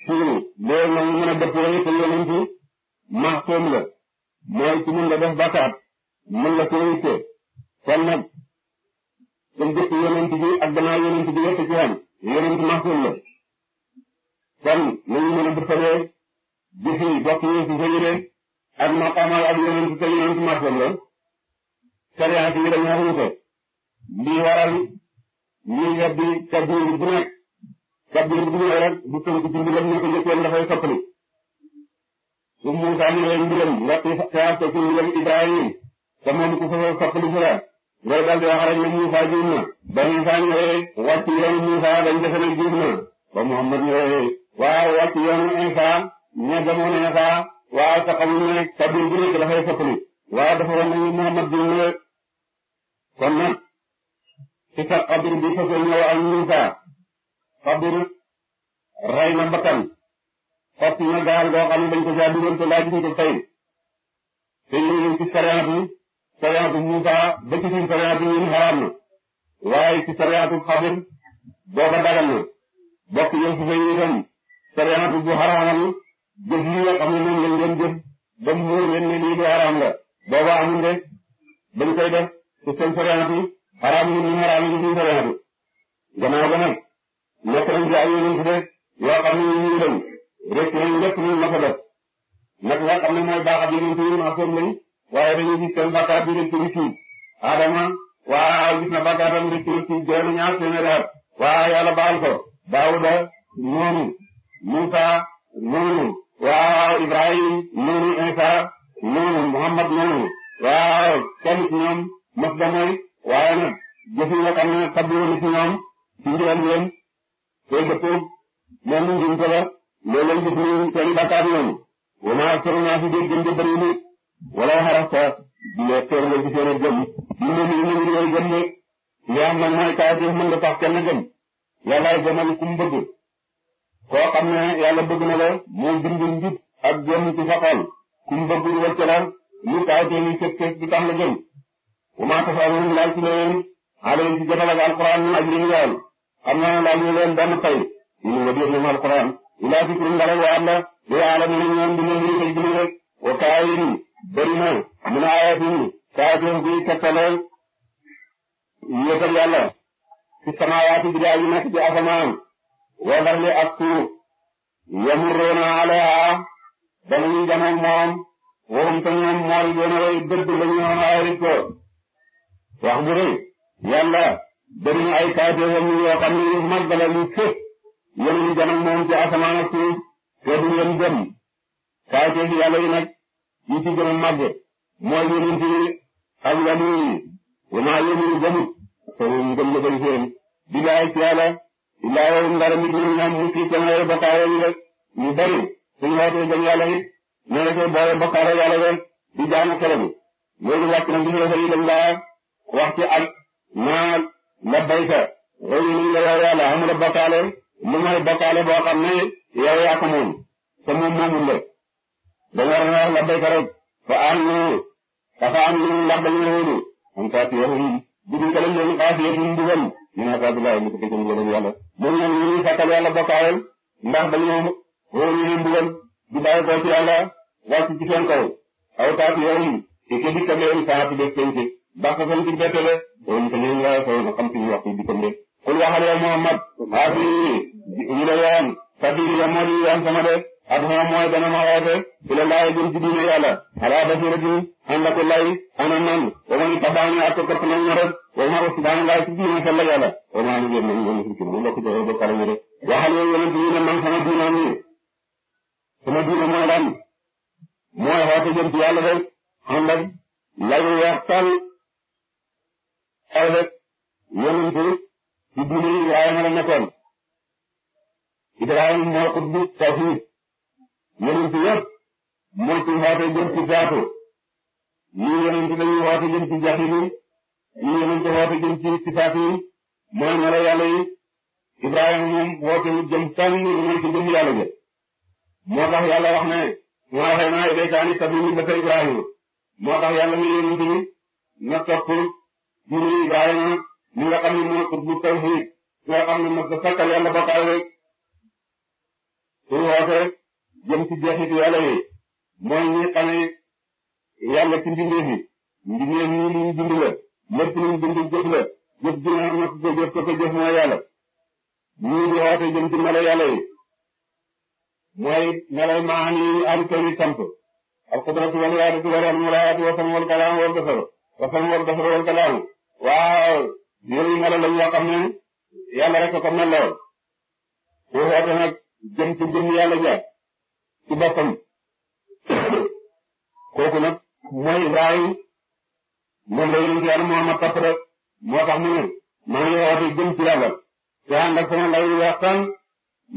suuru loolu nag ñu mën a dëpp rek te mooy ci la def bàkkaat mën la ko yitte kon nag comme jëkk yonent ak gannaaw yonent bi yëpp ci am yonent maxsul la kon nañu mën a dëppalee jëf yi bokk yi ci sëñure ak maqamal ak yonent te yonent maxsul la sariat yi dañoo xuute lii waral ñuy weddi kabir bu nekk kabir bu ñëw bu tënk ci mbiram ñu ko njëkkoon dafay su Muusa amee mbiram nga xaar ko ci ku fa soppali si la ngay dal di wax rek ne Muusa juum na ba Muusa ñëwee wàcc yoonu Muusa dañ defe ba Muhammad ñëwee waaw wàcc yoonu Isa ña demoon Isa waaw te xamul ne tabir bu nekk dafay soppali waaw dafa wan ne Muhammad juum na kon nag ci sa xabir bi fësal ñëw ak Muusa xabir rey xott na gaal goo xam ne dañ ko caa dugal te laaj ñu ko fay te sariyaatu sariyaatu Musa ba ci suñ sariyaatu yi xaraam na waaye sariyaatu Xadir booba dagal na bokk yow su fay itam sariyaatu bu xaraamal jëf li nga xam ne moom lañ doon jëf ba mu wóor leen ne lii du xaraam rek dañ koy def sariyaatu xaraam ñu ñu xaraam sariyaatu gannaaw ga nag nekk nañ ci ay yonent de yoo xam ne rek nañ lépp luñ la ko def nga xam ne mooy baax ak yeneen yi ma waaye dañuy gis seen bàkkaar bi rek ci Adama waaw gis na bàkkaaram rek ci tuub jël ñaar téeméeri at waaw yàlla baal ko Daawuda noonu Musa noonu waaw Ibrahim noonu Isa noonu Muhammad noonu waaw kenn ci ñoom mos waaye nag jëf yi nga xam ne tabbi woon ci ñoom ci njëlbeen te dëppoo mel ni la loolu lañ gis ñu seen bakkaar ñoom wa maa aktarunaa fi dégg gëm di bëri nit wala xarasta mais teer nga ci seen gëm ñu ne ñu ngi lay gëm ne li am nag mooy kaay mën nga tax kenn gëm yàllaay gëmal ku mu bëgg koo xam ne na la mooy bind njub ak gëm ci sa xol ku mu bëgg wàcce la lu kaay tee ñu cëg cëg di tax la gëm wa maa tasaloon laal ci leen alayhi ci jotal ak alquran min ajrin yool xam naa ilaa zikri ngalal wa am na li alamin ñoom di leen di leen rek wa kaayirin bëri na mun a ayatin kaayirin guy tegtale yéetal yàlla ci samawaati bi daal yi nekk ci asamaan wala li ak suuf yamurroona alayha danañu jamoom moom waxum te ñoom mool yéen a way dëgg la ñu am ay ko wax bu rëy yàlla bëri na ay kaayirin yoo xam ne yu mag la ñu fépp yéen a moom ci asamaan ak suuf te du ngeen gëm kaay yàlla yi nag yi ci gën a màgg mooy yonent yi ak wàllu yi vraiment yéen ñu gëmut te ñu gëm la bañ seen di laay ci yàlla di laayoo ndara nit ñi ñu am lu ci seen ay bakkaar yi rek ñu bari suñu wootee gëm yàlla yi ñu ne ko boole bakkaar yàlla rek di jaamu kër bi loolu wàcc na biñu rafet yi dañ laa wax ci ak naa la bayta loolu ñu la yow lu may bokkaale boo xam ne yow yaa ko moom te moom moomul la dañu war a ñëwaat la béykat fa am lu dafa am lu ndax am saa si yow duñu ko leen saa si yow duñu dugal ñu ne saa si laay mu tukkee ci mu gën yàlla. ñoom ñoom ñu ngi fàttal yàlla bokkaayal ndax dañu wóolu leen dugal di bàyyi ko ci yàlla wàcc ci seen kaw aw saa si yow te ke dikka leen saa si des penc ci bette la loolu te ñu ngi lay xam ci ñu wax ci dikkam kul waxal yow Muhammad maa fi ñu ne yoon sabili yow moo di yoon sama de ak moom mooy lay ana man wa tabaani ak képp nañ ñu rek wa ma usbaani laa ci diine sell yàlla wa ma ñu nañ ñu ci mu waxal yow yonent yi man sama diine ni sama diine mooy lan mooy xoote lay weex tal ay rek yonent ci diine Ibrahima la nekkoon Ibrahima moo ubbi tawhid yonent yëpp moo ci xoote jëm ci zaatu ñii jëm ci jaxi bi ñii yonent xoote jëm ci sifaat yi mooy melo yàlla yi Ibrahima moom xoote jëm jëm yàlla jëm moo tax yàlla wax ne maa xëy naa ilaykaani sabili ba Ibrahima moo tax yàlla mi yonent bi na topp diine Ibrahima li nga xam ne mooy bu tawhid nga xam ne mos a sakkal yàlla rek su woote jëm ci jeexit yàlla yi mooy ñi xamee yàlla ci mbindeef yi mbindeef yi lu ñu bind la lépp lu ñu bind jëf la jëf ji nga xam ne ko jëf ko ko jëf mooy yàlla ci melo yàlla yi mooy maani yi am kër yi sant alxudratu wal iradatu wal iradaatu wa sam wal kalaam wal basar wa sam wal basar wal kalaam waaw mooy melo lañ yoo xam ne yàlla rek ko meloo ku xoote nag jëm ci jëm yàlla jaar ci boppam kooku nag mooy Ibrahim moom la yonent yàlla Muhammad topp moo tax mu ne maa ngi xoote jëm ci yàlla te ànd ak sama lay waxtaan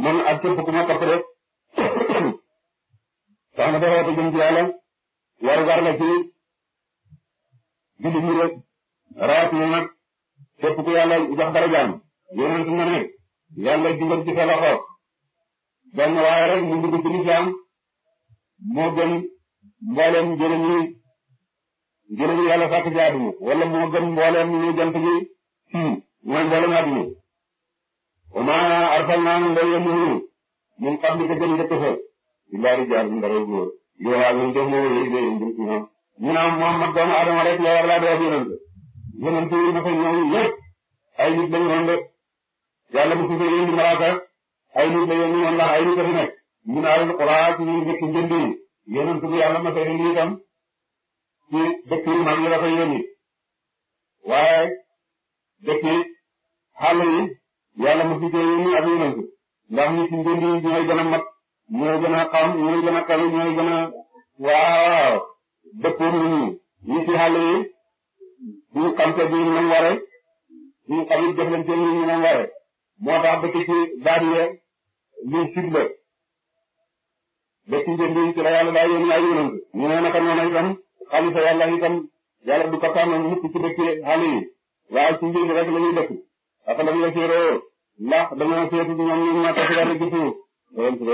man ak képp ku ma topp rek tax na da xoote jëm ci yàlla waru gar la ci jullit ñi rek rawatina nag képp ku yàlla jox dara jàmm yonent na ne yàlla dimbal ci sa loxo benn mu dugg ci lislaam moo gën mboolem njëriñ yi njëriñ yi yàlla sàkk moo gën mboolem ñu jant gi fii hmm, mooy mboolem àdduna wa maa arsalnaa min qablika min qablika jëm njëkk fa illaa rijaalan ndara góor yoo xam ne def na ñu naan moom ak doomu aadama rek la war laa def yonent yonent yi dafa ñëw yëpp ay nit la ñu doon def yàlla mosu ko yónni ay nit la yónni woon ndax ay nit dafa nekk min al qura ci ñu njëkk njënd yi yonent bu yàlla masa indi itam ci dëkk yu mag yi dafa yónni waaye dëkk yi xàll yi yàlla mosu ko yónni ak yonent ndax ñi yi ñooy gën a mat ñooy gën a ñooy gën a ñooy gën a waaw dëkk yi ñu ci yi duñu xam te duñu mën waree duñu xam it jëflante ñu mën a waree moo tax dëkk ci baadiye liñ cible dëkk njëndiñ ci la yàlla daa yónni ay yonent ñu ne naka noonu itam xalifa yàlla itam yàlla du ko tànn mukk ci dëkk xale yi ci njënd rek la ci suuf loolu si loolu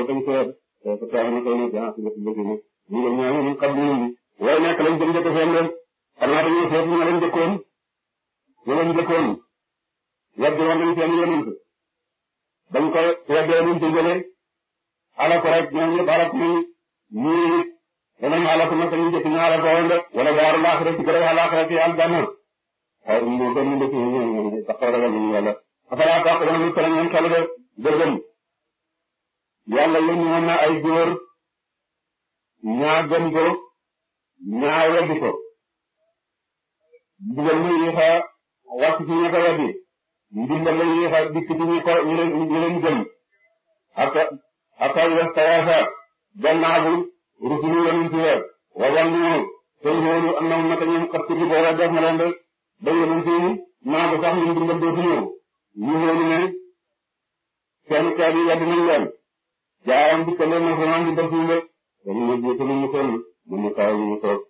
dañ seet te ko tax na koy si dëkk bi ñu ngi ñëw ñu xam ñu way nekk lañ jëm xam naa dañuy seet ña leen dëkkoon ña leen dëkkoon weddi woon nañ seen yonent dañ ko weddee nuñ ko jëlee alako rek ñoom ñëpp alako nañ ñii danañ alako na sañu jëkk ñu alako woon de wala gaaru laaxira ci gërëm laaxira ci aljanna xayr mu gën ñu dëkk ñu tax ragal ñu yàlla afala taq dana ñu tëral ñoom xelu de gërëm yàlla lu ñu na ay góor ñaa gëm ko ñaa weddi ko mbugal mu yéex a wàcc ci ñi ko weddi ndimbal la yéex a dikk ci ñi ko ñu leen ñu leen gëm hatta hatta yastawaasa jannaabu rusulu yonent ya wa zannu te loolu am na mu naka ñoom kat ci booba def na leen de ba yonent yi naa ba sax ñun ndimbal dootu ñëw ñu loolu ne seen xeet yi weddi nañ leen jaayam dikkale na vraiment ndimbal suñu de dañu ne jiitalu mu mu kaay ñu toog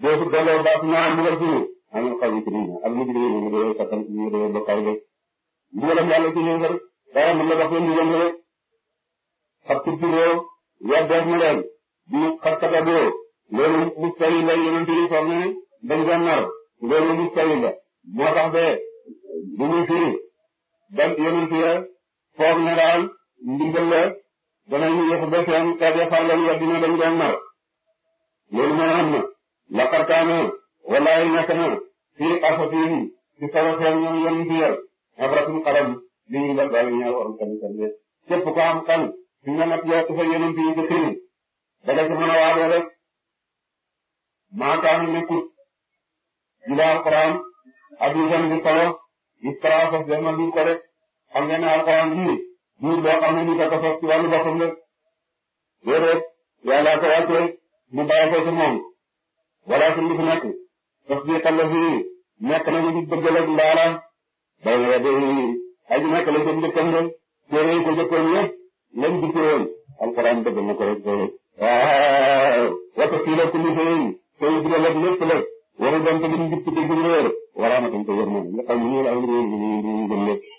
boo ko delloo baas ñaar mbugal ci ñun amul xaw ci ñun ak mujj yi ñu doon kattan ñu doon bokkaay rek mbugalam yàlla ci ñun rek dara mën na dox leen mbugal rek xar ci turoo yàggaat na leen ñu xar katagoo loolu mustahil la yonent yi foog ne dañ ko nar loolu mustahil la moo tax de bu muy firi dan yonent ya foog ne daal ndimbal la danañu yëf ba seen kaja fan lañu yàgg ne dañ ko nar loolu mooy am na laqad kaana wallahi nekk na fii qasasihim ci solo seen ñoom yoon bi yor xabratun xalam li ñuy def daal ñaar waru kan kan de képp ko am xel fi nga nekk yow dafa yonent yi ci xiri da nga ci mën a waadoo rek maa kaana nekkut jula alquran ak ñu gën di solo iqra fas dama lu ko rek xam ngeen ne alquran bii duur boo xam ne ni ko sos ci wàllu boppam rek déedéet yàlla ko wàccee mu bàyyi ko ci moom walakin li fi nekk la fi nekk nañu di dëggal ak ndaala bay na yàgg aji nekk lañ ko njëkkam de téere yi ko njëkkoon yëpp lañ dikki woon alquran dëgg ko rek waaw wata fii la kulli feeñ tey digal ak lépp la waru doon te liñ dikki dëgg réer waraamatam te yërmande nga xam ne ñu la am